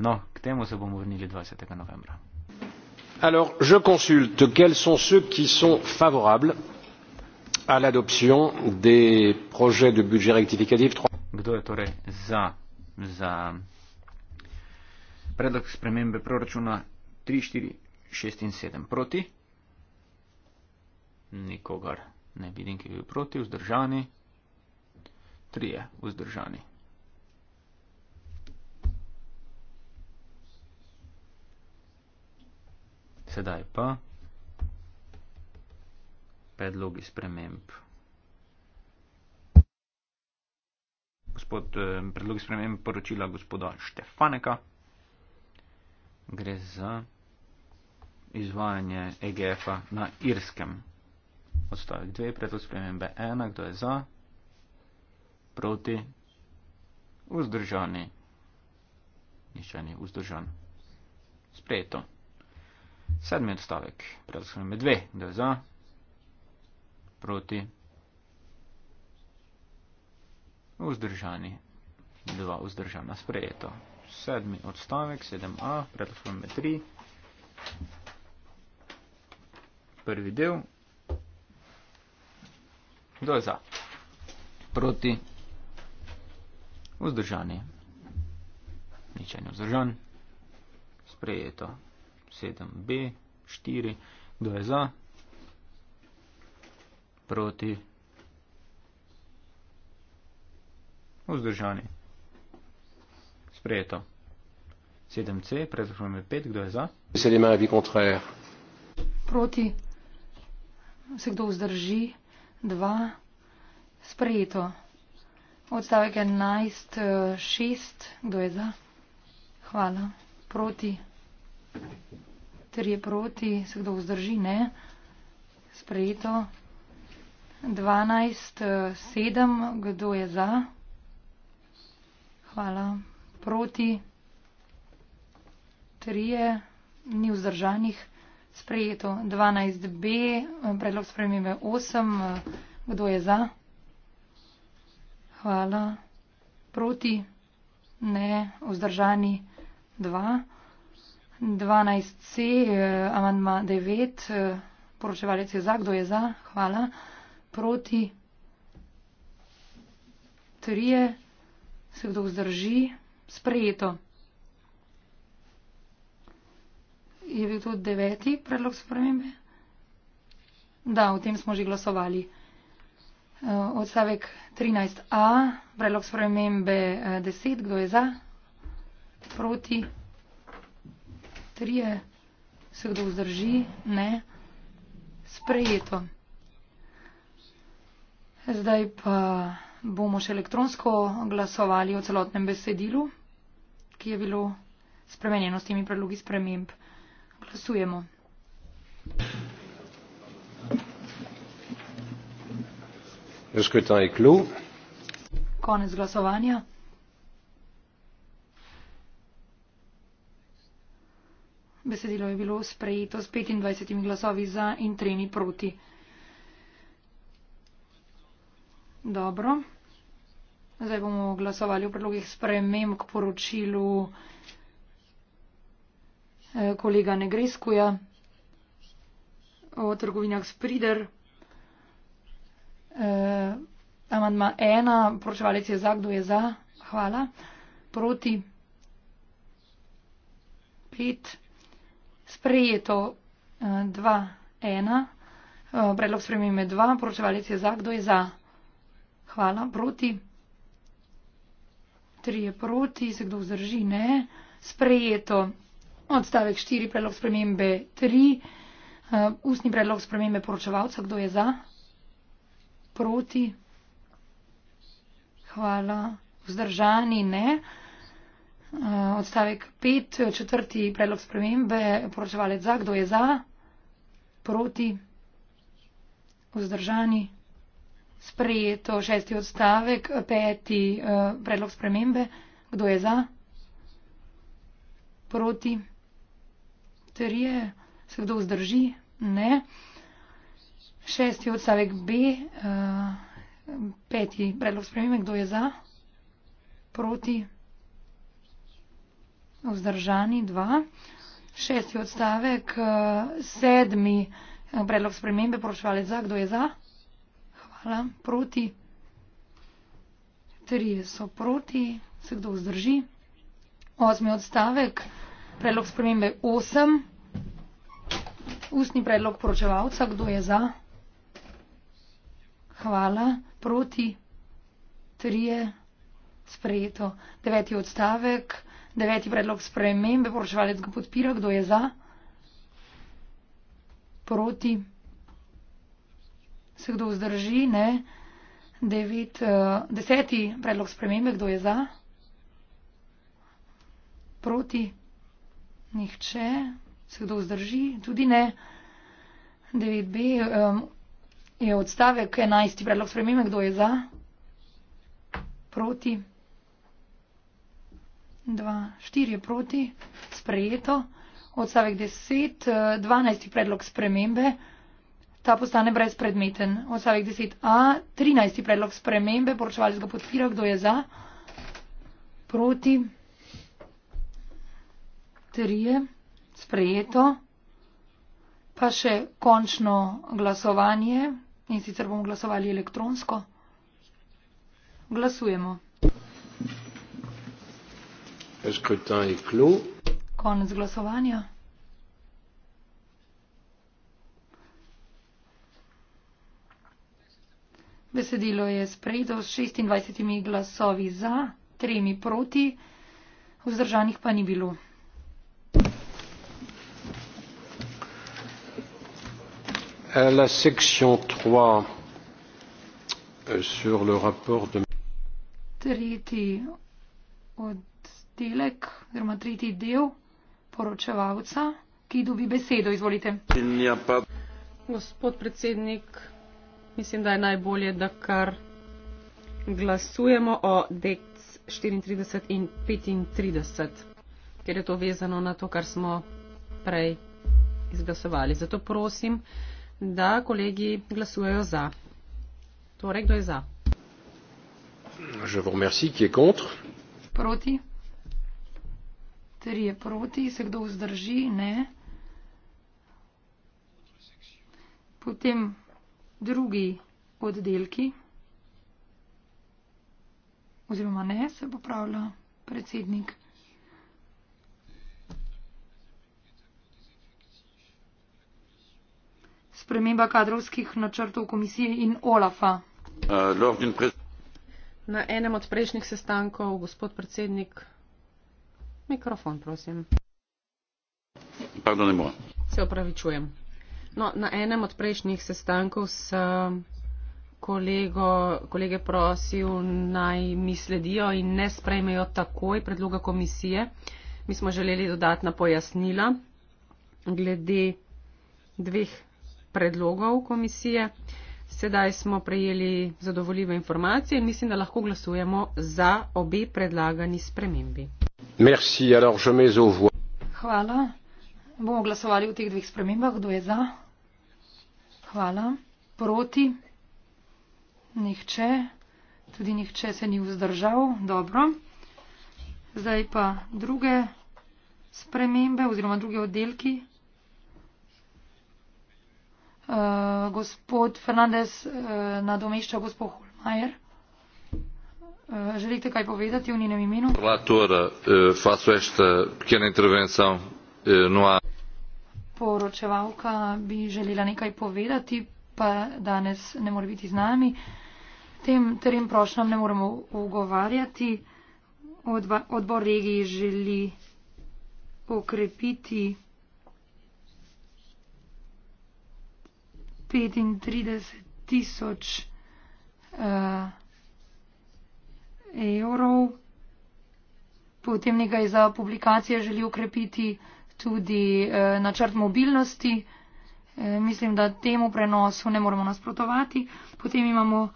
Non, k temu se bomo vrnili 20. novembra. Alors, je consulte quels sont ceux qui sont favorables à l'adoption des projets de budget rectificatif 3. Kdo je torej za, za predlog spremembe proračuna 3, 4, 6 in 7 proti? Nikogar. Ne vidim, ki je bil proti, vzdržani. Trije, vzdržani. Sedaj pa predlogi sprememb. Gospod, eh, predlogi sprememb poročila gospoda Štefaneka. Gre za izvajanje EGF-a na irskem odstavek 2, predlog spremembe 1, kdo je za, proti, vzdržani, niščani, vzdržan, sprejeto. Sedmi odstavek, predlog spremembe 2, kdo je za, proti, vzdržani, 2, vzdržana, sprejeto. Sedmi odstavek, 7a, predlog spremembe 3. Prvi del, Kdo je za? Proti. Vzdržani. Nič ni vzdržan. Sprejeto. 7b, 4. Kdo je za? Proti. Vzdržani. Sprejeto. 7c, predvsem je 5. Kdo je za? Proti. Se kdo vzdrži? 2, sprejeto. Odstavek 11, 6, eh, kdo je za? Hvala. Proti. 3 je proti, se kdo vzdrži? Ne. Sprejeto. 12, 7, eh, kdo je za? Hvala. Proti. 3 je, ni vzdržanih sprejeto 12b, predlog spremembe 8. Kdo je za? Hvala. Proti? Ne. Vzdržani? 2. 12c, amandma 9. Poročevalec je za. Kdo je za? Hvala. Proti? 3. Se kdo vzdrži? Sprejeto. je bil to deveti predlog spremembe. Da, o tem smo že glasovali. Eh, odstavek 13a, predlog spremembe 10, eh, kdo je za, proti, 3, se kdo vzdrži, ne, sprejeto. Zdaj pa bomo še elektronsko glasovali o celotnem besedilu, ki je bilo spremenjeno s temi predlogi sprememb glasujemo. konec glasovanja besedilo je bilo sprejeto s 25 glasovi za in tremi proti dobro zdaj bomo glasovali o predlogih sprememb k poročilu Eh, kolega Negreskuja o trgovinah Sprider. Eh, amandma ena, poročevalec je za, kdo je za, hvala. Proti. Pet. Sprejeto eh, dva, ena. Predlog spremembe dva, poročevalec je za, kdo je za. Hvala. Proti. Tri je proti, se kdo vzdrži, ne. Sprejeto odstavek štiri predlog spremembe tri uh, ustni predlog spremembe poročevalca kdo je za proti hvala vzdržani ne uh, odstavek pet četrti predlog spremembe poročevalec za kdo je za proti vzdržani sprejeto šesti odstavek peti uh, predlog spremembe kdo je za proti histerije, se kdo vzdrži, ne. Šesti odstavek B, uh, peti predlog spremembe, kdo je za, proti, vzdržani, dva. Šesti odstavek, uh, sedmi eh, predlog spremembe, prošvalec za, kdo je za, hvala, proti, tri so proti, se kdo vzdrži. Osmi odstavek, predlog spremembe, osem. Ustni predlog poročevalca, kdo je za? Hvala. Proti? Trije? Sprejeto. Deveti odstavek. Deveti predlog spremembe. Poročevalec ga podpira. Kdo je za? Proti? Se kdo vzdrži? Ne. Devet, uh, deseti predlog spremembe. Kdo je za? Proti? Nihče se kdo vzdrži, tudi ne. 9b um, je odstavek 11. predlog spremembe, kdo je za, proti, 2, 4 je proti, sprejeto. Odstavek 10, 12. Uh, predlog spremembe, ta postane brezpredmeten. Odstavek 10a, 13. predlog spremembe, poročevalec ga podpira, kdo je za, proti, 3 je sprejeto. Pa še končno glasovanje in sicer bomo glasovali elektronsko. Glasujemo. Konec glasovanja. Besedilo je sprejeto s 26 glasovi za, tremi proti, vzdržanih pa ni bilo. à la section 3 euh, sur le rapport de. Tretji oddelek, oziroma tretji del poročevalca, ki dobi besedo, izvolite. Ja, Gospod predsednik, mislim, da je najbolje, da kar glasujemo o DEC 34 in 35, ker je to vezano na to, kar smo prej izglasovali. Zato prosim, da kolegi glasujejo za. Torej, kdo je za? Je vous remercie, qui est contre? Proti. Tri je proti, se kdo vzdrži? Ne. Potem drugi oddelki. Oziroma ne, se popravlja predsednik. sprememba kadrovskih načrtov komisije in OLAFA? Na enem od prejšnjih sestankov, gospod predsednik, mikrofon, prosim. Pardonimo. Se opravičujem. No, na enem od prejšnjih sestankov sem kolego, kolege prosil, naj mi sledijo in ne sprejmejo takoj predloga komisije. Mi smo želeli dodatna pojasnila glede dveh predlogov komisije. Sedaj smo prejeli zadovoljive informacije in mislim, da lahko glasujemo za obe predlagani spremembi. Merci, alors, Hvala. Bomo glasovali v teh dveh spremembah. Kdo je za? Hvala. Proti? Nihče. Tudi nihče se ni vzdržal. Dobro. Zdaj pa druge spremembe oziroma druge oddelki. Eh, gospod Fernandez eh, nadomešča gospod Holmajer. Eh, želite kaj povedati v njenem imenu? No Poročevalka bi želela nekaj povedati, pa danes ne more biti z nami. Tem trem prošnjam ne moremo ugovarjati. Odba, odbor regiji želi okrepiti. 35 tisoč uh, evrov. Potem nekaj za publikacije želi ukrepiti tudi uh, načrt mobilnosti. Uh, mislim, da temu prenosu ne moramo nasprotovati. Potem imamo uh,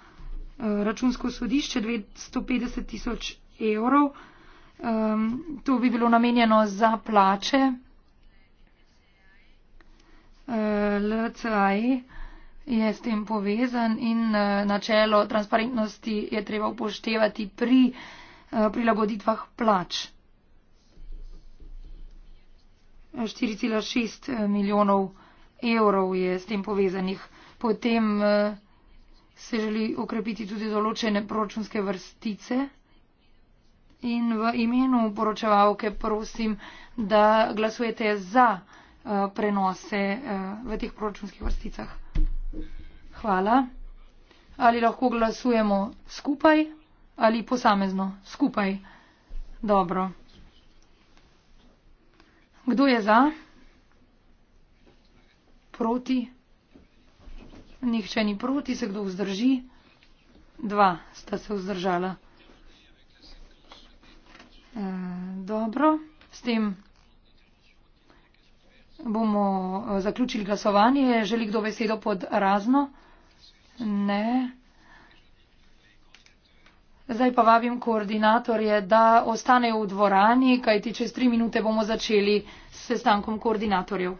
računsko sodišče 250 tisoč evrov. Um, to bi bilo namenjeno za plače. Uh, LCAE je s tem povezan in eh, načelo transparentnosti je treba upoštevati pri eh, prilagoditvah plač. 4,6 eh, milijonov evrov je s tem povezanih. Potem se želi ukrepiti tudi določene proračunske vrstice. In v imenu poročevalke prosim, da glasujete za prenose v teh proračunskih vrsticah. Hvala. Ali lahko glasujemo skupaj ali posamezno? Skupaj. Dobro. Kdo je za? Proti? Nihče ni proti, se kdo vzdrži? Dva sta se vzdržala. E, dobro. S tem bomo eh, zaključili glasovanje. Želi kdo besedo pod razno? Ne. Zdaj pa vabim koordinatorje, da ostanejo v dvorani, kajti čez tri minute bomo začeli s sestankom koordinatorjev.